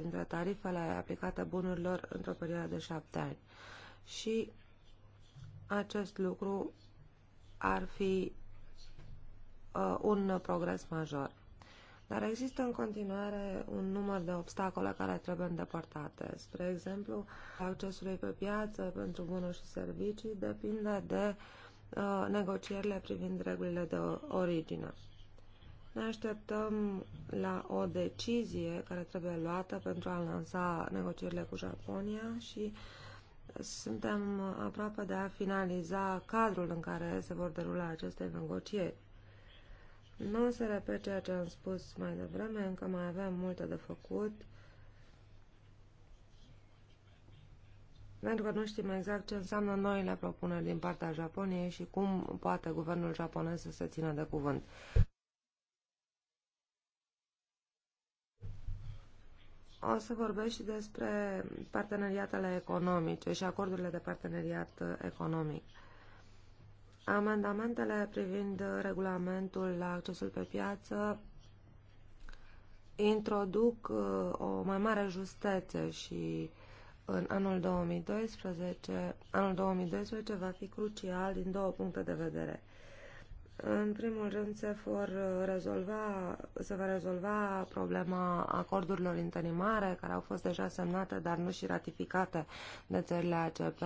dintre tarifele aplicate bunurilor într-o perioadă de șapte ani. Și acest lucru ar fi uh, un progres major. Dar există în continuare un număr de obstacole care trebuie îndepărtate. Spre exemplu, accesul pe piață pentru bunuri și servicii depinde de uh, Uh, negocierile privind regulile de origine. Ne așteptăm la o decizie care trebuie luată pentru a lansa negocierile cu Japonia și suntem aproape de a finaliza cadrul în care se vor derula aceste negocieri. Nu o să repet ceea ce am spus mai devreme, încă mai avem multe de făcut pentru că nu știm exact ce înseamnă noile propuneri din partea Japoniei și cum poate guvernul japonez să se țină de cuvânt. O să vorbesc și despre parteneriatele economice și acordurile de parteneriat economic. Amendamentele privind regulamentul la accesul pe piață introduc uh, o mai mare justețe și în anul 2012, anul 2012 va fi crucial din două puncte de vedere. În primul rând se, vor rezolva, se va rezolva problema acordurilor interimare care au fost deja semnate, dar nu și ratificate de țările ACP.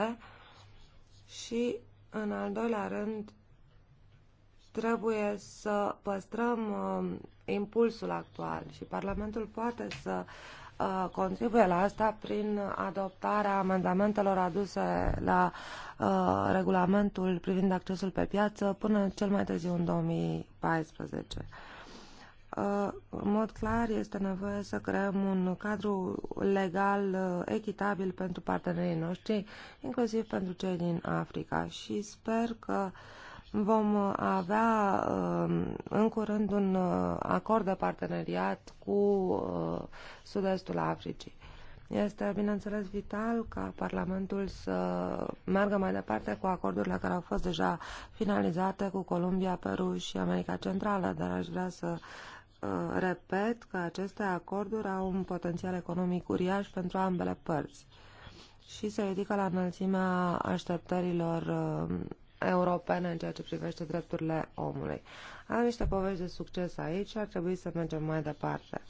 Și, în al doilea rând, trebuie să păstrăm uh, impulsul actual și Parlamentul poate să uh, Uh, contribuie la asta prin adoptarea amendamentelor aduse la uh, regulamentul privind accesul pe piață până cel mai târziu în 2014. Uh, în mod clar, este nevoie să creăm un cadru legal echitabil pentru partenerii noștri, inclusiv pentru cei din Africa și sper că uh, Vom uh, avea uh, în curând un uh, acord de parteneriat cu sud-estul Africii. Este, bineînțeles, vital ca Parlamentul să meargă mai departe cu acordurile care au fost deja finalizate cu Columbia, Peru și America Centrală, dar aș vrea să repet că aceste acorduri au un potențial economic uriaș pentru ambele părți și se ridică la înălțimea așteptărilor europene în ceea ce privește drepturile omului. Am niște povești de succes aici și ar trebui să mergem mai departe.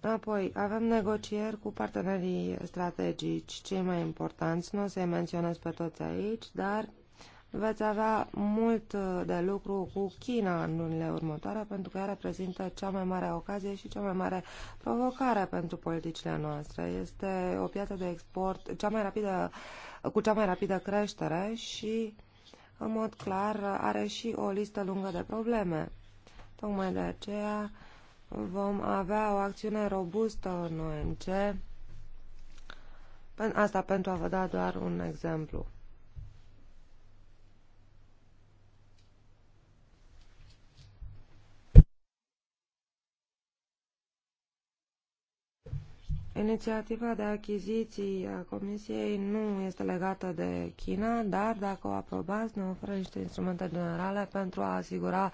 Apoi, avem negocieri cu partenerii strategici, cei mai importanți. Nu o să-i menționez pe toți aici, dar veți avea mult de lucru cu China în lunile următoare, pentru că ea reprezintă cea mai mare ocazie și cea mai mare provocare pentru politicile noastre. Este o piață de export, cea mai rapidă uh, cu cea mai rapidă creștere și, în mod clar, are și o listă lungă de probleme. Tocmai de aceea vom avea o acțiune robustă în OMC, asta pentru a vă da doar un exemplu. Inițiativa de achiziții a Comisiei nu este legată de China, dar dacă o aprobați, ne oferă niște instrumente generale pentru a asigura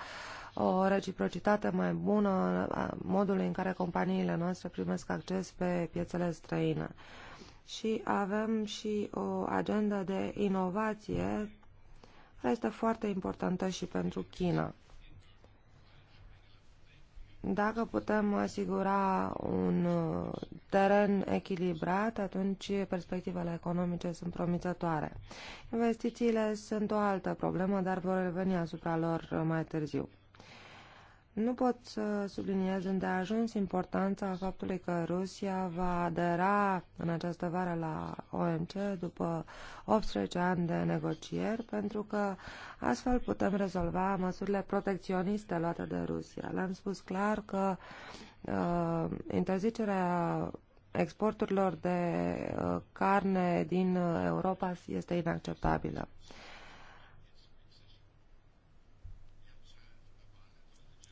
o reciprocitate mai bună a modului în care companiile noastre primesc acces pe piețele străine. Și avem și o agendă de inovație care este foarte importantă și pentru China. Dacă putem asigura un uh, teren echilibrat, atunci perspectivele economice sunt promițătoare. Investițiile sunt o altă problemă, dar vor reveni asupra lor uh, mai târziu. Nu pot să subliniez îndeajuns importanța faptului că Rusia va adera în această vară la OMC după 18 ani de negocieri, pentru că astfel putem rezolva măsurile protecționiste luate de Rusia. Le-am spus clar că uh, interzicerea exporturilor de uh, carne din Europa este inacceptabilă. Uh,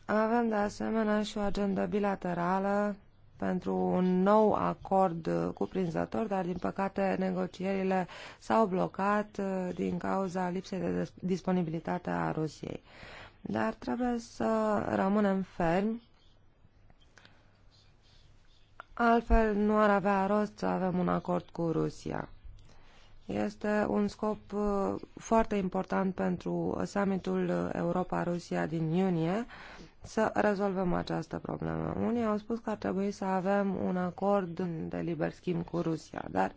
Avem de asemenea și o agendă bilaterală pentru un nou acord cuprinzător, dar din păcate negocierile s-au blocat uh, din cauza lipsei de disponibilitate a Rusiei. Dar trebuie să rămânem fermi, altfel nu ar avea rost să avem un acord cu Rusia. Este un scop uh, foarte important pentru summitul Europa-Rusia din iunie, să rezolvăm această problemă. Unii au spus că ar trebui să avem un acord de liber schimb cu Rusia, dar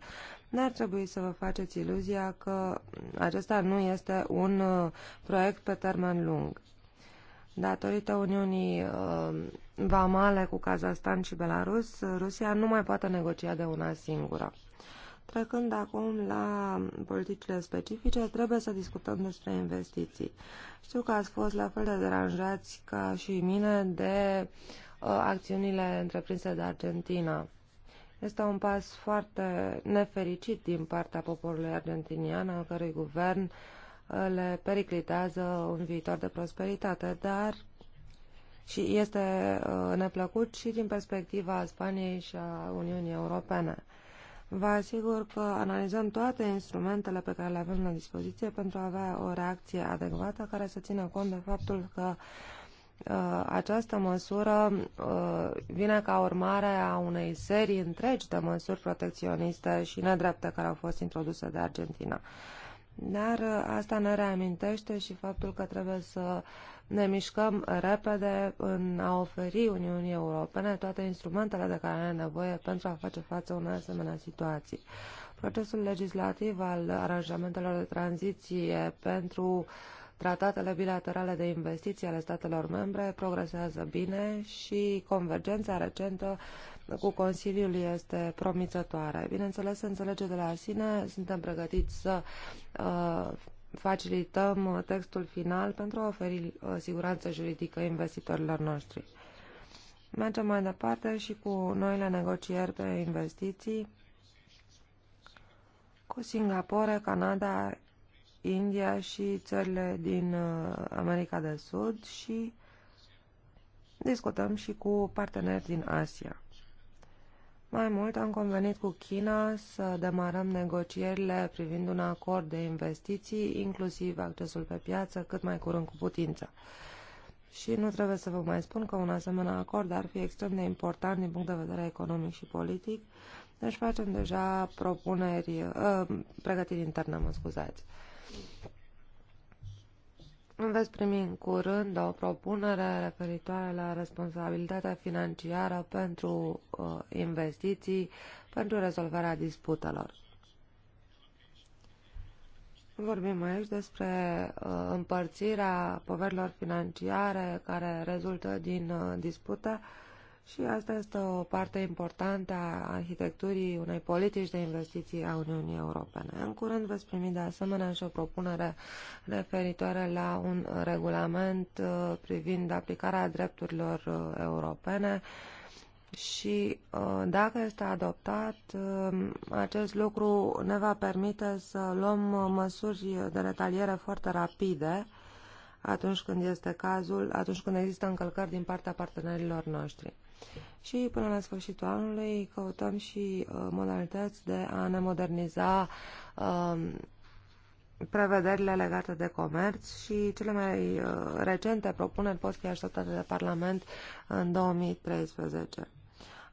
n-ar trebui să vă faceți iluzia că acesta nu este un uh, proiect pe termen lung. Datorită Uniunii uh, Vamale cu Kazahstan și Belarus, Rusia nu mai poate negocia de una singură. Trecând acum la politicile specifice, trebuie să discutăm despre investiții. Știu că ați fost la fel de deranjați ca și mine de uh, acțiunile întreprinse de Argentina. Este un pas foarte nefericit din partea poporului argentinian, al cărui guvern uh, le periclitează un viitor de prosperitate, dar și este uh, neplăcut și din perspectiva Spaniei și a Uniunii Europene. Vă asigur că analizăm toate instrumentele pe care le avem la dispoziție pentru a avea o reacție adecvată care să țină cont de faptul că uh, această măsură uh, vine ca urmare a unei serii întregi de măsuri protecționiste și nedrepte care au fost introduse de Argentina. Dar uh, asta ne reamintește și faptul că trebuie să uh, ne mișcăm repede în a oferi Uniunii Europene toate instrumentele de care are nevoie pentru a face față unei asemenea situații. Procesul legislativ al aranjamentelor de tranziție pentru tratatele bilaterale de investiții ale statelor membre progresează bine și convergența recentă cu Consiliul este promițătoare. Bineînțeles, se înțelege de la sine, suntem pregătiți să uh, facilităm uh, textul final pentru a oferi uh, siguranță juridică investitorilor noștri. Mergem mai departe și cu noile negocieri pe investiții cu Singapore, Canada, India și țările din uh, America de Sud și discutăm și cu parteneri din Asia. Mai mult, am convenit cu China să demarăm negocierile privind un acord de investiții, inclusiv accesul pe piață, cât mai curând cu putință. Și nu trebuie să vă mai spun că un asemenea acord ar fi extrem de important din punct de vedere economic și politic, deci facem deja propuneri, uh, pregătiri interne, mă scuzați. Veți primi în curând o propunere referitoare la responsabilitatea financiară pentru uh, investiții, pentru rezolvarea disputelor. Vorbim aici despre uh, împărțirea poverilor financiare care rezultă din uh, dispute uh, și asta este o parte importantă a arhitecturii unei politici de investiții a Uniunii Europene. În curând veți primi de asemenea și o propunere referitoare la un regulament uh, privind aplicarea drepturilor uh, europene și uh, dacă este adoptat, acest lucru ne va permite să luăm măsuri de retaliere foarte rapide atunci când este cazul, atunci când există încălcări din partea partenerilor noștri și până la sfârșitul anului căutăm și uh, modalități de a ne moderniza uh, prevederile legate de comerț și cele mai uh, recente propuneri pot fi așteptate de Parlament în 2013.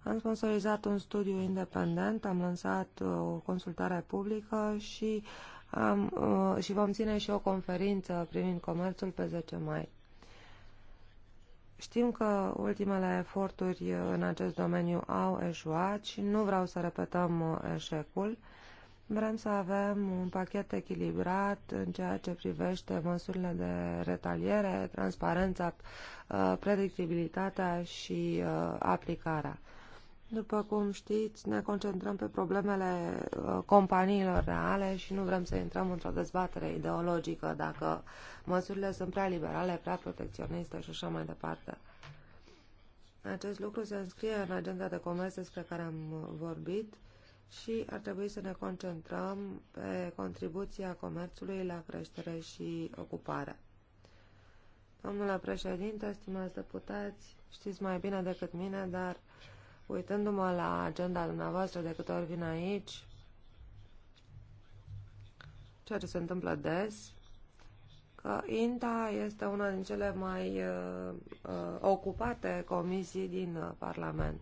Am sponsorizat un studiu independent, am lansat uh, o consultare publică și, am, uh, și vom ține și o conferință privind comerțul pe 10 mai. Știm că ultimele eforturi în acest domeniu au eșuat și nu vreau să repetăm uh, eșecul. Vrem să avem un pachet echilibrat în ceea ce privește măsurile de retaliere, transparența, uh, predictibilitatea și uh, aplicarea. După cum știți, ne concentrăm pe problemele uh, companiilor reale și nu vrem să intrăm într-o dezbatere ideologică dacă măsurile sunt prea liberale, prea protecționiste și așa mai departe. Acest lucru se înscrie în agenda de comerț despre care am vorbit și ar trebui să ne concentrăm pe contribuția comerțului la creștere și ocupare. Domnule președinte, stimați deputați, știți mai bine decât mine, dar Uitându-mă la agenda dumneavoastră de câte ori vin aici, ceea ce se întâmplă des, că INTA este una din cele mai uh, uh, ocupate comisii din uh, Parlament.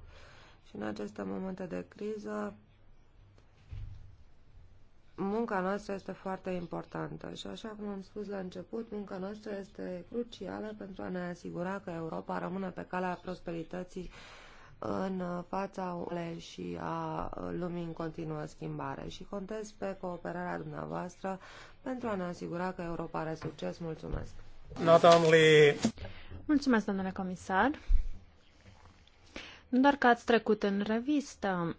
Și în aceste momente de criză, munca noastră este foarte importantă și așa cum am spus la început, munca noastră este crucială pentru a ne asigura că Europa rămâne pe calea prosperității uh, în fața ULE și a lumii în continuă schimbare și contez pe cooperarea dumneavoastră pentru a ne asigura că Europa are succes. Mulțumesc! Not only... Mulțumesc, domnule comisar! Nu doar că ați trecut în revistă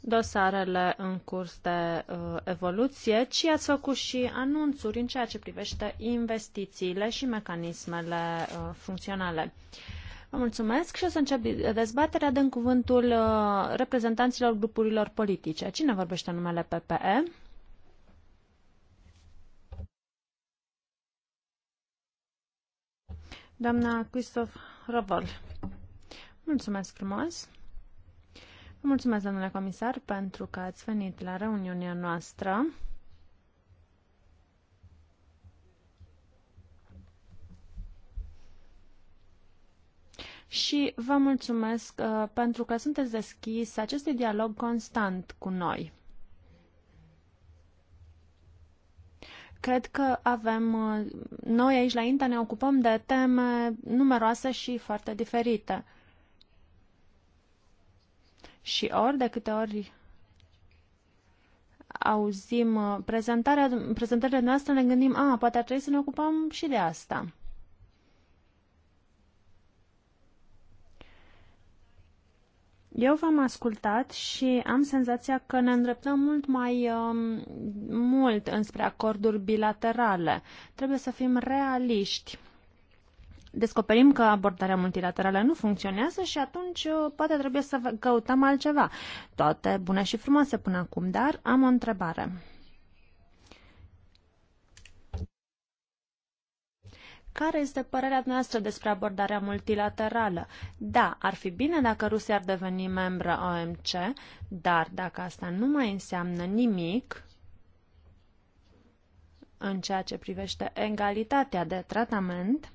dosarele în curs de uh, evoluție, ci ați făcut și anunțuri în ceea ce privește investițiile și mecanismele uh, funcționale. Uh, Vă mulțumesc și o să încep dezbaterea din cuvântul uh, reprezentanților grupurilor politice. Cine vorbește în numele PPE? Doamna Christoph Robol. Mulțumesc frumos. Vă mulțumesc, domnule comisar, pentru că ați venit la reuniunea noastră. și vă mulțumesc uh, pentru că sunteți deschis acestui dialog constant cu noi. Cred că avem, uh, noi aici la INTA ne ocupăm de teme numeroase și foarte diferite. Și ori de câte ori auzim uh, prezentarea, prezentările noastre, ne gândim, a, ah, poate ar trebui să ne ocupăm și de asta. Eu v-am ascultat și am senzația că ne îndreptăm mult mai um, mult înspre acorduri bilaterale. Trebuie să fim realiști. Descoperim că abordarea multilaterală nu funcționează și atunci uh, poate trebuie să căutăm altceva. Toate bune și frumoase până acum, dar am o întrebare. Care este părerea noastră despre abordarea multilaterală? Da, ar fi bine dacă Rusia ar deveni membră OMC, dar dacă asta nu mai înseamnă nimic în ceea ce privește egalitatea de tratament,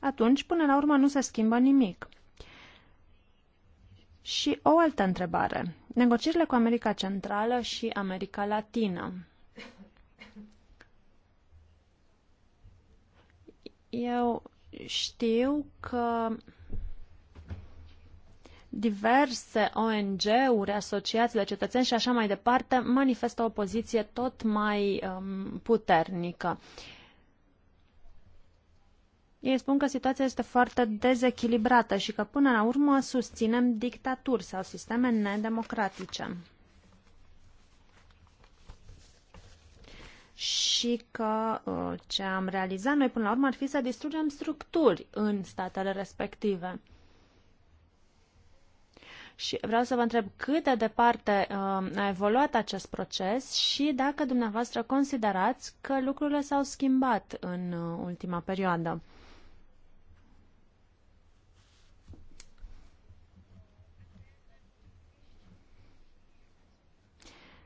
atunci, până la urmă, nu se schimbă nimic. Și o altă întrebare. Negocierile cu America Centrală și America Latină. Eu știu că diverse ONG-uri, asociații de cetățeni și așa mai departe manifestă o poziție tot mai um, puternică. Ei spun că situația este foarte dezechilibrată și că până la urmă susținem dictaturi sau sisteme nedemocratice. și că uh, ce am realizat noi până la urmă ar fi să distrugem structuri în statele respective. Și vreau să vă întreb cât de departe uh, a evoluat acest proces și dacă dumneavoastră considerați că lucrurile s-au schimbat în uh, ultima perioadă.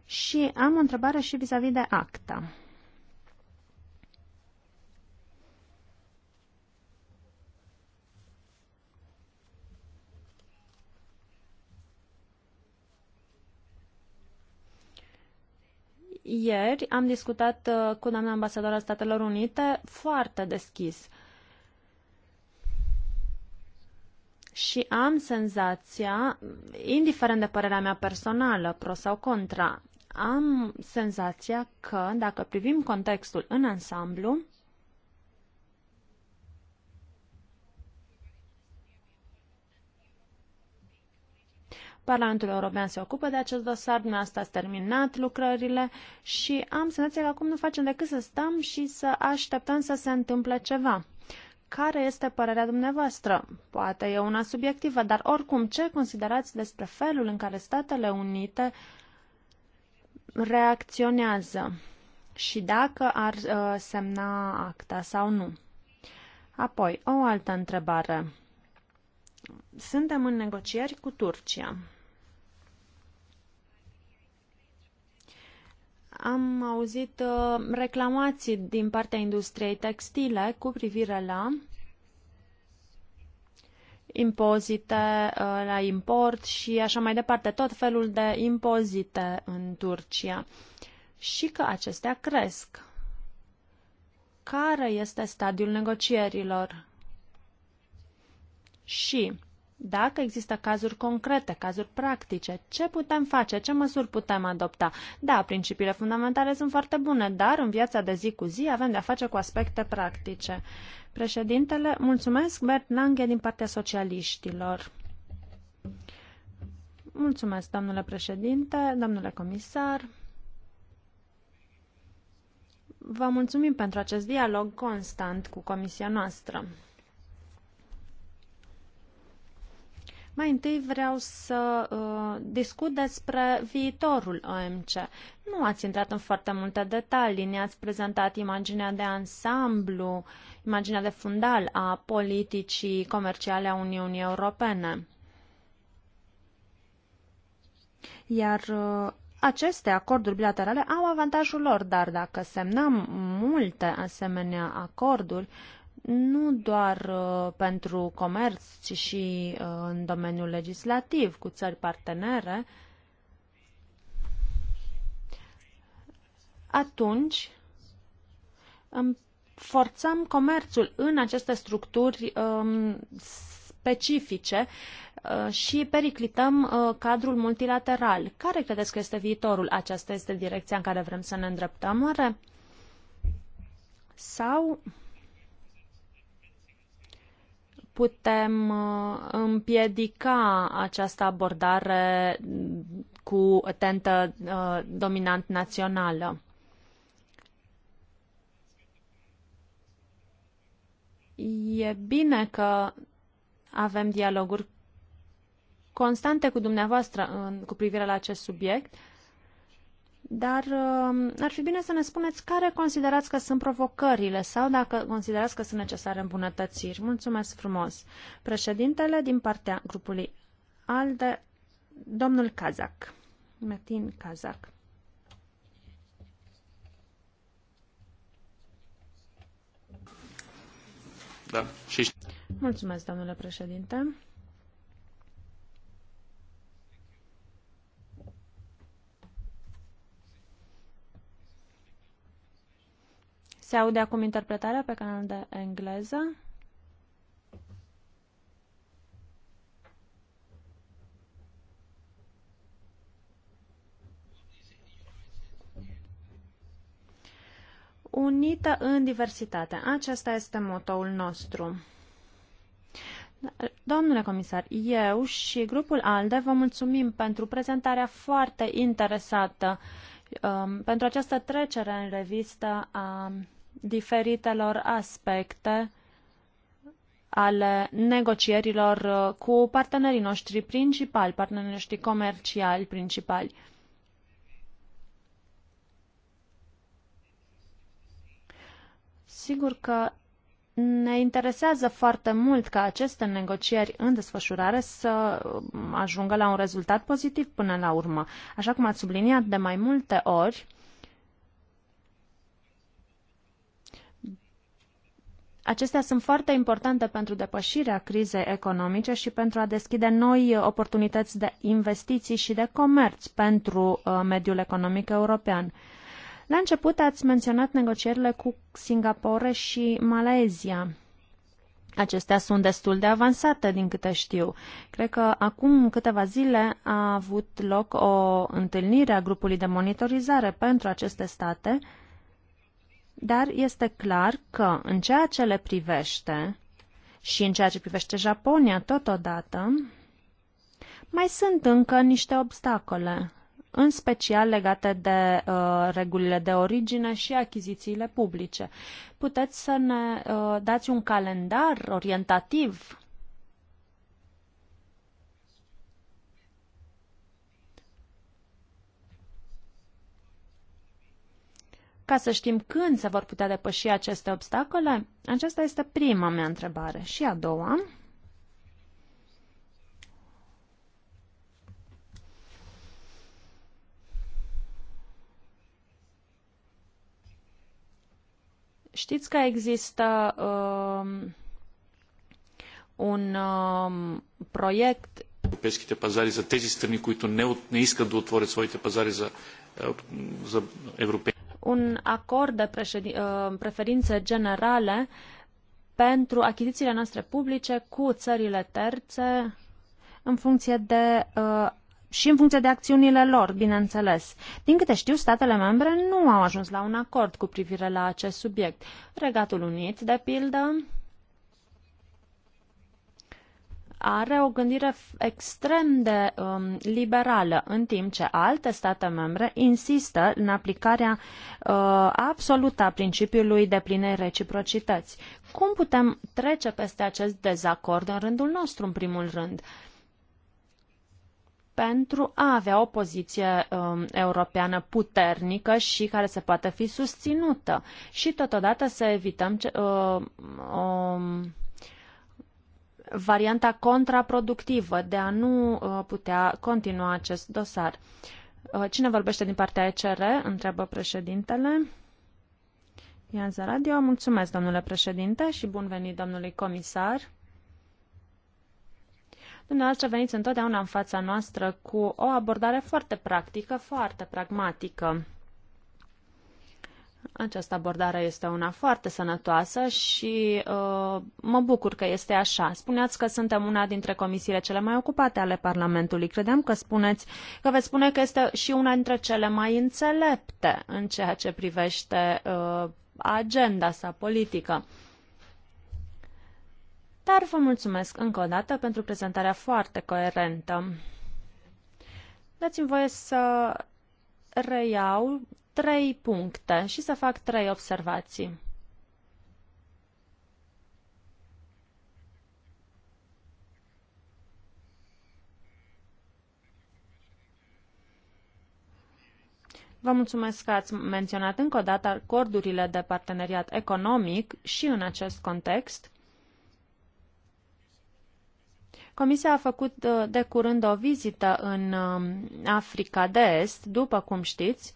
Și am o întrebare și vis-a-vis -vis de acta. ieri am discutat uh, cu doamna ambasadora Statelor Unite foarte deschis. Și am senzația, indiferent de părerea mea personală, pro sau contra, am senzația că, dacă privim contextul în ansamblu, Parlamentul European se ocupă de acest dosar, dumneavoastră ați terminat lucrările și am senzația că acum nu facem decât să stăm și să așteptăm să se întâmple ceva. Care este părerea dumneavoastră? Poate e una subiectivă, dar oricum, ce considerați despre felul în care Statele Unite reacționează și dacă ar uh, semna acta sau nu? Apoi, o altă întrebare. Suntem în negocieri cu Turcia. am auzit uh, reclamații din partea industriei textile cu privire la impozite uh, la import și așa mai departe, tot felul de impozite în Turcia și că acestea cresc. Care este stadiul negocierilor? Și dacă există cazuri concrete, cazuri practice, ce putem face, ce măsuri putem adopta? Da, principiile fundamentale sunt foarte bune, dar în viața de zi cu zi avem de-a face cu aspecte practice. Președintele, mulțumesc, Bert Lange din partea socialiștilor. Mulțumesc, domnule președinte, domnule comisar. Vă mulțumim pentru acest dialog constant cu comisia noastră. Mai întâi vreau să uh, discut despre viitorul OMC. Nu ați intrat în foarte multe detalii, ne-ați prezentat imaginea de ansamblu, imaginea de fundal a politicii comerciale a Uniunii Europene. Iar uh, aceste acorduri bilaterale au avantajul lor, dar dacă semnăm multe asemenea acorduri, uh, nu doar uh, pentru comerț, ci și uh, în domeniul legislativ cu țări partenere, atunci forțăm comerțul în aceste structuri um, specifice uh, și periclităm uh, cadrul multilateral. Care credeți că este viitorul? Aceasta este direcția în care vrem să ne îndreptăm? Are? Sau putem uh, împiedica această abordare cu tentă uh, dominant națională? E bine că avem dialoguri constante cu dumneavoastră în, cu privire la acest subiect, dar um, ar fi bine să ne spuneți care considerați că sunt provocările sau dacă considerați că sunt necesare îmbunătățiri. Mulțumesc frumos. Președintele din partea grupului ALDE, domnul Kazak. Metin Kazak. Da. Mulțumesc, domnule președinte. Se aude acum interpretarea pe canal de engleză. Unită în diversitate. Acesta este motoul nostru. Domnule comisar, eu și grupul ALDE vă mulțumim pentru prezentarea foarte interesată, um, pentru această trecere în revistă a diferitelor aspecte ale negocierilor uh, cu partenerii noștri principali, partenerii noștri comerciali principali. Sigur că ne interesează foarte mult ca aceste negocieri în desfășurare să um, ajungă la un rezultat pozitiv până la urmă. Așa cum ați subliniat de mai multe ori, Acestea sunt foarte importante pentru depășirea crizei economice și pentru a deschide noi oportunități de investiții și de comerț pentru uh, mediul economic european. La început ați menționat negocierile cu Singapore și Malaezia. Acestea sunt destul de avansate, din câte știu. Cred că acum câteva zile a avut loc o întâlnire a grupului de monitorizare pentru aceste state, uh, dar este clar că în ceea ce le privește și în ceea ce privește Japonia totodată, mai sunt încă niște obstacole, în special legate de uh, regulile de origine și achizițiile publice. Puteți să ne uh, dați un calendar orientativ ca să știm când se vor putea depăși aceste obstacole? Aceasta este prima mea întrebare. Și a doua. Știți că există uh, un uh, proiect Европейските пазари за тези страни, които не, от, не искат да отворят своите пазари за, за европейски un acord de uh, preferințe generale pentru achizițiile noastre publice cu țările terțe în funcție de, uh, și în funcție de acțiunile lor, bineînțeles. Din câte știu, statele membre nu au ajuns la un acord cu privire la acest subiect. Regatul Unit, de pildă, are o gândire extrem de um, liberală, în timp ce alte state membre insistă în aplicarea uh, absolută a principiului de pline reciprocități. Cum putem trece peste acest dezacord în rândul nostru, în primul rând? pentru a avea o poziție um, europeană puternică și care se poate fi susținută și totodată să evităm ce, uh, um, varianta contraproductivă de a nu uh, putea continua acest dosar. Uh, cine vorbește din partea ECR? Întreabă președintele. Ian Zaradio, mulțumesc, domnule președinte, și bun venit, domnului comisar. Dumneavoastră veniți întotdeauna în fața noastră cu o abordare foarte practică, foarte pragmatică. Această abordare este una foarte sănătoasă și uh, mă bucur că este așa. Spuneați că suntem una dintre comisiile cele mai ocupate ale Parlamentului. Credeam că spuneți că veți spune că este și una dintre cele mai înțelepte în ceea ce privește uh, agenda sa politică. Dar vă mulțumesc încă o dată pentru prezentarea foarte coerentă. Dați-mi voie să reiau trei puncte și să fac trei observații. Vă mulțumesc că ați menționat încă o dată acordurile de parteneriat economic și în acest context. Comisia a făcut uh, de curând o vizită în um, Africa de Est, după cum știți,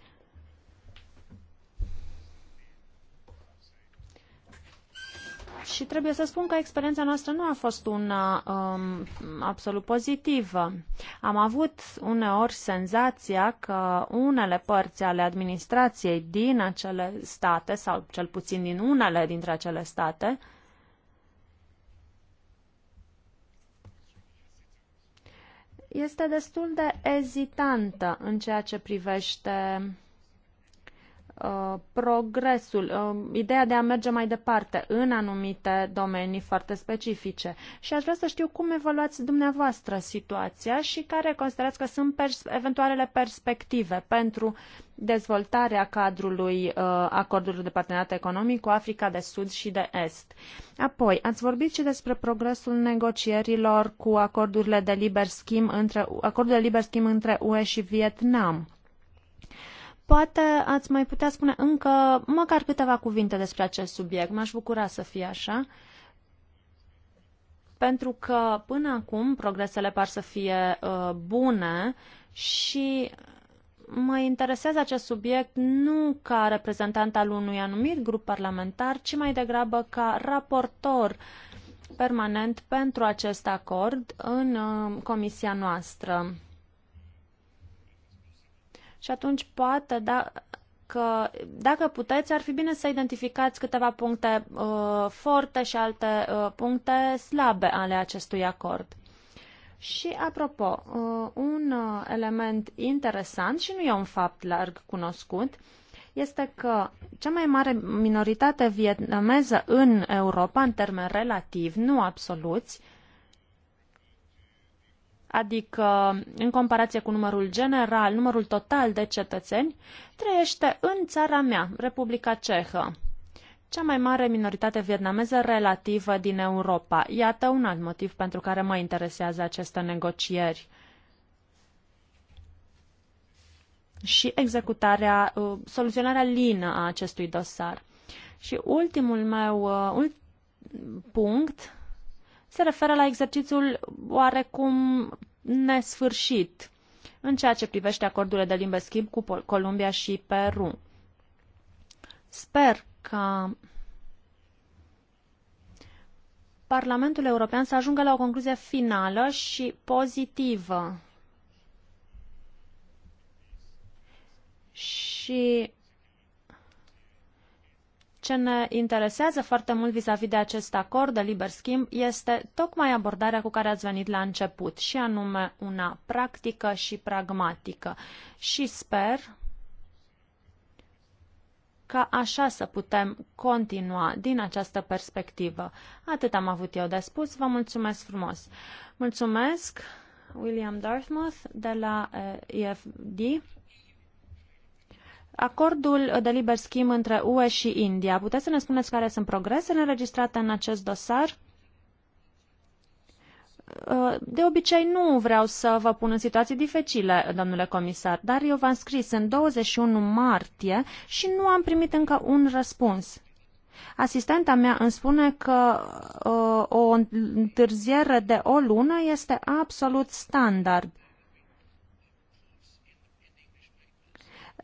Și trebuie să spun că experiența noastră nu a fost una um, absolut pozitivă. Am avut uneori senzația că unele părți ale administrației din acele state, sau cel puțin din unele dintre acele state, este destul de ezitantă în ceea ce privește Uh, progresul, um, ideea de a merge mai departe în anumite domenii foarte specifice. Și aș vrea să știu cum evaluați dumneavoastră situația și care considerați că sunt pers- eventualele perspective pentru dezvoltarea cadrului uh, acordurilor de parteneriat economic cu Africa de Sud și de Est. Apoi, ați vorbit și despre progresul negocierilor cu acordurile de liber schimb între, acordul de liber schimb între UE și Vietnam Poate ați mai putea spune încă măcar câteva cuvinte despre acest subiect. M-aș bucura să fie așa. Pentru că până acum progresele par să fie uh, bune și mă interesează acest subiect nu ca reprezentant al unui anumit grup parlamentar, ci mai degrabă ca raportor permanent pentru acest acord în uh, comisia noastră. Și atunci poate, da, că, dacă puteți, ar fi bine să identificați câteva puncte uh, forte și alte uh, puncte slabe ale acestui acord. Și, apropo, uh, un uh, element interesant și nu e un fapt larg cunoscut, este că cea mai mare minoritate vietnameză în Europa, în termeni relativ, nu absoluți, uh, adică în comparație cu numărul general, numărul total de cetățeni, trăiește în țara mea, Republica Cehă, cea mai mare minoritate vietnameză relativă din Europa. Iată un alt motiv pentru care mă interesează aceste negocieri și executarea, uh, soluționarea lină a acestui dosar. Și ultimul meu uh, punct se referă la exercițiul oarecum nesfârșit în ceea ce privește acordurile de limbă schimb cu Columbia și Peru. Sper că Parlamentul European să ajungă la o concluzie finală și pozitivă. Și ce ne interesează foarte mult vis-a-vis -vis de acest acord de liber schimb este tocmai abordarea cu care ați venit la început, și anume una practică și pragmatică. Și sper ca așa să putem continua din această perspectivă. Atât am avut eu de spus, vă mulțumesc frumos. Mulțumesc, William Dartmouth de la EFD. Eh, Acordul de liber schimb între UE și India. Puteți să ne spuneți care sunt progresele înregistrate în acest dosar? Uh, de obicei nu vreau să vă pun în situații dificile, domnule comisar, dar eu v-am scris în 21 martie și nu am primit încă un răspuns. Asistenta mea îmi spune că uh, o întârziere de o lună este absolut standard. Uh,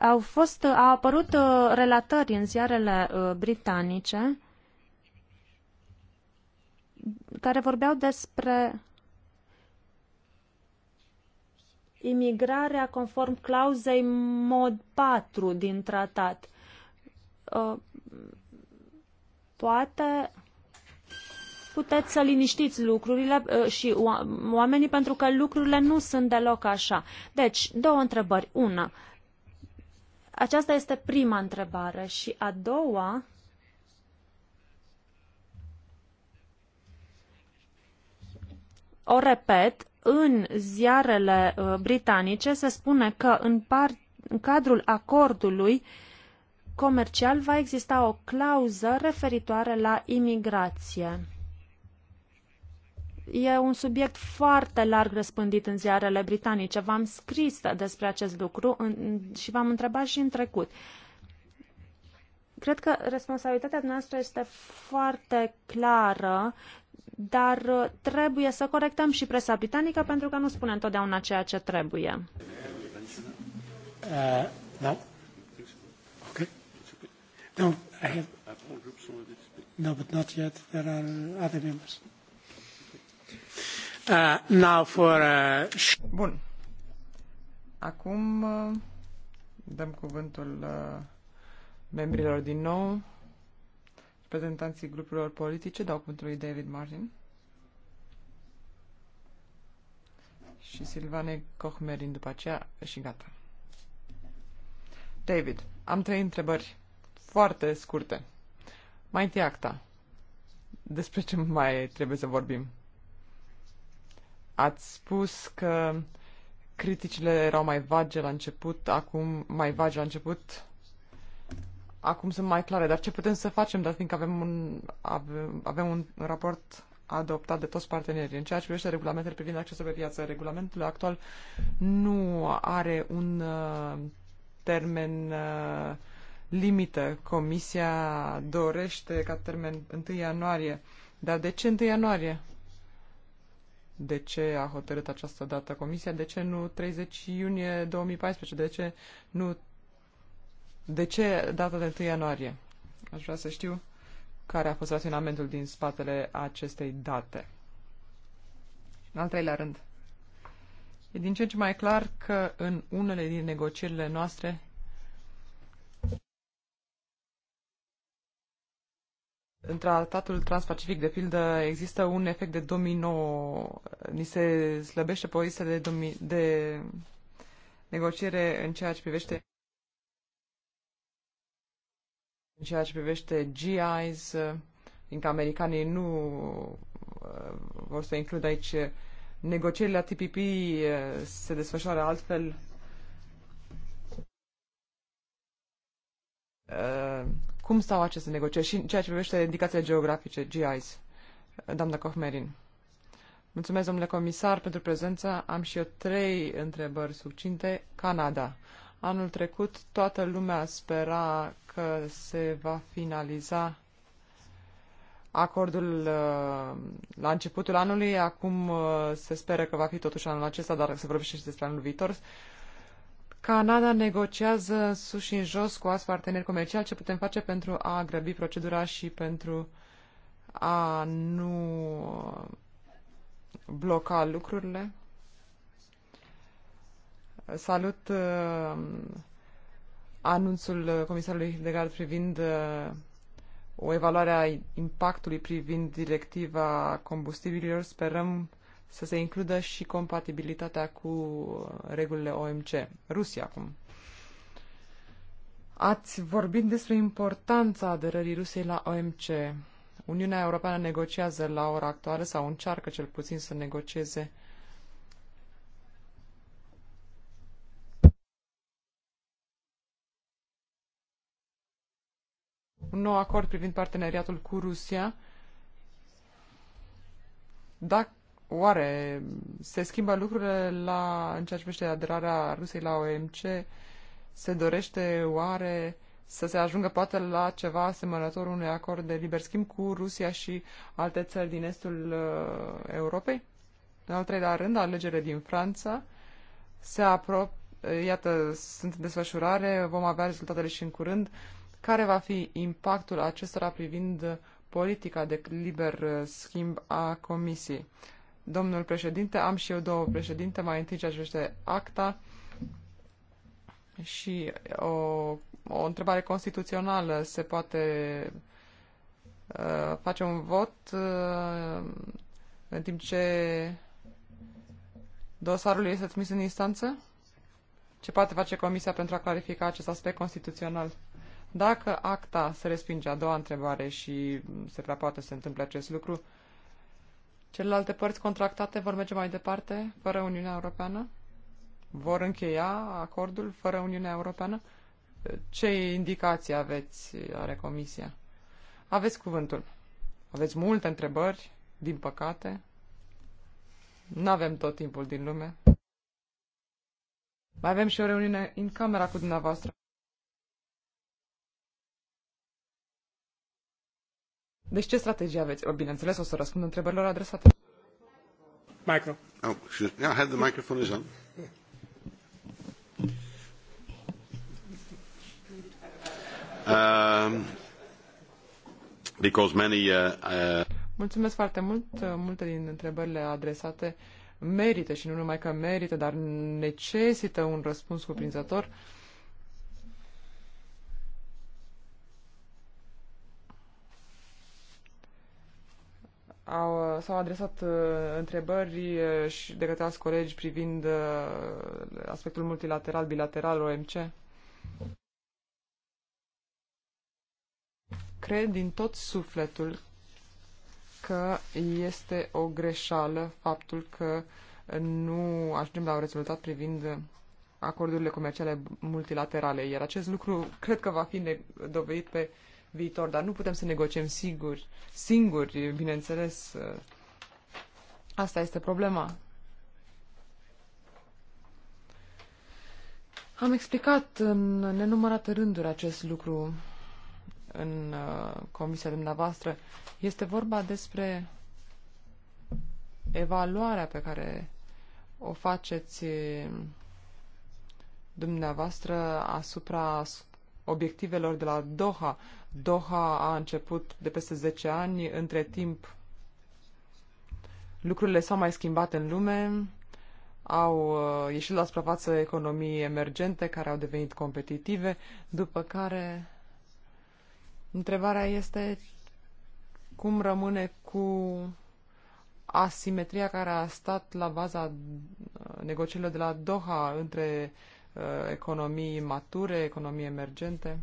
Au fost, au apărut uh, relatări în ziarele uh, britanice care vorbeau despre imigrarea conform clauzei mod 4 din tratat. Uh, poate puteți să liniștiți lucrurile și oamenii pentru că lucrurile nu sunt deloc așa. Deci, două întrebări. Una, aceasta este prima întrebare și a doua o repet, în ziarele uh, britanice se spune că în, par- în cadrul acordului comercial va exista o clauză referitoare la imigrație. E un subiect foarte larg răspândit în ziarele britanice. V-am scris despre acest lucru în, și v-am întrebat și în trecut. Cred că responsabilitatea noastră este foarte clară, dar trebuie să corectăm și presa britanică pentru că nu spune întotdeauna ceea ce trebuie. Uh, no. Okay. No, I have... No, but not yet. There are other members. Uh, uh, Bun. Acum uh, dăm cuvântul membrilor din nou, reprezentanții grupurilor politice, dau cuvântul lui David Martin și Silvane Cohmerin după aceea și gata. David, am trei întrebări foarte scurte. Mai întâi acta. Despre ce mai trebuie să vorbim? Ați spus că criticile erau mai vage la început, acum mai vagi la început, acum sunt mai clare. Dar ce putem să facem, dar fiindcă avem un, avem, avem un raport adoptat de toți partenerii. În ceea ce privește regulamentele privind accesul pe piață, regulamentul actual nu are un uh, termen uh, limită. Comisia dorește ca termen 1 ianuarie. Dar de ce 1 ianuarie? de ce a hotărât această dată Comisia, de ce nu 30 iunie 2014, de ce nu de ce data de 1 ianuarie. Aș vrea să știu care a fost raționamentul din spatele acestei date. În al treilea rând, e din ce în ce mai clar că în unele din negocierile noastre în tratatul transpacific, de pildă, există un efect de domino, ni se slăbește poziția de, domi, de negociere în ceea ce privește în ceea ce privește GIs, fiindcă americanii nu uh, vor să includ aici negocierile la TPP uh, se desfășoară altfel uh, cum stau aceste negocieri și în ceea ce privește indicațiile geografice, GIs? Doamna Cohmerin. Mulțumesc, domnule comisar, pentru prezența. Am și eu trei întrebări succinte. Canada. Anul trecut toată lumea spera că se va finaliza acordul uh, la începutul anului. Acum uh, se speră că va fi totuși anul acesta, dar se vorbește și despre anul viitor. Canada negociază sus și în jos cu alți parteneri comerciali ce putem face pentru a grăbi procedura și pentru a nu bloca lucrurile. Salut uh, anunțul comisarului Hildegard privind uh, o evaluare a impactului privind directiva combustibililor. Sperăm uh, să se includă și compatibilitatea cu regulile OMC. Rusia acum. Ați vorbit despre importanța aderării Rusiei la OMC. Uniunea Europeană negociază la ora actuală sau încearcă cel puțin să negocieze un nou acord privind parteneriatul cu Rusia. Dacă Oare se schimbă lucrurile la, în ceea ce privește aderarea Rusiei la OMC? Se dorește oare să se ajungă poate la ceva asemănător unui acord de liber schimb cu Rusia și alte țări din estul uh, Europei? În al treilea rând, alegerile din Franța se apropie iată, sunt în desfășurare, vom avea rezultatele și în curând. Care va fi impactul acestora privind politica de liber uh, schimb a Comisiei? Domnul președinte, am și eu două președinte, mai întâi ce ajunge acta și o, o întrebare constituțională. Se poate uh, face un vot uh, în timp ce dosarul este trimis în instanță? Ce poate face Comisia pentru a clarifica acest aspect constituțional? Dacă acta se respinge, a doua întrebare, și se prea poate să întâmple acest lucru, uh, Celelalte părți contractate vor merge mai departe fără Uniunea Europeană? Vor încheia acordul fără Uniunea Europeană? Ce indicații aveți, are Comisia? Aveți cuvântul. Aveți multe întrebări, din păcate. Nu avem tot timpul din lume. Mai avem și o reuniune în camera cu dumneavoastră. Deci ce strategie aveți? Bineînțeles, o să răspund întrebărilor adresate. Micro. Oh, sure. Yeah, I had the microphone is on. Um, because many, uh, uh... Mulțumesc foarte mult. Uh, multe din întrebările adresate merită și nu numai că merită, dar necesită un răspuns cuprinzător. Uh, au, s-au adresat uh, întrebări uh, și de către alți colegi privind uh, aspectul multilateral, bilateral, OMC. Cred din tot sufletul că este o greșeală faptul că nu ajungem la un rezultat privind acordurile comerciale multilaterale, iar acest lucru cred că va fi dovedit pe uh, viitor, dar nu putem să negociem singuri, singuri, bineînțeles. Asta este problema. Am explicat în nenumărate rânduri acest lucru în uh, comisia dumneavoastră. Este vorba despre evaluarea pe care o faceți uh, dumneavoastră asupra obiectivelor de la Doha. Doha a început de peste 10 ani, între timp lucrurile s-au mai schimbat în lume, au uh, ieșit la suprafață economii emergente care au devenit competitive, după care întrebarea este cum rămâne cu asimetria care a stat la baza uh, negocierilor de la Doha între uh, Uh, economii mature, economii emergente.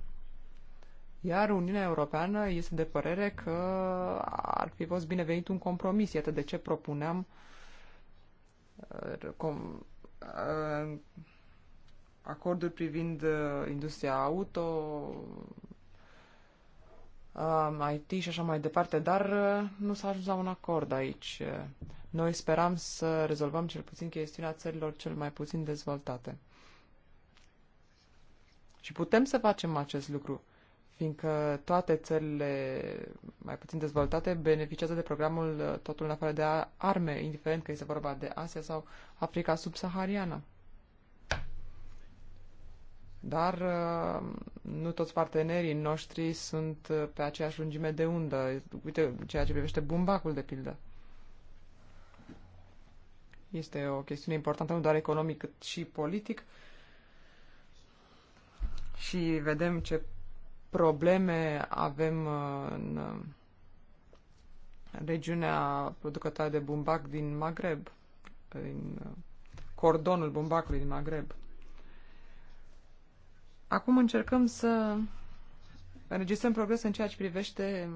Iar Uniunea Europeană este de părere că ar fi fost binevenit un compromis. Iată de ce propuneam uh, uh, acorduri privind industria auto, um, IT și așa mai departe, dar nu s-a ajuns la un acord aici. Noi speram să rezolvăm cel puțin chestiunea țărilor cel mai puțin dezvoltate. Și putem să facem acest lucru, fiindcă toate țările mai puțin dezvoltate beneficiază de programul uh, Totul în afară de arme, indiferent că este vorba de Asia sau Africa subsahariană. Dar uh, nu toți partenerii noștri sunt uh, pe aceeași lungime de undă. Uite, ceea ce privește bumbacul, de pildă. Este o chestiune importantă, nu doar economic, cât și politic. Uh, și vedem ce probleme avem în regiunea producătoare de bumbac din Maghreb, în cordonul bumbacului din Maghreb. Acum încercăm să înregistrăm progres în ceea ce privește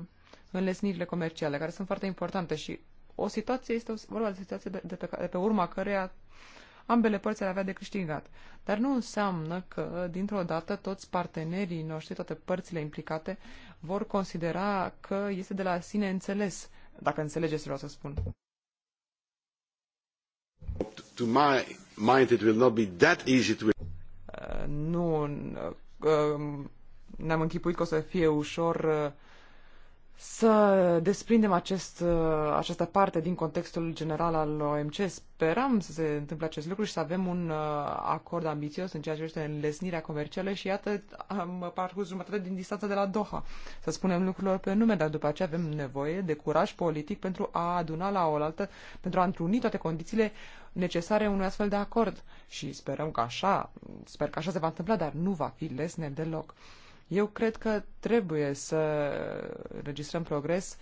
înlesnirile comerciale, care sunt foarte importante și o situație este vorba de situație de, pe, de pe urma căreia ambele părți ar avea de câștigat. Dar nu înseamnă că, dintr-o dată, toți partenerii noștri, toate părțile implicate, vor considera că este de la sine înțeles, dacă înțelegeți vreau să spun. To my mind it will not be that easy to... Uh, nu, uh, uh ne-am închipuit că o să fie ușor uh, să desprindem acest, uh, această parte din contextul general al OMC. Speram să se întâmple acest lucru și să avem un uh, acord ambițios în ceea ce privește înlesnirea comercială și iată am parcurs jumătate din distanța de la Doha. Să spunem lucrurilor pe nume, dar după aceea avem nevoie de curaj politic pentru a aduna la oaltă, pentru a întruni toate condițiile necesare unui astfel de acord. Și sperăm că așa, sper că așa se va întâmpla, dar nu va fi lesne deloc. Eu cred că trebuie să registrăm progres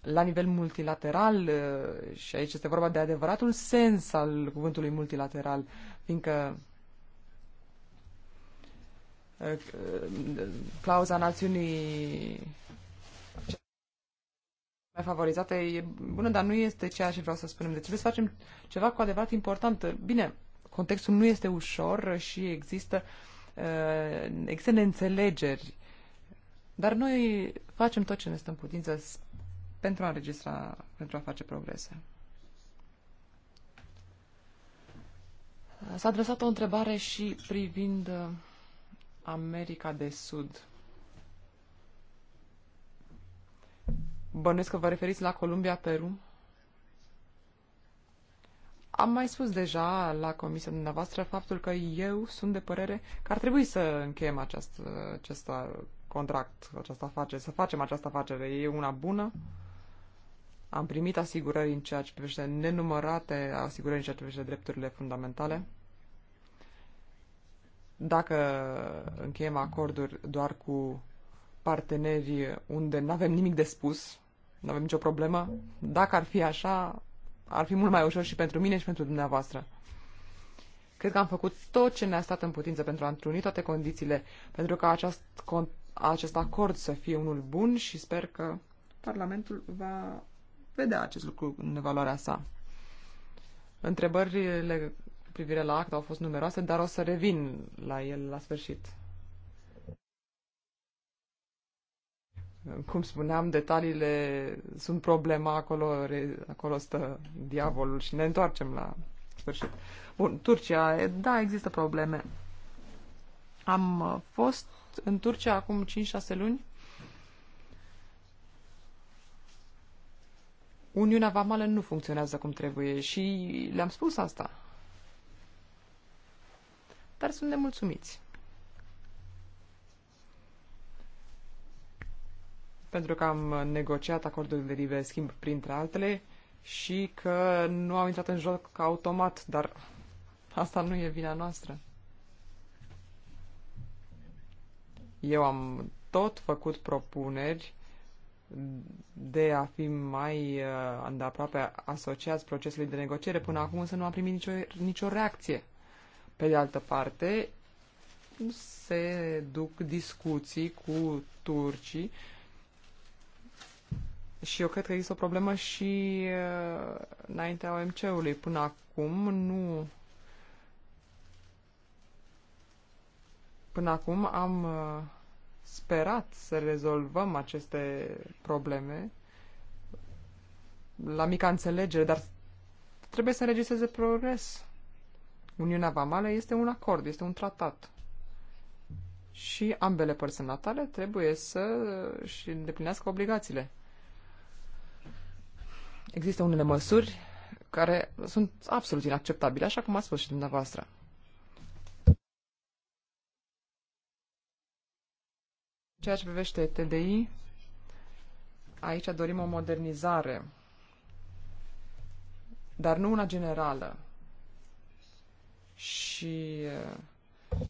la nivel multilateral uh, și aici este vorba de adevăratul sens al cuvântului multilateral, fiindcă uh, clauza națiunii mai favorizate e bună, dar nu este ceea ce vreau să spunem. Deci trebuie să facem ceva cu adevărat important. Bine, contextul nu este ușor și există uh, Uh, există neînțelegeri, dar noi facem tot ce ne stă în putință pentru a înregistra, pentru a face progrese. S-a adresat o întrebare și privind uh, America de Sud. Bănuiesc că vă referiți la Columbia, Peru? Am mai spus deja la comisia dumneavoastră faptul că eu sunt de părere că ar trebui să încheiem acest, acest contract, această afacere, să facem această afacere. E una bună. Am primit asigurări în ceea ce privește nenumărate asigurări în ceea ce privește drepturile fundamentale. Dacă încheiem acorduri doar cu parteneri unde nu avem nimic de spus, nu avem nicio problemă, dacă ar fi așa, ar fi mult mai ușor și pentru mine și pentru dumneavoastră. Cred că am făcut tot ce ne-a stat în putință pentru a întruni toate condițiile, pentru ca acest, acest acord să fie unul bun și sper că Parlamentul va vedea acest lucru în evaluarea sa. Întrebările cu privire la act au fost numeroase, dar o să revin la el la sfârșit. cum spuneam, detaliile sunt problema, acolo, re, acolo stă diavolul și ne întoarcem la sfârșit. Bun, Turcia, da, există probleme. Am uh, fost în Turcia acum 5-6 luni. Uniunea Vamală nu funcționează cum trebuie și le-am spus asta. Dar sunt nemulțumiți. pentru că am negociat acordul de liber schimb printre altele și că nu au intrat în joc ca automat, dar asta nu e vina noastră. Eu am tot făcut propuneri de a fi mai uh, îndeaproape asociați procesului de negociere. Până acum să nu am primit nicio, nicio reacție. Pe de altă parte, se duc discuții cu turcii și eu cred că există o problemă și uh, înaintea OMC-ului. Până acum nu... Până acum am uh, sperat să rezolvăm aceste probleme la mica înțelegere, dar trebuie să înregistreze progres. Uniunea Vamală este un acord, este un tratat. Și ambele părți natale trebuie să și îndeplinească obligațiile. Există unele măsuri care sunt absolut inacceptabile, așa cum a spus și dumneavoastră. Ceea ce privește TDI, aici dorim o modernizare, dar nu una generală. Și uh,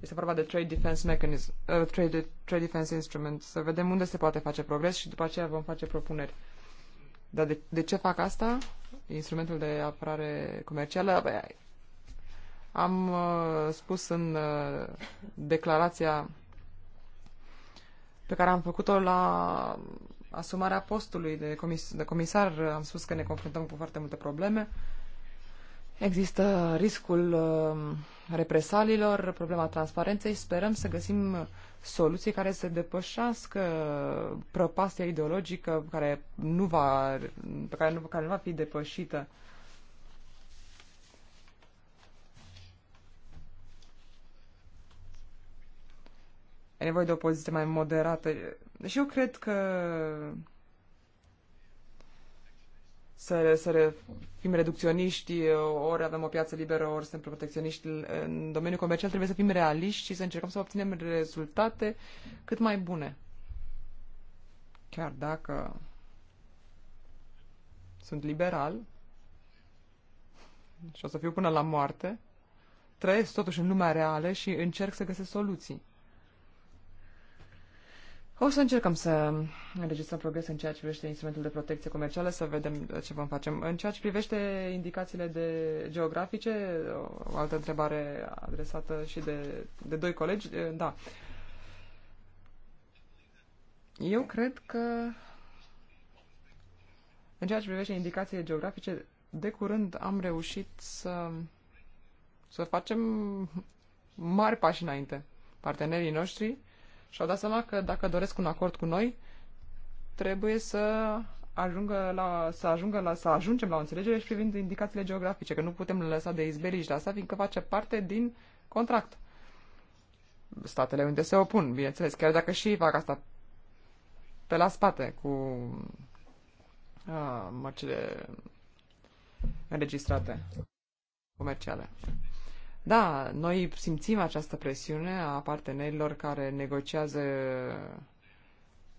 este vorba de Trade Defense Mechanism, uh, Trade, Trade Defense Instrument, să vedem unde se poate face progres și după aceea vom face propuneri. Dar de, de ce fac asta? Instrumentul de apărare comercială? Bă, am uh, spus în uh, declarația pe care am făcut-o la asumarea postului de, comis- de comisar, am spus că ne confruntăm cu foarte multe probleme. Există riscul uh, represalilor, problema transparenței. Sperăm să găsim soluții care să depășească prăpastia ideologică care nu va, pe care nu, care nu va fi depășită. E nevoie de o poziție mai moderată. Și deci eu cred că să, să fim reducționiști, ori avem o piață liberă, ori suntem protecționiști în domeniul comercial, trebuie să fim realiști și să încercăm să obținem rezultate cât mai bune. Chiar dacă sunt liberal și o să fiu până la moarte, trăiesc totuși în lumea reală și încerc să găsesc soluții. O să încercăm să înregistrăm progres în ceea ce privește instrumentul de protecție comercială, să vedem uh, ce vom face. În ceea ce privește indicațiile de geografice, uh, o altă întrebare adresată și de, de doi colegi, uh, da. Eu cred că în ceea ce privește indicațiile geografice, de curând am reușit să, să facem mari pași înainte. Partenerii noștri și-au dat seama că dacă doresc un acord cu noi, trebuie să ajungă la, să, ajungă la, să ajungem la o înțelegere și privind indicațiile geografice, că nu putem lăsa de izbelici de asta, fiindcă face parte din contract. Statele unde se opun, bineînțeles, chiar dacă și fac asta pe la spate cu a, mărcile înregistrate comerciale. Da, noi simțim această presiune a partenerilor care negociază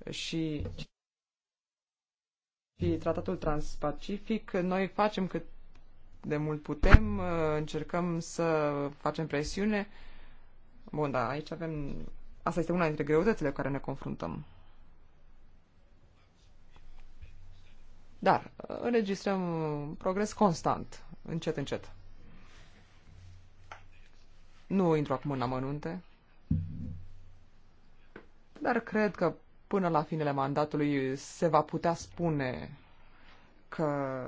și, și tratatul transpacific. Noi facem cât de mult putem, încercăm să facem presiune. Bun, da, aici avem... Asta este una dintre greutățile cu care ne confruntăm. Dar înregistrăm progres constant, încet, încet. Nu intru acum în amănunte, dar cred că până la finele mandatului se va putea spune că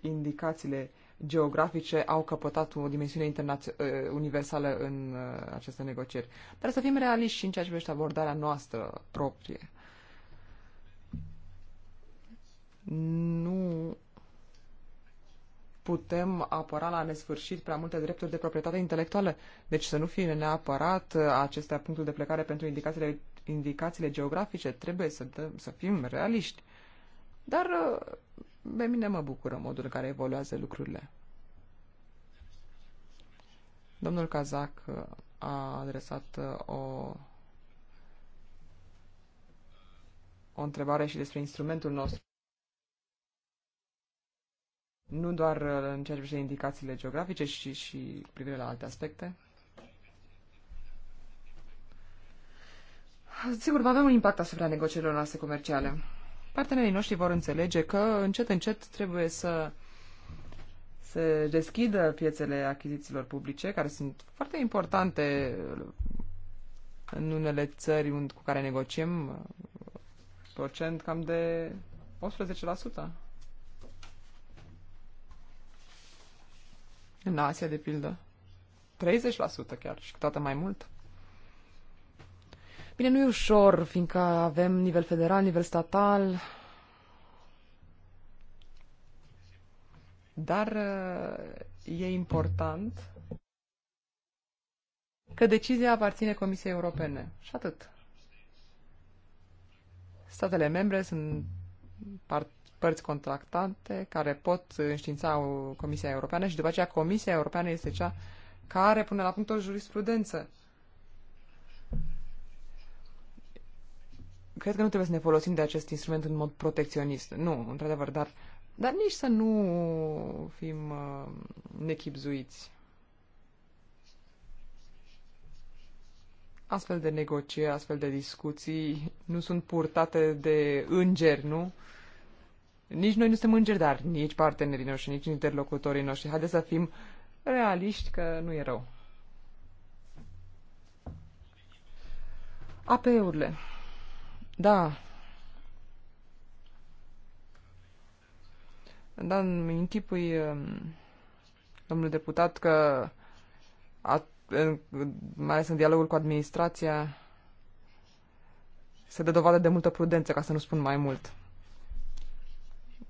indicațiile geografice au căpătat o dimensiune ă, universală în ă, aceste negocieri. Dar să fim realiști și în ceea ce privește abordarea noastră proprie. Nu putem apăra la nesfârșit prea multe drepturi de proprietate intelectuală. Deci să nu fie neapărat acestea punctul de plecare pentru indicațiile, indicațiile geografice. Trebuie să, dăm, să fim realiști. Dar pe mine mă bucură modul în care evoluează lucrurile. Domnul Kazak a adresat uh, o o întrebare și despre instrumentul nostru nu doar uh, în ceea ce privește indicațiile geografice, ci și privire la alte aspecte. Sigur, va avea un impact asupra negocierilor noastre comerciale. Partenerii noștri vor înțelege că încet, încet trebuie să se deschidă piețele achizițiilor publice, care sunt foarte importante uh, în unele țări cu care negociem, uh, procent cam de în Asia, de pildă. 30% chiar și câteodată mai mult. Bine, nu e ușor, fiindcă avem nivel federal, nivel statal, dar uh, e important că decizia aparține Comisiei Europene. Și atât. Statele membre sunt part părți contractante care pot înștiința Comisia Europeană și după aceea Comisia Europeană este cea care pune la punct o jurisprudență. Cred că nu trebuie să ne folosim de acest instrument în mod protecționist. Nu, într-adevăr, dar, dar nici să nu fim uh, nechipzuiți. Astfel de negocieri, astfel de discuții nu sunt purtate de îngeri, nu? Uh, nici noi nu suntem îngeri, dar nici partenerii noștri, nici interlocutorii noștri. Haideți să fim realiști că nu e rău. APE-urile. Da. Da, îmi închipui, um, domnul deputat, că a, mai ales în dialogul cu administrația se dă dovadă de multă prudență, ca să nu spun mai mult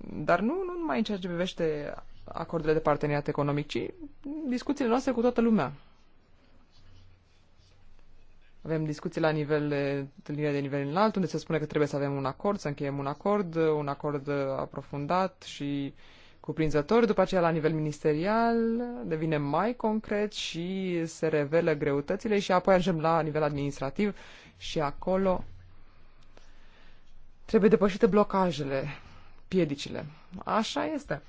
dar nu, nu numai în ceea ce privește acordurile de parteneriat economic, ci discuțiile noastre cu toată lumea. Avem discuții la nivel, întâlnire de nivel înalt, unde se spune că trebuie să avem un acord, să încheiem un acord, un acord aprofundat și cuprinzător. După aceea, la nivel ministerial, devine mai concret și se revelă greutățile și apoi ajungem la nivel administrativ și acolo trebuie depășite blocajele piedicile. Așa este.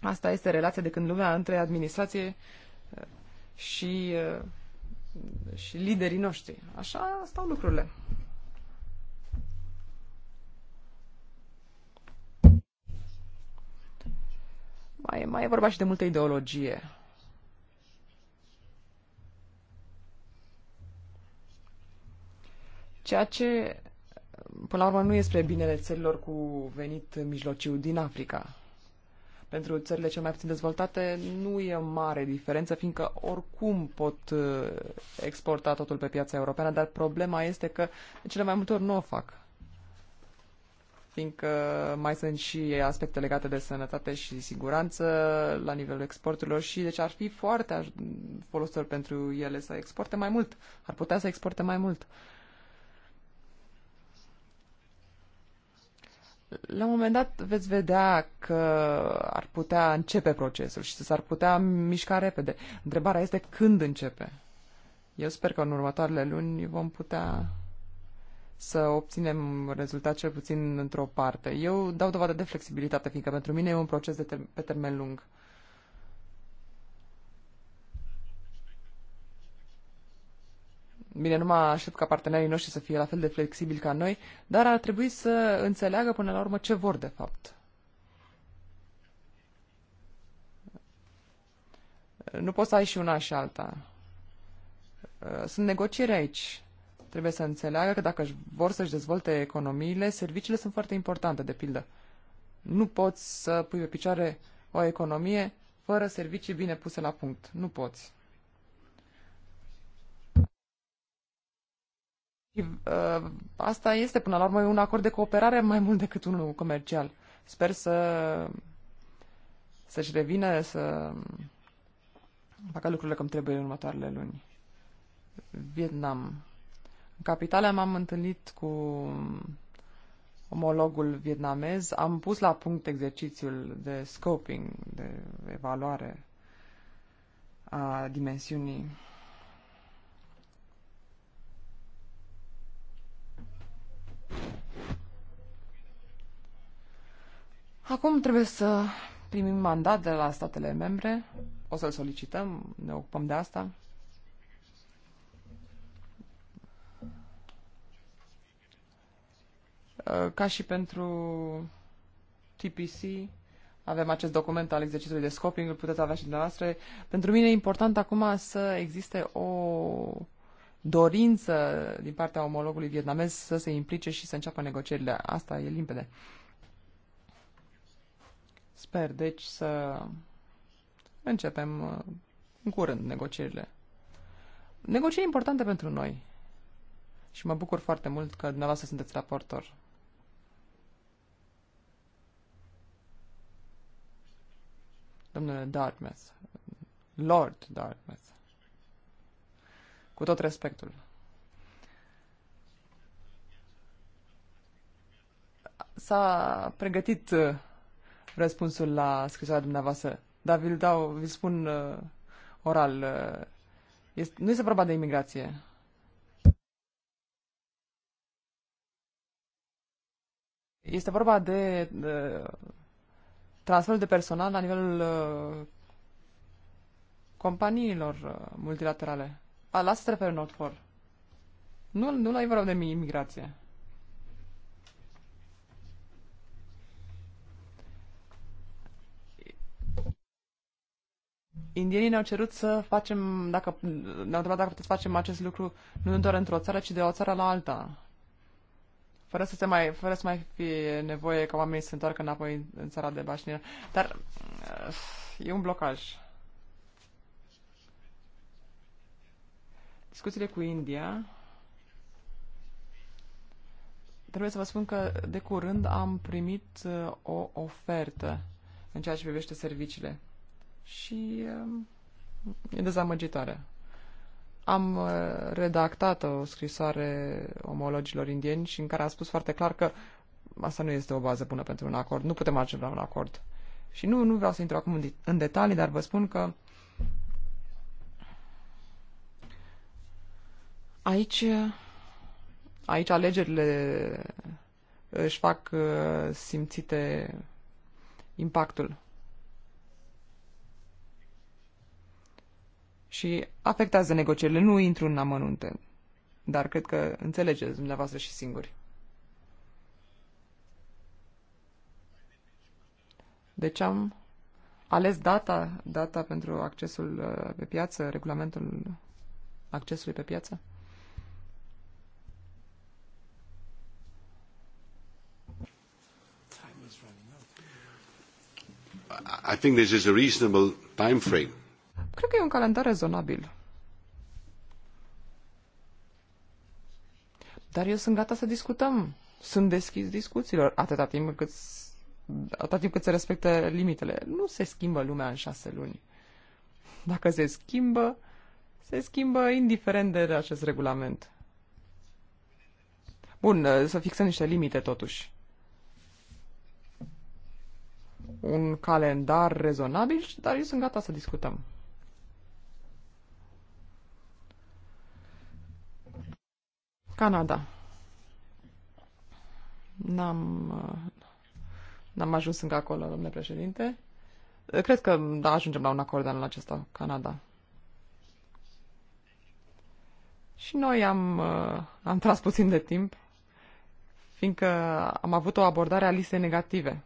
Asta este relația de când lumea între administrație uh, și, uh, și liderii noștri. Așa stau lucrurile. Mai, mai e vorba și de multă ideologie. Ceea ce până la urmă, nu e spre binele țărilor cu venit mijlociu din Africa. Pentru țările cel mai puțin dezvoltate nu e mare diferență, fiindcă oricum pot uh, exporta totul pe piața europeană, dar problema este că de cele mai multe ori nu o fac fiindcă mai sunt și aspecte legate de sănătate și siguranță la nivelul exporturilor și deci ar fi foarte folositor pentru ele să exporte mai mult, ar putea să exporte mai mult. la un moment dat veți vedea că ar putea începe procesul și s-ar putea mișca repede. Întrebarea este când începe. Eu sper că în următoarele luni vom putea să obținem rezultat cel puțin într-o parte. Eu dau dovadă de flexibilitate, fiindcă pentru mine e un proces de ter- pe termen lung. Bine, nu mă aștept ca partenerii noștri să fie la fel de flexibili ca noi, dar ar trebui să înțeleagă până la urmă ce vor de fapt. Nu poți să ai și una și alta. Uh, sunt negocieri aici. Trebuie să înțeleagă că dacă vor să-și dezvolte economiile, serviciile sunt foarte importante, de pildă. Nu poți să pui pe picioare o economie fără servicii bine puse la punct. Nu poți. Ă, asta este, până la urmă, un acord de cooperare mai mult decât unul comercial. Sper să să-și revină, să facă lucrurile cum trebuie în următoarele luni. Vietnam. În capitale m-am întâlnit cu omologul vietnamez. Am pus la punct exercițiul de scoping, de evaluare a dimensiunii Acum trebuie să primim mandat de la statele membre. O să-l solicităm, ne ocupăm de asta. Uh, ca și pentru TPC, avem acest document al exercițiului de scoping, îl puteți avea și dumneavoastră. Pentru mine e important acum să existe o dorință din partea omologului vietnamez să se implice și să înceapă negocierile. Asta e limpede. Sper, deci, să începem uh, în curând negocierile. Negocieri importante pentru noi. Și mă bucur foarte mult că dumneavoastră sunteți raportor. Domnule Dartmouth, Lord Dartmouth. Cu tot respectul. S-a pregătit uh, răspunsul la scrisoarea dumneavoastră, dar vi-l dau, vi spun uh, oral. Uh, este, nu este vorba de imigrație. Este vorba de de transferul de personal la nivelul uh, companiilor uh, multilaterale. Las să pe Nordfor. Nu, nu ai vreau de mie imigrație. indienii ne-au cerut să facem, dacă, ne-au întrebat dacă puteți facem acest lucru nu doar într-o țară, ci de o țară la alta. Fără să, se mai, fără să mai fie nevoie ca oamenii să se întoarcă înapoi în țara de bașnire. Dar e un blocaj. discuțiile cu India, trebuie să vă spun că de curând am primit uh, o ofertă în ceea ce privește serviciile și uh, e dezamăgitoare. Am uh, redactat o scrisoare omologilor indieni și în care am spus foarte clar că asta nu este o bază bună pentru un acord, nu putem ajunge la un acord. Și nu, nu vreau să intru acum în detalii, dar vă spun că Aici, aici alegerile își fac uh, simțite impactul. Și afectează negocierile. Nu intru în amănunte, dar cred că înțelegeți dumneavoastră și singuri. Deci am ales data, data pentru accesul uh, pe piață, regulamentul accesului pe piață? I think this is a reasonable time frame. Cred că e un calendar rezonabil. Dar eu sunt gata să discutăm. Sunt deschis discuțiilor atâta timp cât, atâta timp cât se respectă limitele. Nu se schimbă lumea în șase luni. Dacă se schimbă, se schimbă indiferent de acest regulament. Bun, să fixăm niște limite totuși un calendar rezonabil, dar eu sunt gata să discutăm. Canada. N-am, n-am ajuns încă acolo, domnule președinte. Cred că da, ajungem la un acord anul acesta, Canada. Și noi am, am tras puțin de timp, fiindcă am avut o abordare a listei negative.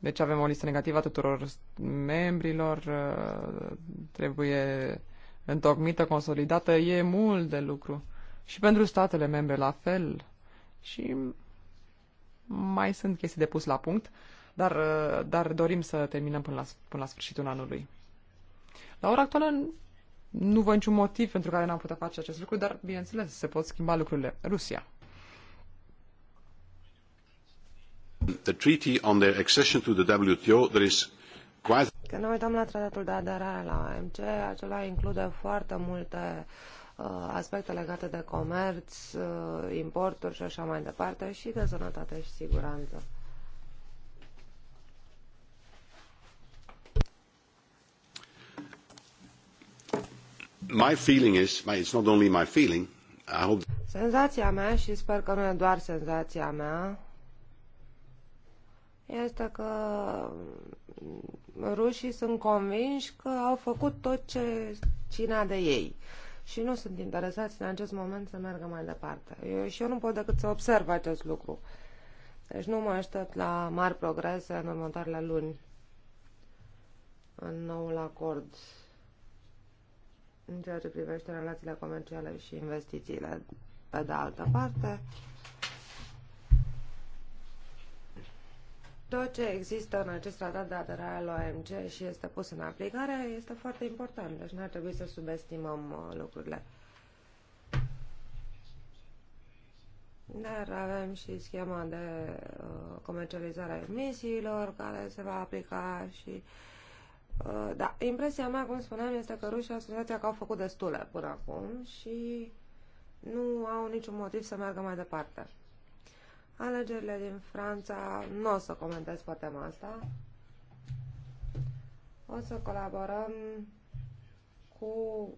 Deci avem o listă negativă a tuturor membrilor, uh, trebuie întocmită, consolidată, e mult de lucru. Și pentru statele membre la fel. Și mai sunt chestii de pus la punct, dar, uh, dar dorim să terminăm până la, până la sfârșitul anului. La ora actuală nu văd niciun motiv pentru care n-am putea face acest lucru, dar, bineînțeles, se pot schimba lucrurile. Rusia. The treaty on their accession to the WTO, there is quite... Când ne uităm la tratatul de aderare la OMC, acela include foarte multe uh, aspecte legate de comerț, uh, importuri și așa mai departe și de sănătate și siguranță. My feeling is, it's not only my feeling, I hope... Senzația mea, și sper că nu e doar senzația mea, este că rușii sunt convinși că au făcut tot ce cinea de ei și nu sunt interesați în acest moment să meargă mai departe. Eu, și eu nu pot decât să observ acest lucru. Deci nu mă aștept la mari progrese în următoarele luni în noul acord în ceea ce privește relațiile comerciale și investițiile. Pe de altă parte, Tot ce există în acest tratat de aderare al OMC și este pus în aplicare este foarte important, deci nu ar trebui să subestimăm uh, lucrurile. Dar avem și schema de uh, comercializare a emisiilor care se va aplica și... Uh, da, impresia mea, cum spuneam, este că rușii au senzația că au făcut destule până acum și nu au niciun motiv să meargă mai departe. Alegerile din Franța, nu o să comentez pe tema asta. O să colaborăm cu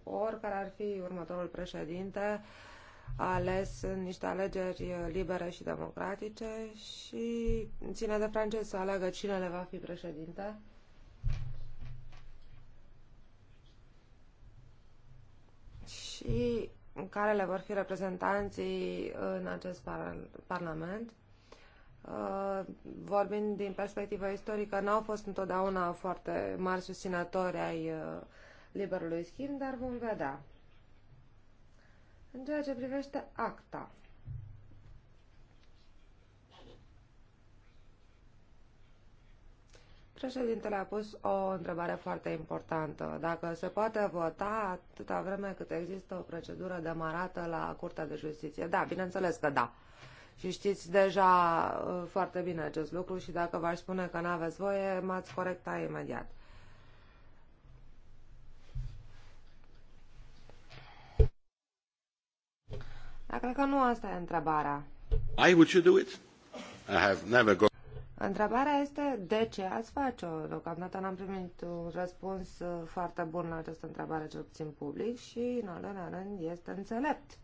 oricare ar fi următorul președinte ales în niște alegeri libere și democratice și ține de francez să aleagă cine le va fi președinte. Și în care le vor fi reprezentanții în acest par Parlament. Uh, vorbind din perspectivă istorică, n-au fost întotdeauna foarte mari susținători ai uh, liberului schimb, dar vom vedea. În ceea ce privește acta, Președintele a pus o întrebare foarte importantă. Dacă se poate vota atâta vreme cât există o procedură demarată la Curtea de Justiție? Da, bineînțeles că da. Și știți deja uh, foarte bine acest lucru și dacă v-aș spune că nu aveți voie, m-ați corecta imediat. Dar cred că nu asta e întrebarea. I would you do it? I have never gone... Întrebarea este de ce ați face-o? Deocamdată n-am primit un răspuns uh, foarte bun la această întrebare, cel puțin public, și, în al doilea rând, este înțelept.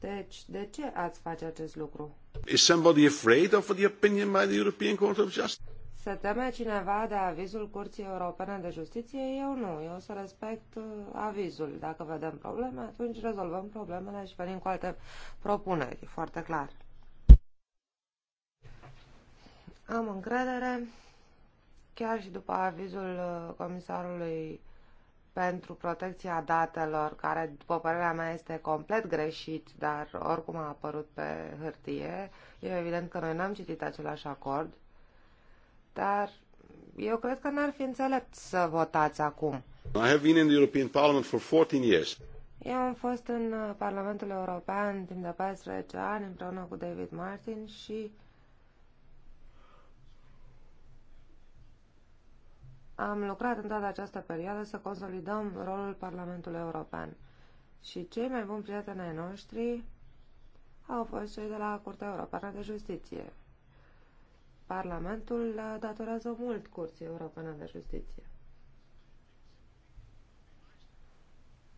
Deci, de ce ați face acest lucru? Is somebody afraid of the opinion by the European Court of Justice? Se teme cineva de avizul Curții Europene de Justiție? Eu nu. Eu să respect uh, avizul. Dacă vedem probleme, atunci rezolvăm problemele și venim cu alte propuneri. Foarte clar. Am încredere, chiar și după avizul uh, comisarului pentru protecția datelor, care, după părerea mea, este complet greșit, dar oricum a apărut pe hârtie. E evident că noi n-am citit același acord, dar eu cred că n-ar fi înțelept să votați acum. I have been in the European Parliament for 14 years. Eu am fost în uh, Parlamentul European timp de 14 ani împreună cu David Martin și am lucrat în toată această perioadă să consolidăm rolul Parlamentului European. Și cei mai buni prieteni ai noștri au fost cei de la Curtea Europeană de Justiție. Parlamentul datorează mult Curții Europene de Justiție.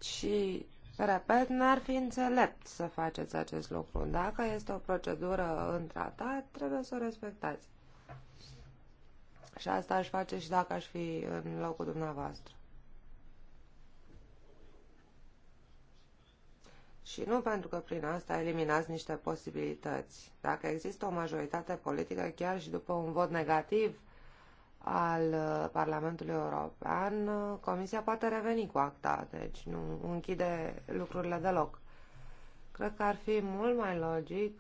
Și, repet, n-ar fi înțelept să faceți acest lucru. Dacă este o procedură în tratat, trebuie să o respectați. Și asta aș face și dacă aș fi în locul dumneavoastră. Și nu pentru că prin asta eliminați niște posibilități. Dacă există o majoritate politică, chiar și după un vot negativ al uh, Parlamentului European, uh, Comisia poate reveni cu acta, deci nu închide lucrurile deloc. Cred că ar fi mult mai logic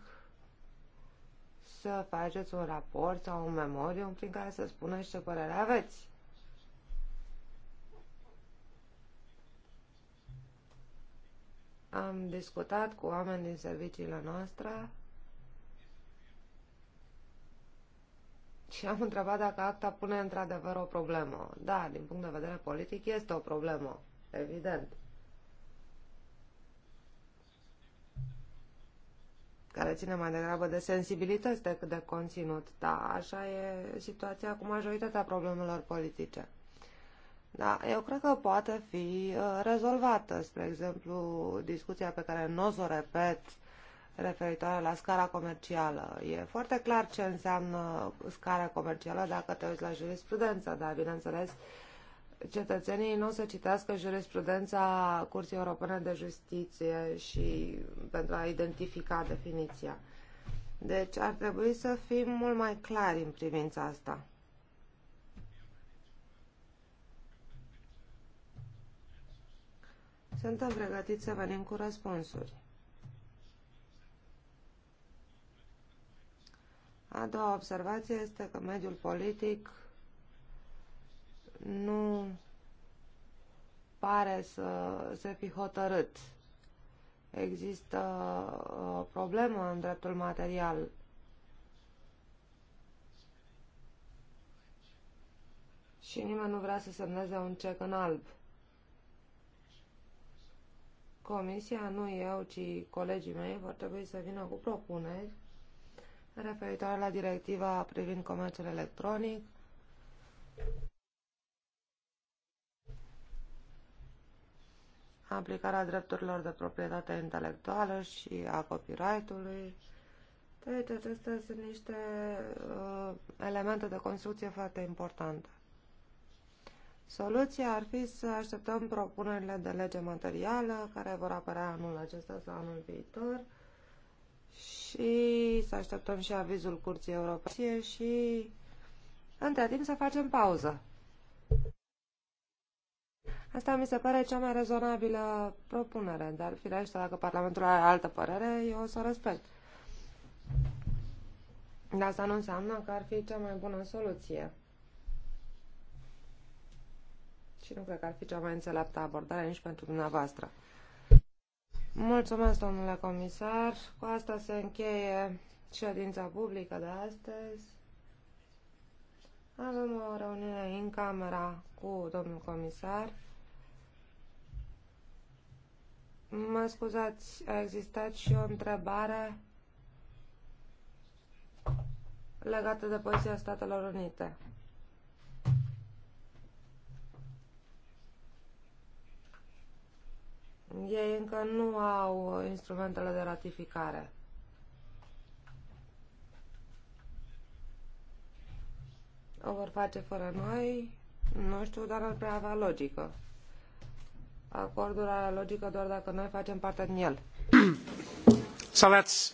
să faceți un raport sau un memoriu prin care să spuneți ce părere aveți. Am discutat cu oameni din serviciile noastre și am întrebat dacă acta pune într-adevăr o problemă. Da, din punct de vedere politic este o problemă, evident. care ține mai degrabă de sensibilități decât de conținut, dar așa e situația cu majoritatea problemelor politice. Da, eu cred că poate fi uh, rezolvată, spre exemplu, discuția pe care nu o o repet referitoare la scara comercială. E foarte clar ce înseamnă scara comercială dacă te uiți la jurisprudență, dar bineînțeles cetățenii nu o să citească jurisprudența Curții Europene de Justiție și pentru a identifica definiția. Deci ar trebui să fim mult mai clari în privința asta. Suntem pregătiți să venim cu răspunsuri. A doua observație este că mediul politic nu pare să se fi hotărât. Există uh, o problemă în dreptul material. Și nimeni nu vrea să semneze un cec în alb. Comisia, nu eu, ci colegii mei, vor trebui să vină cu propuneri referitoare la directiva privind comerțul electronic, aplicarea drepturilor de proprietate intelectuală și a copyright-ului. Deci acestea sunt niște uh, elemente de construcție foarte importante. Soluția ar fi să așteptăm propunerile de lege materială care vor apărea anul acesta sau anul viitor și să așteptăm și avizul Curții Europene și între timp să facem pauză. Asta mi se pare cea mai rezonabilă propunere, dar firește, dacă Parlamentul are altă părere, eu o să o respect. Dar asta nu înseamnă că ar fi cea mai bună soluție. Și nu cred că ar fi cea mai înțeleaptă abordare nici pentru dumneavoastră. Mulțumesc, domnule comisar. Cu asta se încheie ședința publică de astăzi. Avem o reuniune în camera cu domnul comisar. Mă scuzați, a existat și o întrebare legată de poziția Statelor Unite. Ei încă nu au instrumentele de ratificare. O vor face fără noi, nu știu, dar ar prea avea logică acordul are logică doar dacă noi facem parte din el. So let's,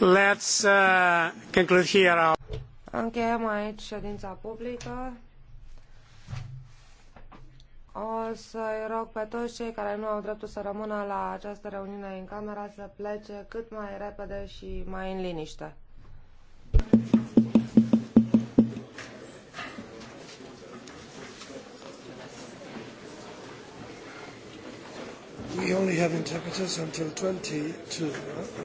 let's uh, conclude here our... Încheiem aici ședința publică. O să-i rog pe toți cei care nu au dreptul să rămână la această reuniune în camera să plece cât mai repede și mai în liniște. we only have interpreters until 22.